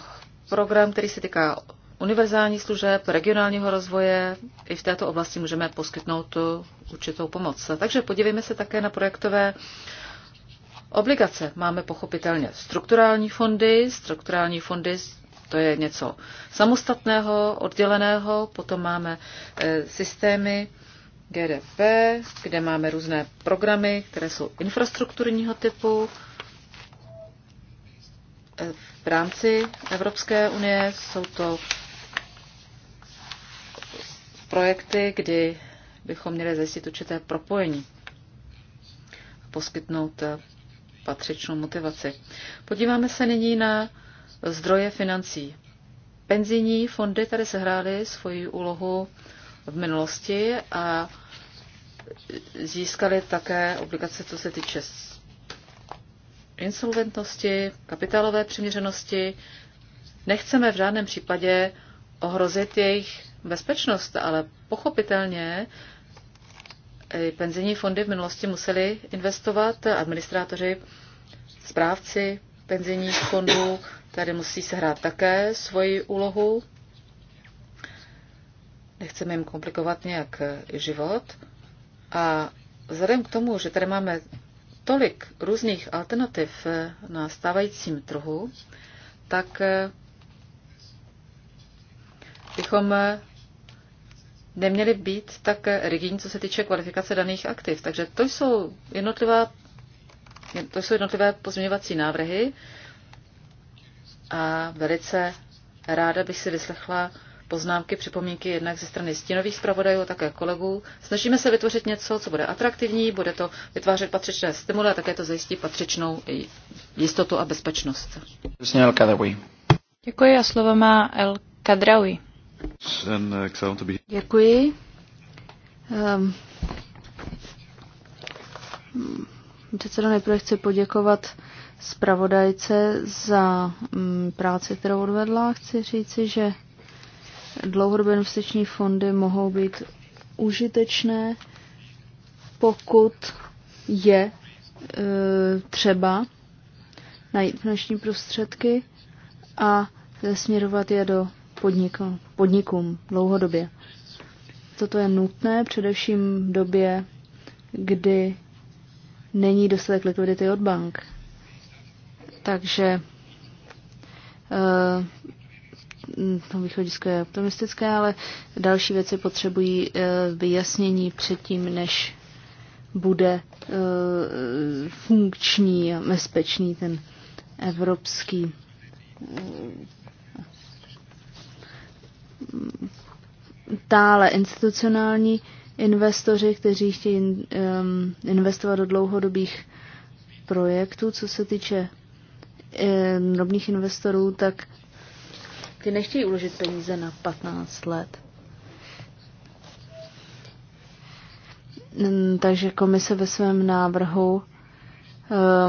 program, který se týká univerzálních služeb, regionálního rozvoje. I v této oblasti můžeme poskytnout tu určitou pomoc. Takže podívejme se také na projektové obligace. Máme pochopitelně strukturální fondy. Strukturální fondy to je něco samostatného, odděleného. Potom máme e, systémy GDP, kde máme různé programy, které jsou infrastrukturního typu e, v rámci Evropské unie. Jsou to projekty, kdy bychom měli zajistit určité propojení a poskytnout eh, patřičnou motivaci. Podíváme se nyní na zdroje financí. Penzijní fondy tady sehrály svoji úlohu v minulosti a získali také obligace, co se týče insolventnosti, kapitálové přiměřenosti. Nechceme v žádném případě ohrozit jejich bezpečnost, ale pochopitelně penzijní fondy v minulosti museli investovat, administrátoři, správci penzijních fondů tady musí se hrát také svoji úlohu. Nechceme jim komplikovat nějak eh, život. A vzhledem k tomu, že tady máme tolik různých alternativ eh, na stávajícím trhu, tak eh, bychom neměly být tak rigidní, co se týče kvalifikace daných aktiv. Takže to jsou, jednotlivá, to jsou jednotlivé pozměňovací návrhy a velice ráda bych si vyslechla poznámky, připomínky jednak ze strany stínových zpravodajů a také kolegů. Snažíme se vytvořit něco, co bude atraktivní, bude to vytvářet patřičné stimuly a také to zajistí patřičnou jistotu a bezpečnost. Děkuji a slovo má El Kadraoui. Uh, Děkuji. Um, předsedo, nejprve chci poděkovat zpravodajce za um, práci, kterou odvedla. Chci říci, že dlouhodobé investiční fondy mohou být užitečné, pokud je e, třeba najít finanční prostředky a směrovat je do podniku, podnikům dlouhodobě. Toto je nutné především v době, kdy není dostatek likvidity od bank. Takže eh, to východisko je optimistické, ale další věci potřebují eh, vyjasnění předtím, než bude eh, funkční a bezpečný ten evropský tále institucionální investoři, kteří chtějí um, investovat do dlouhodobých projektů, co se týče um, drobných investorů, tak ty nechtějí uložit peníze na 15 let. Mm, takže komise ve svém návrhu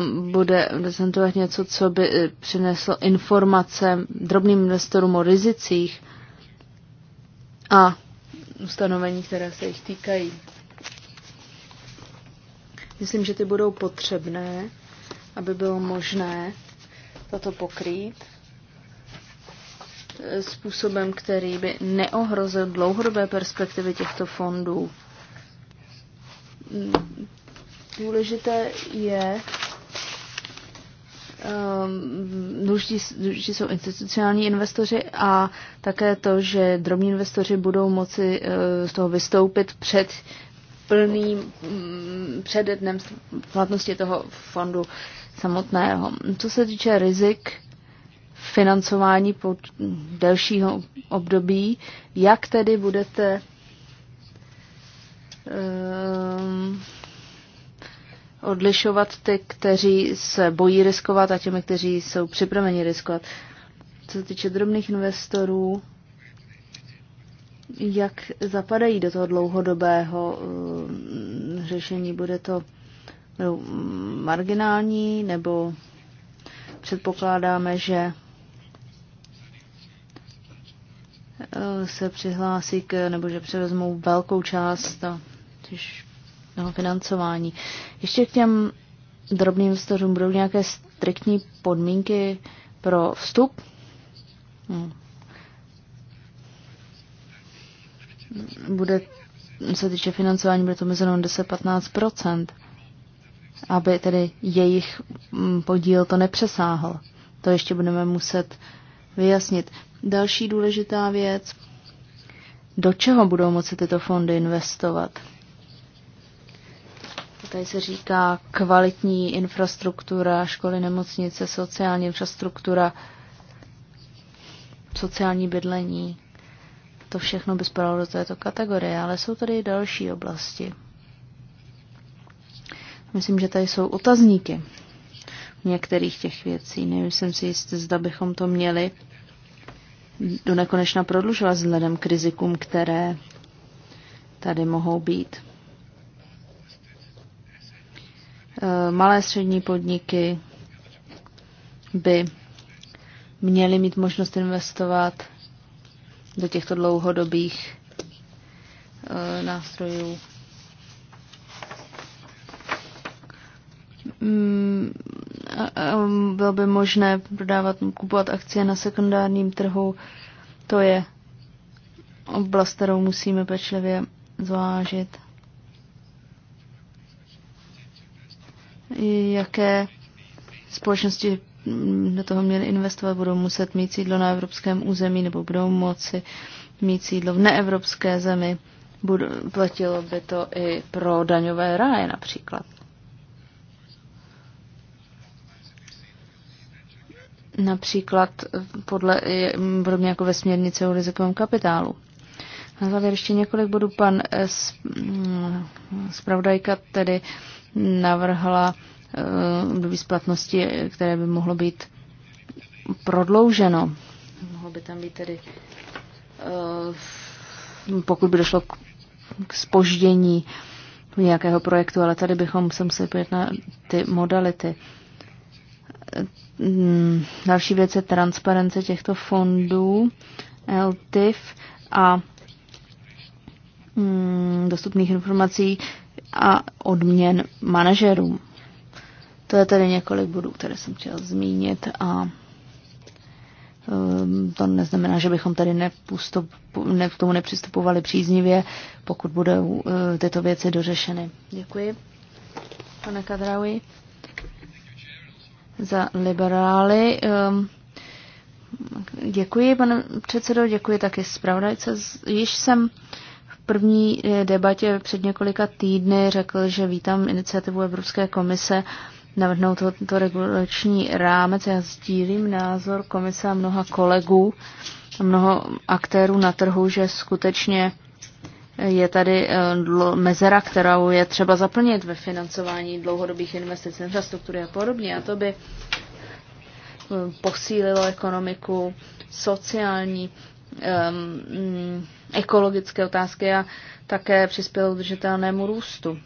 um, bude prezentovat něco, co by eh, přineslo informace drobným investorům o rizicích a ustanovení, které se jich týkají. Myslím, že ty budou potřebné, aby bylo možné toto pokrýt eh, způsobem, který by neohrozil dlouhodobé perspektivy těchto fondů. Mm, důležité je Ehm, důležití, důležití jsou institucionální investoři a také to, že drobní investoři budou moci eh, z toho vystoupit před plným, mm, před dnem platnosti toho fondu samotného. Co se týče rizik financování po delšího období, jak tedy budete um, odlišovat ty, kteří se bojí riskovat a těmi, kteří jsou připraveni riskovat. Co se týče drobných investorů, jak zapadají do toho dlouhodobého eh, řešení? Bude to marginální nebo předpokládáme, že eh, se přihlásí k, nebo že převezmou velkou část, když toho financování. Ještě k těm drobným investorům budou nějaké striktní podmínky pro vstup? Hmm. Bude, se týče financování, bude to mezi 10-15%, aby tedy jejich mm, podíl to nepřesáhl. To ještě budeme muset vyjasnit. Další důležitá věc, do čeho budou moci tyto fondy investovat? Tady se říká kvalitní infrastruktura, školy, nemocnice, sociální infrastruktura, sociální bydlení. To všechno by spadalo do této kategorie, ale jsou tady i další oblasti. Myslím, že tady jsou otazníky některých těch věcí. Nevím, jsem si jistý, zda bychom to měli do nekonečna prodlužovat vzhledem k rizikům, které tady mohou být. Eh, malé střední podniky by měly mít možnost investovat do těchto dlouhodobých eh, nástrojů. Mm, bylo by možné prodávat, kupovat akcie na sekundárním trhu. To je oblast, kterou musíme pečlivě zvážit. jaké společnosti do toho měly investovat, budou muset mít sídlo na evropském území nebo budou moci mít sídlo v neevropské zemi. Budu, platilo by to i pro daňové ráje například. Například podle, podobně jako ve směrnici o rizikovém kapitálu. Na závěr ještě několik bodů. Pan eh, mm, zpravodajka tedy navrhla eh, období splatnosti, které by mohlo být prodlouženo. Mohlo by tam být tedy, eh, pokud by došlo k spoždění nějakého projektu, ale tady bychom se museli podívat na ty modality. Eh, další věc je transparence těchto fondů, LTIF a mm, dostupných informací a odměn manažerům. To je tedy několik bodů, které jsem chtěla zmínit a ehm, to neznamená, že bychom tady nepustup, ne, k tomu nepřistupovali příznivě, pokud budou eh, tyto věci dořešeny. Děkuji, pane Kadraui, za liberály. Ehm, děkuji, pane předsedo, děkuji taky zpravodajce. Již jsem první eh, debatě před několika týdny řekl, že vítám iniciativu Evropské komise navrhnout to, to regulační rámec. Já sdílím názor komise a mnoha kolegů, mnoho aktérů na trhu, že skutečně eh, je tady eh, mezera, kterou je třeba zaplnit ve financování dlouhodobých investic, infrastruktury a podobně. A to by posílilo ekonomiku, sociální um, ekologické otázky a také přispěl udržitelnému růstu.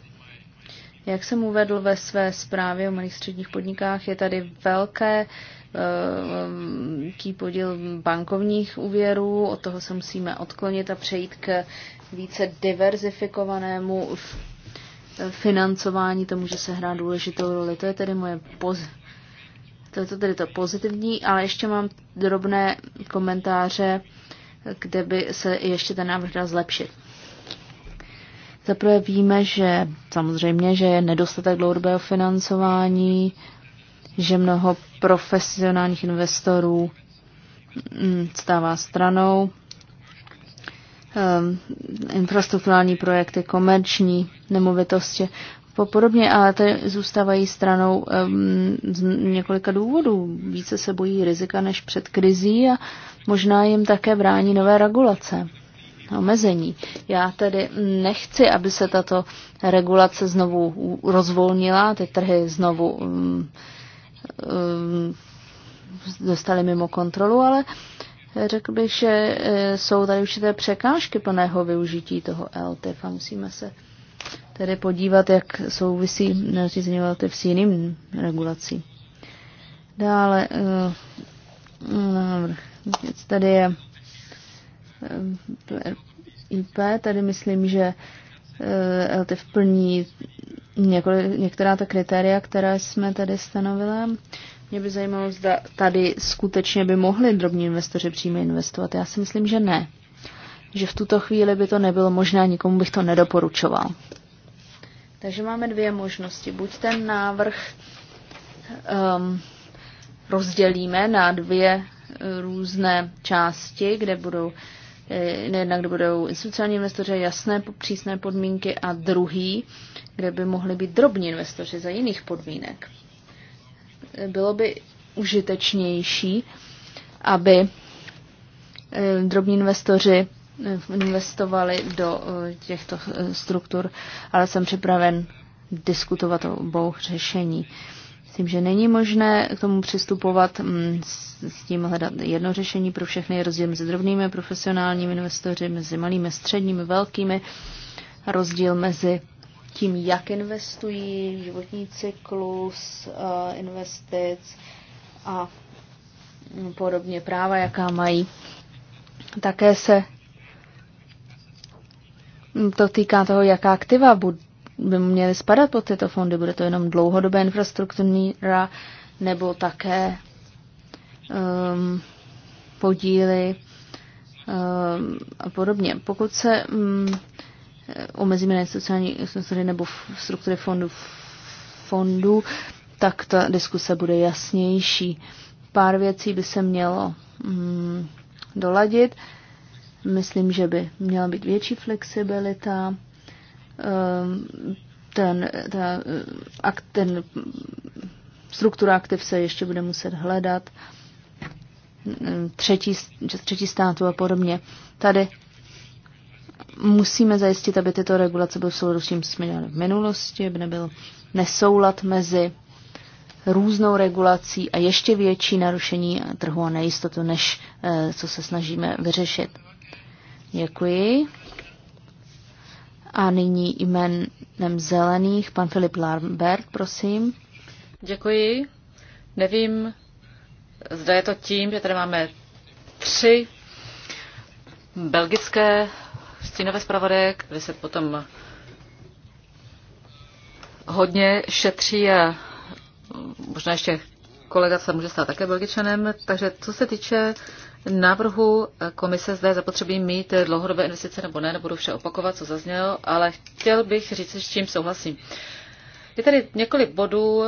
Jak jsem uvedl ve své zprávě o malých středních podnikách, je tady velké eh, velký podíl bankovních úvěrů, od toho se musíme odklonit a přejít k více diverzifikovanému financování, to může se hrát důležitou roli. To je tedy moje poz... to je to tedy to pozitivní, ale ještě mám drobné komentáře kde by se ještě ten návrh dal zlepšit. Zaprvé víme, že samozřejmě, že je nedostatek dlouhodobého financování, že mnoho profesionálních investorů mm, stává stranou. Ehm, infrastrukturální projekty, komerční nemovitosti podobně, ale tady zůstávají stranou ehm, z několika důvodů. Více se bojí rizika než před krizí a možná jim také brání nové regulace omezení. Já tedy nechci, aby se tato regulace znovu rozvolnila, ty trhy znovu um, um, dostaly mimo kontrolu, ale řekl bych, že e, jsou tady určité překážky plného využití toho LTF a musíme se tedy podívat, jak souvisí nařízení LTF s jiným regulací. Dále e, návrh věc tady je eh, IP, tady myslím, že eh, LTIF plní některá ta kritéria, která jsme tady stanovili. Mě by zajímalo, zda tady skutečně by mohli drobní investoři přímo investovat. Já si myslím, že ne. Že v tuto chvíli by to nebylo možné, nikomu bych to nedoporučoval. Takže máme dvě možnosti. Buď ten návrh um, rozdělíme na dvě různé části, kde budou eh, nejedna, kde budou institucionální investoři jasné přísné podmínky a druhý, kde by mohli být drobní investoři za jiných podmínek. Bylo by užitečnější, aby eh, drobní investoři eh, investovali do těchto struktur, ale jsem připraven diskutovat o obou řešení. Myslím, že není možné k tomu přistupovat mm, s tím hledat jedno řešení pro všechny rozdíl mezi drobnými profesionálními investory, mezi malými, středními, velkými, rozdíl mezi tím, jak investují, životní cyklus eh, investic a mm, podobně práva, jaká mají. Také se mm, to týká toho, jaká aktiva budou by měly spadat pod tyto fondy? Bude to jenom dlouhodobé infrastruktura nebo také um, podíly um, a podobně. Pokud se um, omezíme na sociální struktury nebo struktury fondu, fondu, tak ta diskuse bude jasnější. Pár věcí by se mělo um, doladit. Myslím, že by měla být větší flexibilita Ehm, ten, ta, ak, ten struktura aktiv se ještě bude muset hledat, ehm, třetí, třetí státu a podobně. Tady musíme zajistit, aby tyto regulace byly v souladu s tím, co jsme dělali v minulosti, aby nebyl nesoulad mezi různou regulací a ještě větší narušení trhu a nejistotu, než eh, co se snažíme vyřešit. Děkuji. A nyní jménem zelených, pan Filip Lambert, prosím. Děkuji. Nevím, zda je to tím, že tady máme tři belgické stínové zpravodaje, které se potom hodně šetří a možná ještě kolega se může stát také belgičanem. Takže co se týče návrhu komise zde zapotřebí mít dlouhodobé investice nebo ne, nebudu vše opakovat, co zaznělo, ale chtěl bych říct, s čím souhlasím. Je tady několik bodů,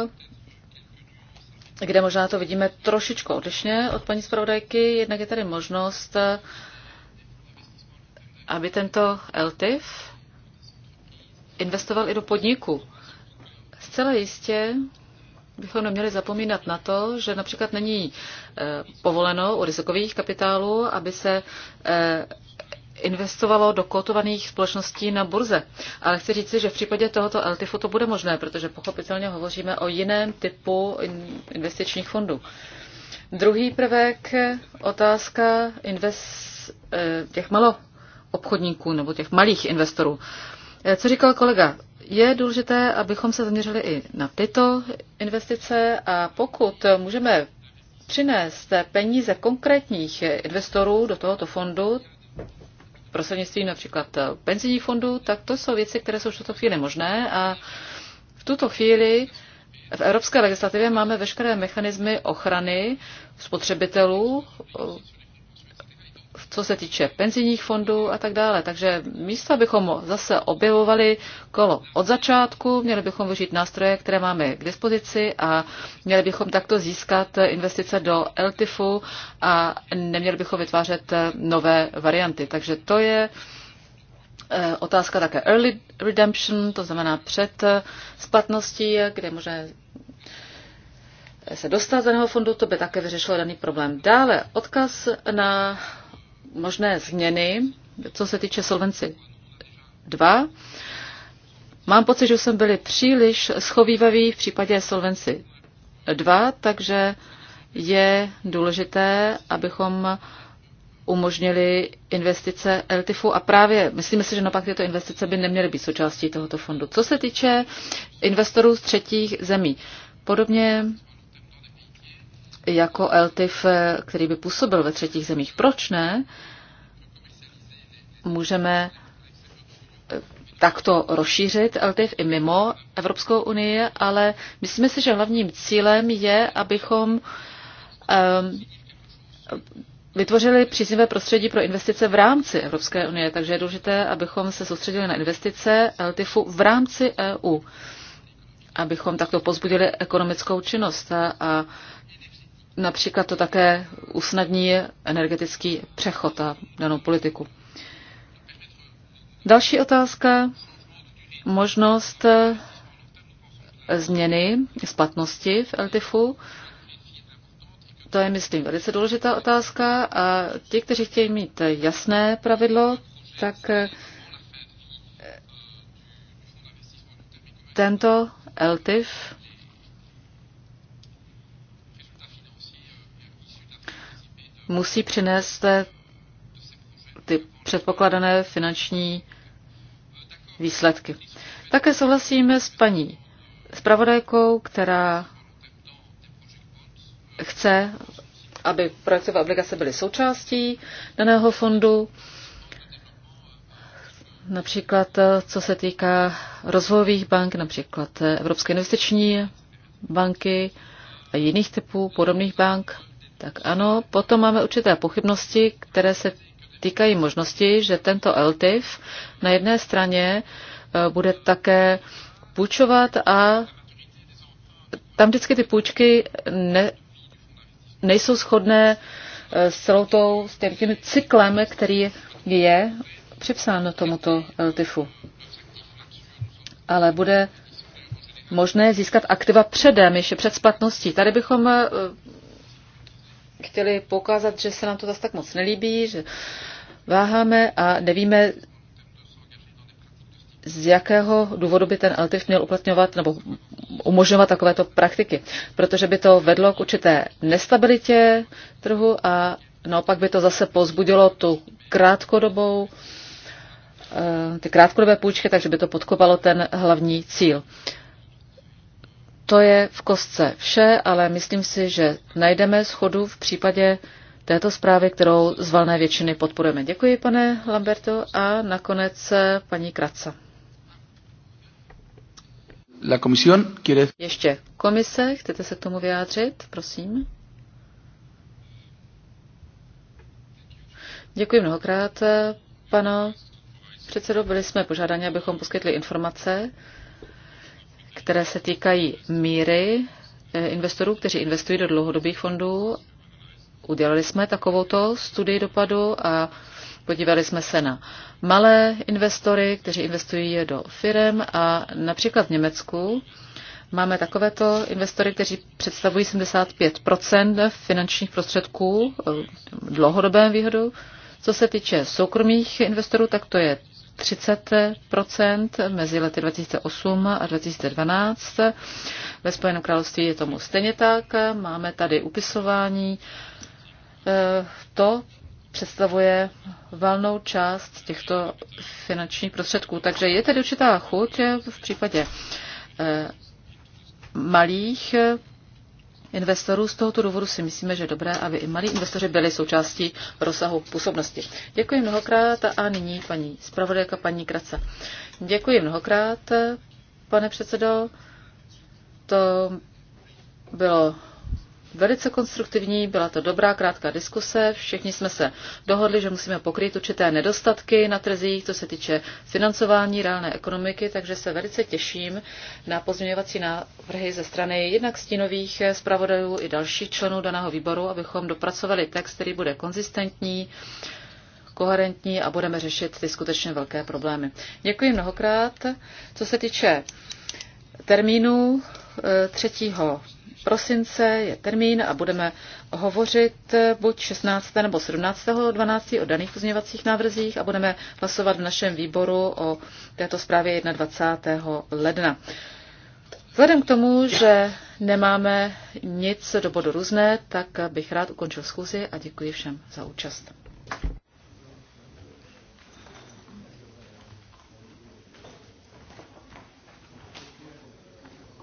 kde možná to vidíme trošičku odlišně od paní zpravodajky. Jednak je tady možnost, aby tento LTIF investoval i do podniku. Zcela jistě bychom neměli zapomínat na to, že například není eh, povoleno u rizikových kapitálů, aby se eh, investovalo do kotovaných společností na burze. Ale chci říci, že v případě tohoto LTIFu to bude možné, protože pochopitelně hovoříme o jiném typu investičních fondů. Druhý prvek, otázka invest, eh, těch malo obchodníků nebo těch malých investorů. Co říkal kolega? Je důležité, abychom se zaměřili i na tyto investice a pokud můžeme přinést peníze konkrétních investorů do tohoto fondu, prostřednictvím například penzijních fondů, tak to jsou věci, které jsou v tuto chvíli možné a v tuto chvíli v evropské legislativě máme veškeré mechanismy ochrany spotřebitelů co se týče penzijních fondů a tak dále. Takže místo, abychom zase objevovali kolo od začátku, měli bychom využít nástroje, které máme k dispozici a měli bychom takto získat investice do LTIFu a neměli bychom vytvářet nové varianty. Takže to je eh, otázka také early redemption, to znamená před eh, splatností, kde možná se dostat z daného fondu, to by také vyřešilo daný problém. Dále odkaz na možné změny, co se týče Solvenci 2. Mám pocit, že jsem byli příliš schovývaví v případě Solvenci 2, takže je důležité, abychom umožnili investice LTIFu a právě myslíme si, že naopak tyto investice by neměly být součástí tohoto fondu. Co se týče investorů z třetích zemí, podobně jako LTIF, eh, který by působil ve třetích zemích. Proč ne? Můžeme eh, takto rozšířit LTIF i mimo Evropskou unii, ale myslíme si, že hlavním cílem je, abychom ehm, vytvořili příznivé prostředí pro investice v rámci Evropské unie, takže je důležité, abychom se soustředili na investice LTIFu v rámci EU, abychom takto pozbudili ekonomickou činnost a například to také usnadní energetický přechod a danou politiku. Další otázka, možnost eh, změny splatnosti v LTIFu. To je, myslím, velice důležitá otázka a ti, kteří chtějí mít jasné pravidlo, tak eh, tento LTIF musí přinést ty předpokladané finanční výsledky. Také souhlasíme s paní zpravodajkou, která chce, aby projektové obligace byly součástí daného fondu, například co se týká rozvojových bank, například Evropské investiční banky a jiných typů podobných bank tak ano, potom máme určité pochybnosti, které se týkají možnosti, že tento LTIF na jedné straně e, bude také půjčovat a tam vždycky ty půjčky ne, nejsou shodné e, s celou tou, s tím cyklem, který je připsán tomuto LTIFu. Ale bude možné získat aktiva předem, ještě před splatností. Tady bychom e, chtěli poukázat, že se nám to zase tak moc nelíbí, že váháme a nevíme, z jakého důvodu by ten LTIF měl uplatňovat nebo umožňovat takovéto praktiky, protože by to vedlo k určité nestabilitě trhu a naopak by to zase pozbudilo tu krátkodobou, eh, ty krátkodobé půjčky, takže by to podkopalo ten hlavní cíl. To je v kostce vše, ale myslím si, že najdeme schodu v případě této zprávy, kterou z valné většiny podporujeme. Děkuji, pane Lamberto, a nakonec eh, paní Kratza. La comisión quiere... Ještě komise, chcete se k tomu vyjádřit, prosím? Děkuji mnohokrát, eh, pane předsedo. Byli jsme požádáni, abychom poskytli informace které se týkají míry eh, investorů, kteří investují do dlouhodobých fondů. Udělali jsme takovouto studii dopadu a podívali jsme se na malé investory, kteří investují do firm a například v Německu máme takovéto investory, kteří představují 75 finančních prostředků eh, dlouhodobém výhodu. Co se týče soukromých investorů, tak to je 30 mezi lety 2008 a 2012. Ve Spojeném království je tomu stejně tak. Máme tady upisování. Eh, to představuje valnou část těchto finančních prostředků. Takže je tady určitá chuť v případě eh, malých investorů. Z tohoto důvodu si myslíme, že je dobré, aby i malí investoři byli součástí rozsahu působnosti. Děkuji mnohokrát a nyní paní zpravodajka paní Kraca. Děkuji mnohokrát, pane předsedo. To bylo velice konstruktivní, byla to dobrá krátká diskuse, všichni jsme se dohodli, že musíme pokrýt určité nedostatky na trzích, co se týče financování reálné ekonomiky, takže se velice těším na pozměňovací návrhy ze strany jednak stínových zpravodajů i dalších členů daného výboru, abychom dopracovali text, který bude konzistentní, koherentní a budeme řešit ty skutečně velké problémy. Děkuji mnohokrát. Co se týče termínu 3. Eh, prosince je termín a budeme hovořit buď 16. nebo 17. 12. o daných pozměňovacích návrzích a budeme hlasovat v našem výboru o této zprávě 21. ledna. Vzhledem k tomu, že nemáme nic do bodu různé, tak bych rád ukončil schůzi a děkuji všem za účast.